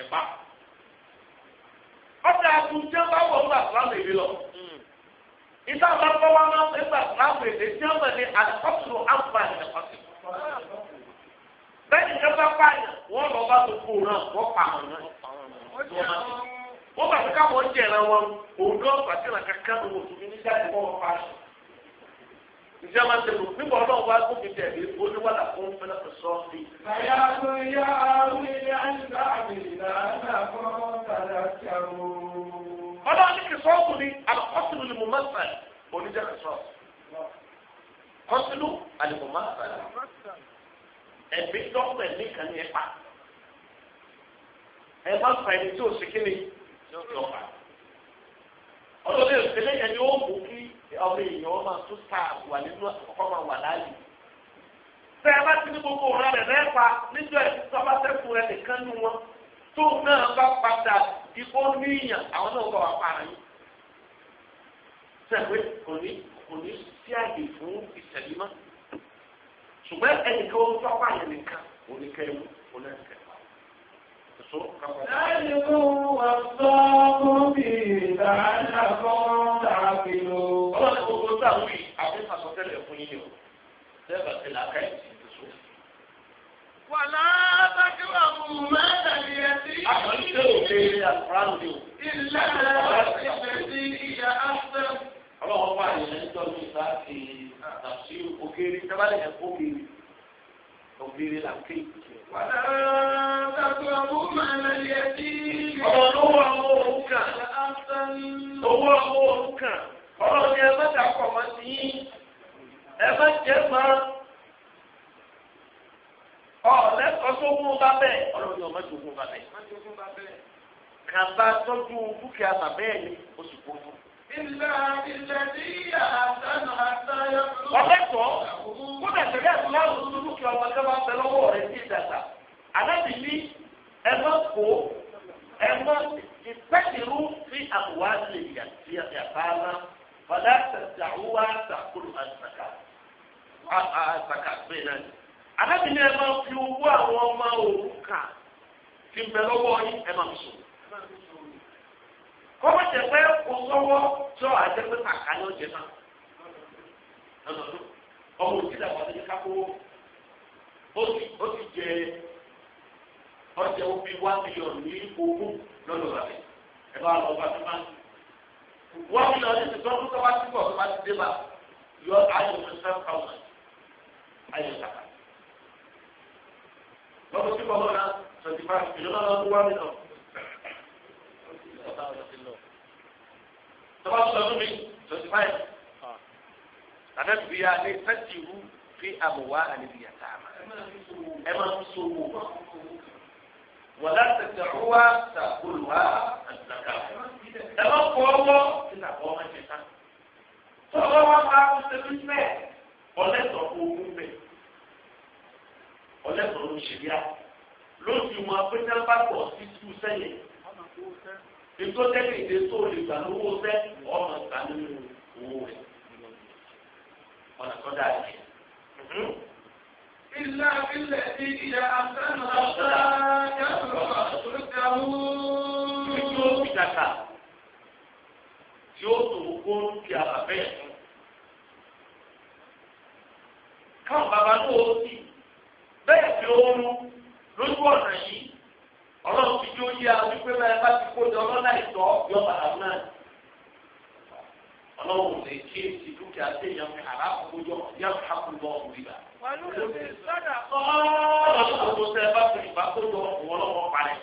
ẹ̀pá. ọ̀sẹ̀ àtúntẹ́ bá wọ̀ ńgbà fúlàmù èdè lọ. ìta bá bọ́ wá náà ńgbà fúlàmù èdè tí wọ́n mọ̀ ní àkọ́sùrù àǹfààní ẹ̀kọ́sì. bẹ́ẹ̀ni ìjọba bá pààyàn wọ́n lọ bá tó kó náà wọ́n pa àwọn náà. wọ́n bá fi káwọn jẹ̀rẹ̀ wọn òun náà pàṣẹ ìjọ máa ń tẹ̀lé nígbà ọlọ́run wá gbógun tẹ̀ lé oníwàlà fún fẹ́lẹ́fẹ́ sọ́ọ̀sì. Bàyá tó yá wílé àyíká àbìlá náà fún tàdá kẹrù. Ọlọ́run ní kìsọ́ọ̀kù ni àkọsílù ni mo máa fà oníjẹ́ kìsọ́ọ̀kù. Kọ́sílù àlùmọ̀ máa fà á. Ẹ̀mí dọ́gba ẹ̀mí kan ní ẹ̀pà. Ẹ máa fà ẹni tí ò sí kíni yóò Ọlọ́run ní ọmọ èèyàn ọmọ tún ká wà nínú ọmọ wà láàyè tẹ ẹ bá ti ní gbogbo ọ̀rọ̀ rẹ̀ lẹ́pa níjọ́ ẹ̀ tọ́ba sẹ́kù rẹ̀ nìkan nù wọn tó náà bá padà ìbò níyàn àwọn náà bá wà para yín sẹ́wé kò ní kò ní sí àyè fún ìṣẹ̀límọ́ ṣùgbọ́n ẹnìkan ó tọ́pọ̀ àyẹ̀ nìkan oníkẹ́ ewu oníkẹ́ ذلكم وصاكم به لعلكم تعقلون tá ń wí àfihàn sọtẹ́lẹ̀ fún yín ni o lẹ́bàá ti là ká ìtì ìtòsó. wàlá bàtúrà mú mẹ́ta ni ẹ ti. àwọn ìṣe òkèèrè àkùrán ni o. ilé ìṣẹ̀lẹ̀ ti ìyá áfẹ́. ọlọ́wọ́ wà ní ẹjọ́ mi láti àtàkùsí òkèèrè tábàlẹ̀ ẹ̀kọ́ òkèèrè òkèèrè là ń ké. wàlá bàtúrà mú mẹ́ta ni ẹ ti. ọ̀rọ̀ lówó àwọn òrukàn. owó àwọn òrukàn ọ̀rọ̀ ni ẹ má dàpọ̀ mọ́ sí yín ẹ má jẹ́ mọ́ ọ̀lẹ́kọ̀ọ́ tó kún bá bẹ́ẹ̀ ọ̀rọ̀ ni ọ̀mọ́ tó kún bá bẹ́ẹ̀. kàbá tọ́jú dúkìá bàbá ẹ̀ ní oṣù kún fún. Ilé ilé ní àtàlù àtàlù. Ọ̀pẹ́ tọ́, kódà tẹ̀lé àtúláwò tó dúkìá ọmọ ẹgbẹ́ máa ń bẹ lọ́wọ́ rẹ̀ sí ìdàgbà. Àdábì ní ẹ má kó ẹ má ìfẹ́kìrú sí àbúwá lè yàtí àbáná fọlá tẹsàwá sàkúrò àtàkà àtàkà bẹ́ẹ̀ náà ni. alábìnrin ẹ máa fi owó àwọn ọmọ òrùka fi ń bẹ lọ́wọ́ yín ẹ máa sùn. kọ́mọ̀ jẹ́ pé kò sọ́wọ́ tó àjẹpẹ́ kàkà ní ọjẹ́ náà. ọmọ òtí làwọn ọdún ká kó ó ti jẹ ọjà òbí one million ní ogún lọ́dọ̀ rẹ̀ ẹ bá lọ bá tó máa wọ́n ń lọ níbi tó ń tó wá síbọ̀ tó wá sí dé bá yọ ayọ̀ mẹ́sàn káwọn ayọ̀ sàkà. lọ́dún tí wọ́n lọ́nà twenty five ìjọba lọ́dún tó wá mi lọ. tọ́wọ́ tó lọ́dún mi twenty five. àdàbí ah. bíi a ní sẹ́tì rú fi àmùwá àlejò yàtà ẹ máa ń sọ owó wọ̀lá tẹ̀tẹ̀ wá sàkólù wá àtìlákà. ẹ má fọ ọwọ́ tí nà fọ ọmọ ṣe tán. tó ọwọ́ wá bá ń sẹ́nu fẹ́ ọlẹ́tọ̀ kó o ń bẹ̀. ọlẹ́tọ̀ ló ń ṣe bíà lóṣù wọn pé bá pọ̀ sí sùn sẹ́yìn. ètò tẹ́lẹ̀ èdè tó lè gbà lówó sẹ́ ọmọ ìgbà nínú owó rẹ̀. ọ̀nà tó dáa yẹn. إلا بالتي إذا أحسن غطاء رده yóò fi kàkà yóò tó kó ti àbàbẹ́ ẹ̀sùn. káwọn bàbá tó o sì bẹ́ẹ̀ fi oorun lójú ọ̀nà yìí ọlọ́run fi jó yí a wípé báyìí bá ti kó jọ lọ́nà ìtọ́ yọ bàbá náà ọlọ́run lè kí èsì dúkìá sí èèyàn fi àrà àkójọ yàtọ̀ àkójọ òrìbà. Pẹ̀lú ìlú sọ́dà. Ọlọ́run tó sẹ́ bá fi ìgbà tó lọ wọ́n lọ́wọ́ parẹ́.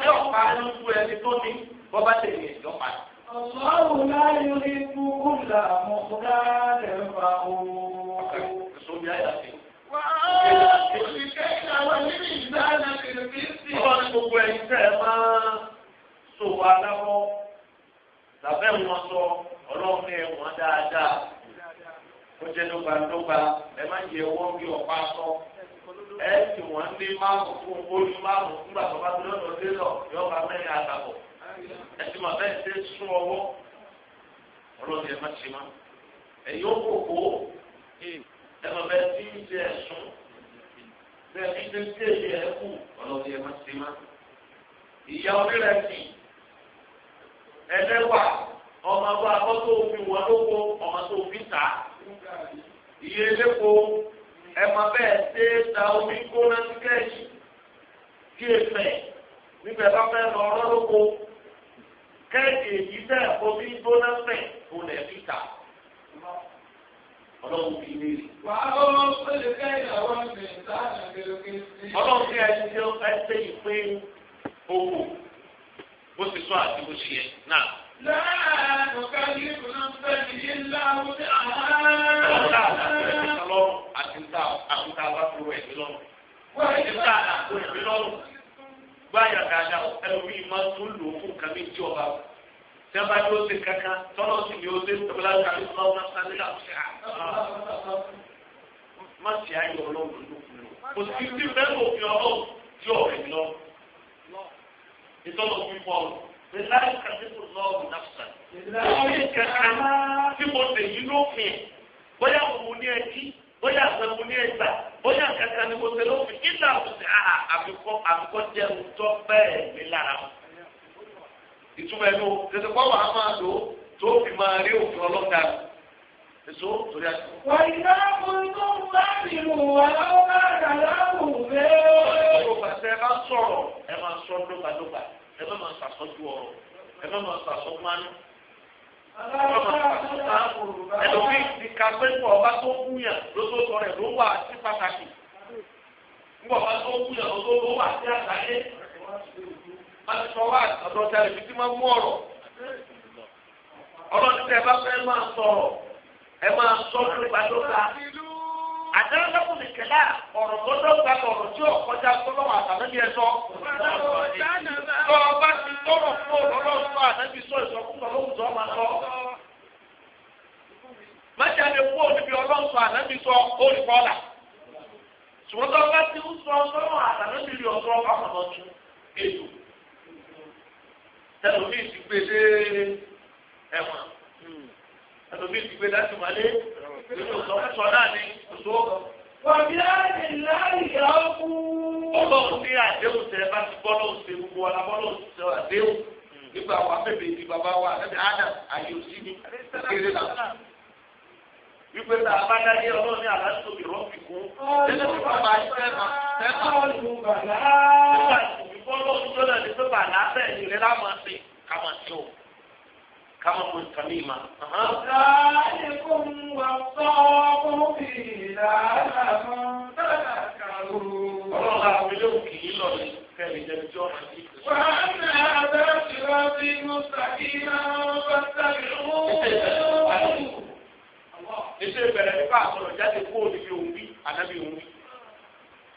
Ṣé ọ̀pá ló ń gbé ẹni tó ní bọ́ bá tẹ̀lé ẹ̀jọ́ parẹ́? Ọlọ́run láyé ní kúkúlà mọ̀kúlá lè fa ooo. Ṣé dáadáa ó jẹ́ dọ́gbadọ́gba ẹ má yẹ ọwọ́ bí ọ̀pá sọ ẹ sì wọ́n lé márùn fún ojú márùn nígbà tó bá gbé lọ́dọ̀ lélọ̀ yọ ọba mẹ́rin àtàbọ̀ ẹ sì mọ̀ bẹ́ẹ̀ ṣe sún ọwọ́ ọlọ́dún ẹ má ṣe má ẹ yóò kó kó ẹ mọ̀ bẹ́ẹ̀ tí ń ṣe ẹ̀sùn bẹ́ẹ̀ tí ń ṣe ṣe ẹ̀ kú ọlọ́dún ẹ má ṣe má ìyá onírẹ̀sì ẹlẹ́wà ọmọ wa ọtọ́ òfin wọn ló kó ọmọ tó òfin tà iye elépo ẹ máa bẹ́ẹ̀ ṣe ta omi gbóná sí kẹ́ẹ̀sì kí èfẹ̀ nígbà bá fẹ́ lọ rọ́lọ́kọ kẹ́ẹ̀sì èyí tẹ̀ omi gbóná fẹ̀ kò lẹ̀ fi tà ọlọ́run fi lè rí. wà á bọ́ wọn pé lè ká ìyàwó mi sáà lókè sí. ọlọ́run fi ẹni tí ó ṣe ìpín owó bó ti sọ àti bó ṣe yẹ náà. Báyọ̀ dáadáa ẹlòmíì máa tún lò ó fún kàmí tí ọba o. Tí a bá ní ó ṣe kankan, tọ́lọ́ sì ni ó ṣe ń tọ́lá kàmí tí wọ́n máa sáré láwùjọ. Má ṣe ayọ̀ ọlọ́run lókun lò. Kò sí sí fẹ́ òfin ọlọ́run tí ọ̀rẹ́ mi lọ. Ìtọ́lọ̀ fún ìfọ̀ ọ̀run láì kàdébù lọ́ọ̀rù náfà. Orí kankan tí mo lè yí lófin, bóyá mo ní ẹjí, bóyá àgbẹ̀ mo ní ẹgbà, bóyá kankan ni mo tẹ lófin, ìlà òsè àhà àbíkọ́ àbíkọ́ jẹ́ òótọ́ bẹ́ẹ̀ mi lára. Ìtumọ̀ ẹnu tètè pọ́ wàá máa lò ó tó fi máa rí òfin ọlọ́ta. Èso torí ẹ má máa ọrụ. ọ̀rọ̀ ẹ máa sàsọ́jú mánú. ẹlòmíì ti ka ọba tó kú yàn lóṣooṣọ rẹ̀ ló wà sí pàtàkì nígbà ọba tó kú yàn ló wà sí àtàlẹ́ ti sọ wá ọ̀dọ̀ fi ti máa mú ọ̀rọ̀ ọlọ́dún tẹ bá fẹ́ máa sọ̀rọ̀ ẹ máa àdánlọ́pọ̀ nìkẹ́lá ọ̀rọ̀ gbọ́dọ̀ gba ọ̀rọ̀ tí ò kọjá gbọ́dọ̀ àtàlẹ́bí ẹ tó o bá ti tọrọ fún sọ ẹlòmíì ti gbé láti wálé nínú ìsọfúnṣọ náà ní ìṣòwò kan. Wàbí láti láì yàgò. Ọlọ́run ní àdéhùn tẹ bá ti bọ́ lóhùn ṣe gbogbo ọ̀la bọ́ lóhùn ṣe àdéhùn nígbà wà bèbè ní bàbá wa ẹbí ádà àyè òsì ni kéré náà. Wípé tá a bá dáyé ọlọ́run ní àlásùn ìrọ́ fi kún. Ṣé ti bàbá ṣẹ́ ma? Ṣé ká lu bàbá? Ṣé bàbá ìbí bọ́ tó náà kama mun kamima zalikum wasaqu bi la'akum tadhakkarun ọlọ́run àwọn eléwù kì í lọ ní kẹ́mi jẹ́ jọ́ àti ìfẹ́. wà á nà abẹ́ ìrọ̀ bí mo sàkínà bá sàbí owó. ètò ìbẹ̀rẹ̀ nípa àtọ̀rọ̀ jáde kó o níbi òun bí ànábì òun bí.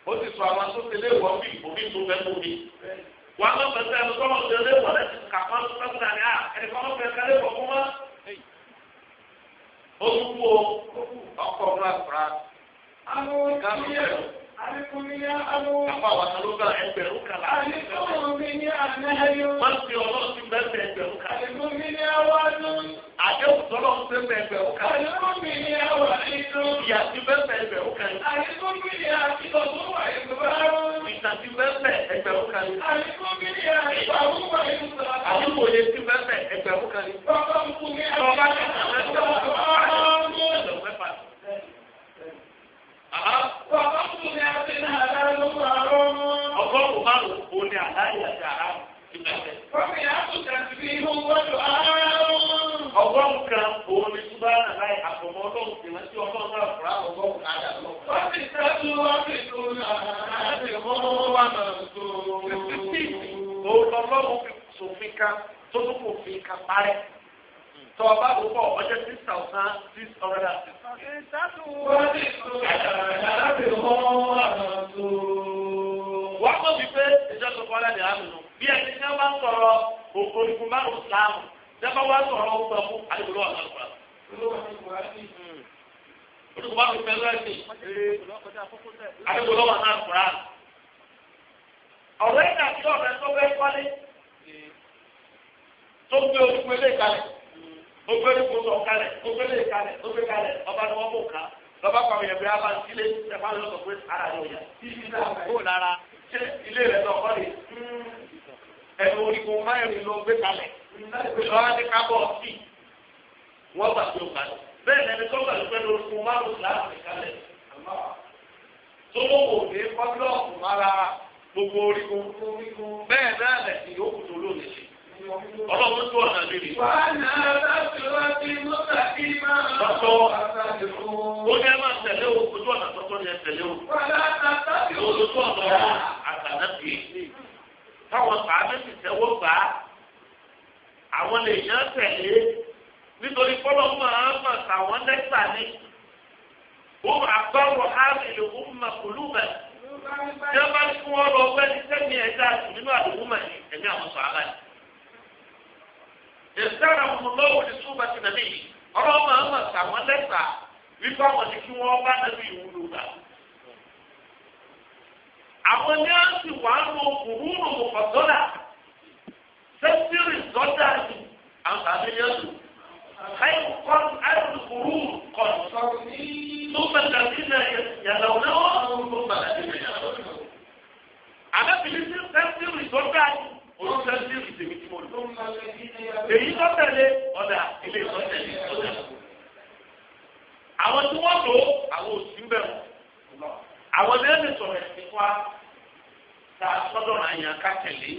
ó ti sọ àwọn sọ́sẹ̀ léwọ̀ bí òbí tó fẹ́ mú mi wà á lọ́pẹ̀ sí ẹni tọ́lọ̀ ṣe lé wọlé kàkọ́ sọ́kùnà ni à ẹni kọ́ lọ́pẹ̀ sí ẹni kọ́ mọ́. ó kú o ọkọ̀ ọ̀gbọ́n àkùrá. àwọn ọ̀gbọ́n Kápá wà sọ ló bá ẹgbẹ̀rún kan láti. Àlékún mi ní ànáyó. Má fi ọlọ́run ti bẹ́ẹ̀ ẹgbẹ̀rún kan. Àlékún mi ní àwọ̀dún. Àdéhùn sọ́lọ́ ń bẹ́ẹ̀ ẹgbẹ̀rún kan. Àlékún mi ní àwọ̀dún. Ìyá ti bẹ́ẹ̀ ẹgbẹ̀rún kan. Àlékún mi ní àtìkọ̀ tó wà ẹgbẹ̀rún. Ìtàn ti bẹ́ẹ̀ ẹgbẹ̀rún kan. Àlékún mi ní àtìkọ̀ tó wà ẹgbẹ̀rún kan. Àlékún mi ní àtìkọ̀ tó wà ẹgbẹ̀rún kan. Ọgọ́rùn-ún ni a ti ní àdáyé márùn-ún. Ọgọ́rùn-ún márùn-ún òun ni àdáyé àti àrùn. Fọ́nmi àtúntà ti fi ihun wọ́dọ̀ àrùn. Ọgọ́rùn-ún kan òun ni Súbá Nàláì àfọ̀mọ́ ọlọ́run ti rántí ọlọ́run náà fúra ọgọ́rùn-ún náà dàgbọ́. Fọ́nmi ìtọ́jú wá fi tún àti ìmọ̀ wà náà tó. Òun lọ́lọ́run fi sòfin kan tó tún kò fi kan parẹ́ tọ́ ọ bá wò pọ̀ ọjọ́ six thousand six hundred and sixty. wọ́n ti sọ àyàfi wọ́n àwọn tó. wọ́n mọ̀ wípé ìjọba kọ́lá ni a nù. bí ẹni tí wọ́n bá ń sọ̀rọ̀ òkòrìkùn bá ń sàmù tí wọ́n bá wá sọ̀rọ̀ ó sọ̀kú àdìgbò lọ́wọ́ àwọn àgbà. olùkọ́ bá wọ́n fẹ́ lọ́ọ̀sì. àdìgbò lọ́wọ́ àwọn àgbà. ọ̀rẹ́ ìdàgbé ọ̀rẹ́ tó fẹ́ kọ́lé tó gbé olùkọ́ ilé ìkàlẹ̀ ó gbé ní kótó ọ̀kalẹ̀ ó gbé lè kalẹ̀ ó gbé kalẹ̀ ọba ni wọ́n mú ká lọ́ba pàmò yẹn bí a bá ń sílé ẹ̀fọ́ àti ọ̀sọ̀ pé ara yóò yà títí náà kó lára ṣé ilé rẹ̀ lọ kọ́lé ẹ̀rù orígun márùn-ún ló gbé kalẹ̀ lọ́wọ́ ní kábọ̀ sí wọ́n gbà tó kalẹ̀ bẹ́ẹ̀ lẹ́ni tó gbà lópe lórígun márùn-ún láti kalẹ̀ tó lówó ní kọ́ńtọ́ọ̀kù mara gbogbo orígun bẹ́ẹ̀ náà lẹ̀ ọlọ́run tó ọ̀nà lè rí. wàhálà láti wá sí mọ́tàkì máa ń tọ́ ó ní ẹ máa tẹ̀lé o ojú ọ̀nà tọ́tọ́ ni ẹ tẹ̀lé o. wàhálà tàbí olùtú ọ̀nà ọ̀hún àtàlẹ́ sí i. táwọn sàábẹ́ sì tẹ́wọ́ gbà á àwọn lè yàn tẹ̀lé nítorí fọlọ́ máa ń mọ̀ sàwọn lẹ́sà ni. ó máa gbọ́ wọ áàmìlì ó máa kúlù mẹ́. tí wọ́n bá fún ọ lọ bẹ́ẹ̀ ní sẹ́mi ẹ̀dá nínú àdúgbò mẹ́ ẹ̀mí àwọn sọ ìsára lọ́wọ́ ní súnmọ́ na nàbí ọlọ́wọ́ máa ń mọ̀ sàwọn lẹ́sà wípé àwọn ni bá nàbí àwọn ní ń lo kùrúùrù sọ́dà ni yẹn lò. àìkú àìkú kùrúùrù náà yàrá òun náà wọ́n yàrá òun. ní sọ́dà ni. olóńgbà ń bèrè àwọn tí wọ́n lò àwọn òsì ń bẹ̀rù. àwọn lẹ́yìn lè sọ̀rọ̀ ẹ̀sìn wa ta sọ́dọ̀ náà yàn ká tẹ̀lé.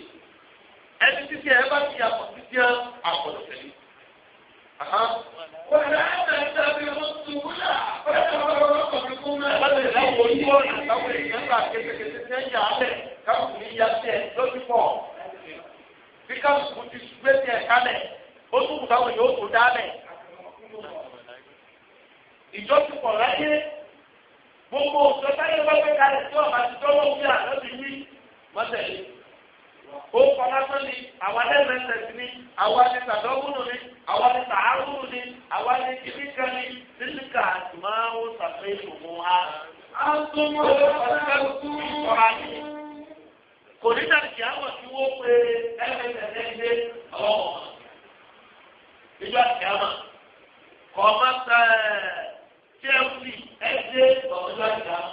ẹni títí ẹ bá ti yàtọ̀ títí ẹ àkọ́dọ̀ tẹ̀lé. Wàlá ẹ̀ka bí wọ́n tún wúlà. Wọ́n wọ́n Wọ́n bí káwọn ti gbé tiẹ̀ o ó tún kù táwọn yóò tó dálẹ̀. ìjọsìn gbogbo òṣèlú táyé wọ́n gbé kalẹ̀ tí wọ́n bá ti dọ́wọ́ wí àná ti wí mọ́tẹ̀lé. ni àwa lẹ́sẹ̀sẹ̀ ni àwa ni ni kò ní dàbí kí àwọn tí wọ́n pe ẹgbẹ̀tẹ̀lẹ́gbẹ̀ ọ̀hún. ìjọ àti àmà kọ́ ọ́ máa ta chelsea ẹgbẹ́ ọ̀jọ́ àti àmà.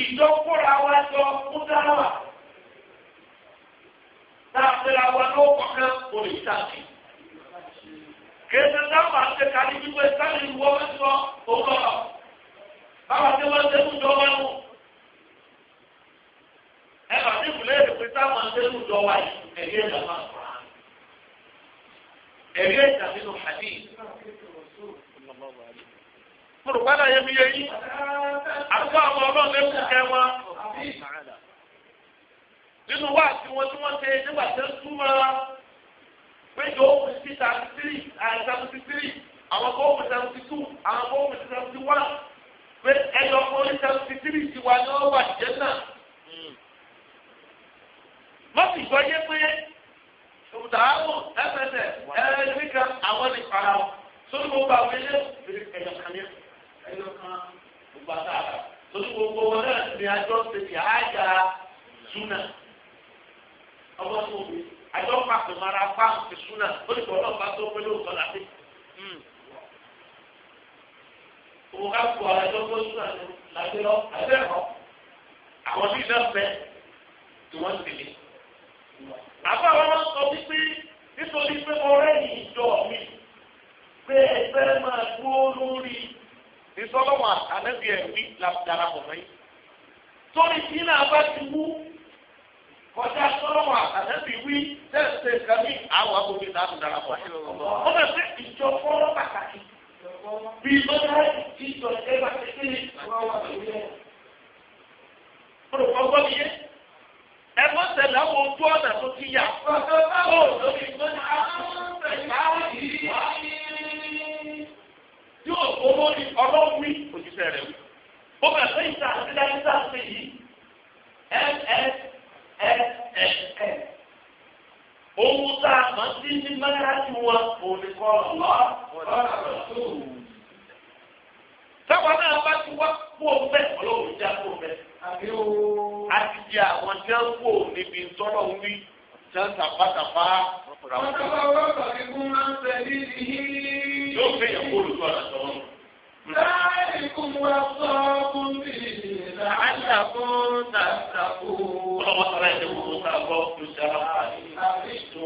ìjọ kóra wa jọ kó dára wà. táàpẹ̀lá wa ló kọ̀ọ̀kan kò ní dàbí. kéde dábàá ṣe kárí wípé sáré ìwọ́wé sọ òun lọ. báwa ti wọ́n ṣe fún ìjọba nù ẹ bá ti wùlé èrè pé táwọn akẹ́kọ̀ọ́ jọ wá yìí ẹ̀rí ẹ̀dá máa fà á. ẹ̀rí ẹ̀dá nínú hàdí. Mùrùkọ́ àlàyé mi yẹ yí. Àbúkọ́ àwọn ọlọ́run lè kú kẹ́ wọn. Nínú wá àti wọn tí wọ́n ṣe nígbà tí wọ́n túmọ̀ péjọ òkú sí thirty three àti seventy three àwọn kò òkú seventy two àwọn kò òkú seventy one pé ẹyọ kò ní seventy three tiwa ni wọ́n wà jẹ́ náà mọ́tì gbọ́ yé pé òkúta àwọn ẹ̀fẹ̀sẹ̀ ẹ̀ẹ́dẹ́gbẹ́ kan àwọn ní para wọn sórí gbogbo àwọn ilé ẹ̀yọ̀ kan ní ẹ̀yọ̀ kan gbogbo àtàrà sórí gbogbo wọn náà ní àjọ tètè àjà súnà ọgbọ́n tó wù àjọ pàtó mara pàǹtì súnà ó ní bọ́ ọlọ́pàá tó pẹ́lú òkọ́ làdé. òun ká kó àjọ tó súnà làdé lọ àbẹ́rẹ́ àwọn bí iná fẹ́ tí wọ́n ti lè àbá wọn máa ń sọ wípé nítorí pé ọ̀rẹ́ yìí jọ mi pé ẹgbẹ́ máa dúró lórí ìsọlọ́wọ́ àtàlẹ́bí ẹ̀rí darapọ̀ mẹ́yìn torí tí náà bá ti wú kọjá sọlọ́wọ́ àtàlẹ́bí wí tẹ̀sẹ̀ kàmí àwọn agbófin náà tún darapọ̀ ọ bẹ fẹ́ ìjọ fọlọ́ pàtàkì bí lọ́dọ̀ ìjọ ẹgbẹ́ bá ti kéde. olùkọ́ gbọ́ mi yé ẹ̀fọ́ sẹ̀lẹ̀ àwọn ojú ọ̀nà tó ti yà. ó lórí tó ní àtúntò yóò owó ní ọlọ́run wí òjíṣẹ́ rẹ̀ wí. ó bẹ̀rẹ̀ pé ìta àti dáńtà ṣe yìí mss ohun tá a mọ̀ sí ní mẹ́rẹ́ẹ́dì wọn kò ní kọ́ ọ̀rọ̀. táwọn náà bá ti wá kó o bẹ́ẹ̀ ọlọ́run já kó o bẹ́ẹ̀ a ti jẹ àwọn tí wọ́n kò níbi tọ́lọ̀ ń wí tí wọ́n tàpátàpá rà wọ́n. yóò fẹ́ yẹn kó olùkọ́ àti ọmọ. láìkún wa sọ fún mi làálà fún tàtàkùn. ọlọ́wọ́ sọ̀rọ̀ ẹ̀ ṣe wọ́n mú sáà bọ́ lóṣù àlàfáà.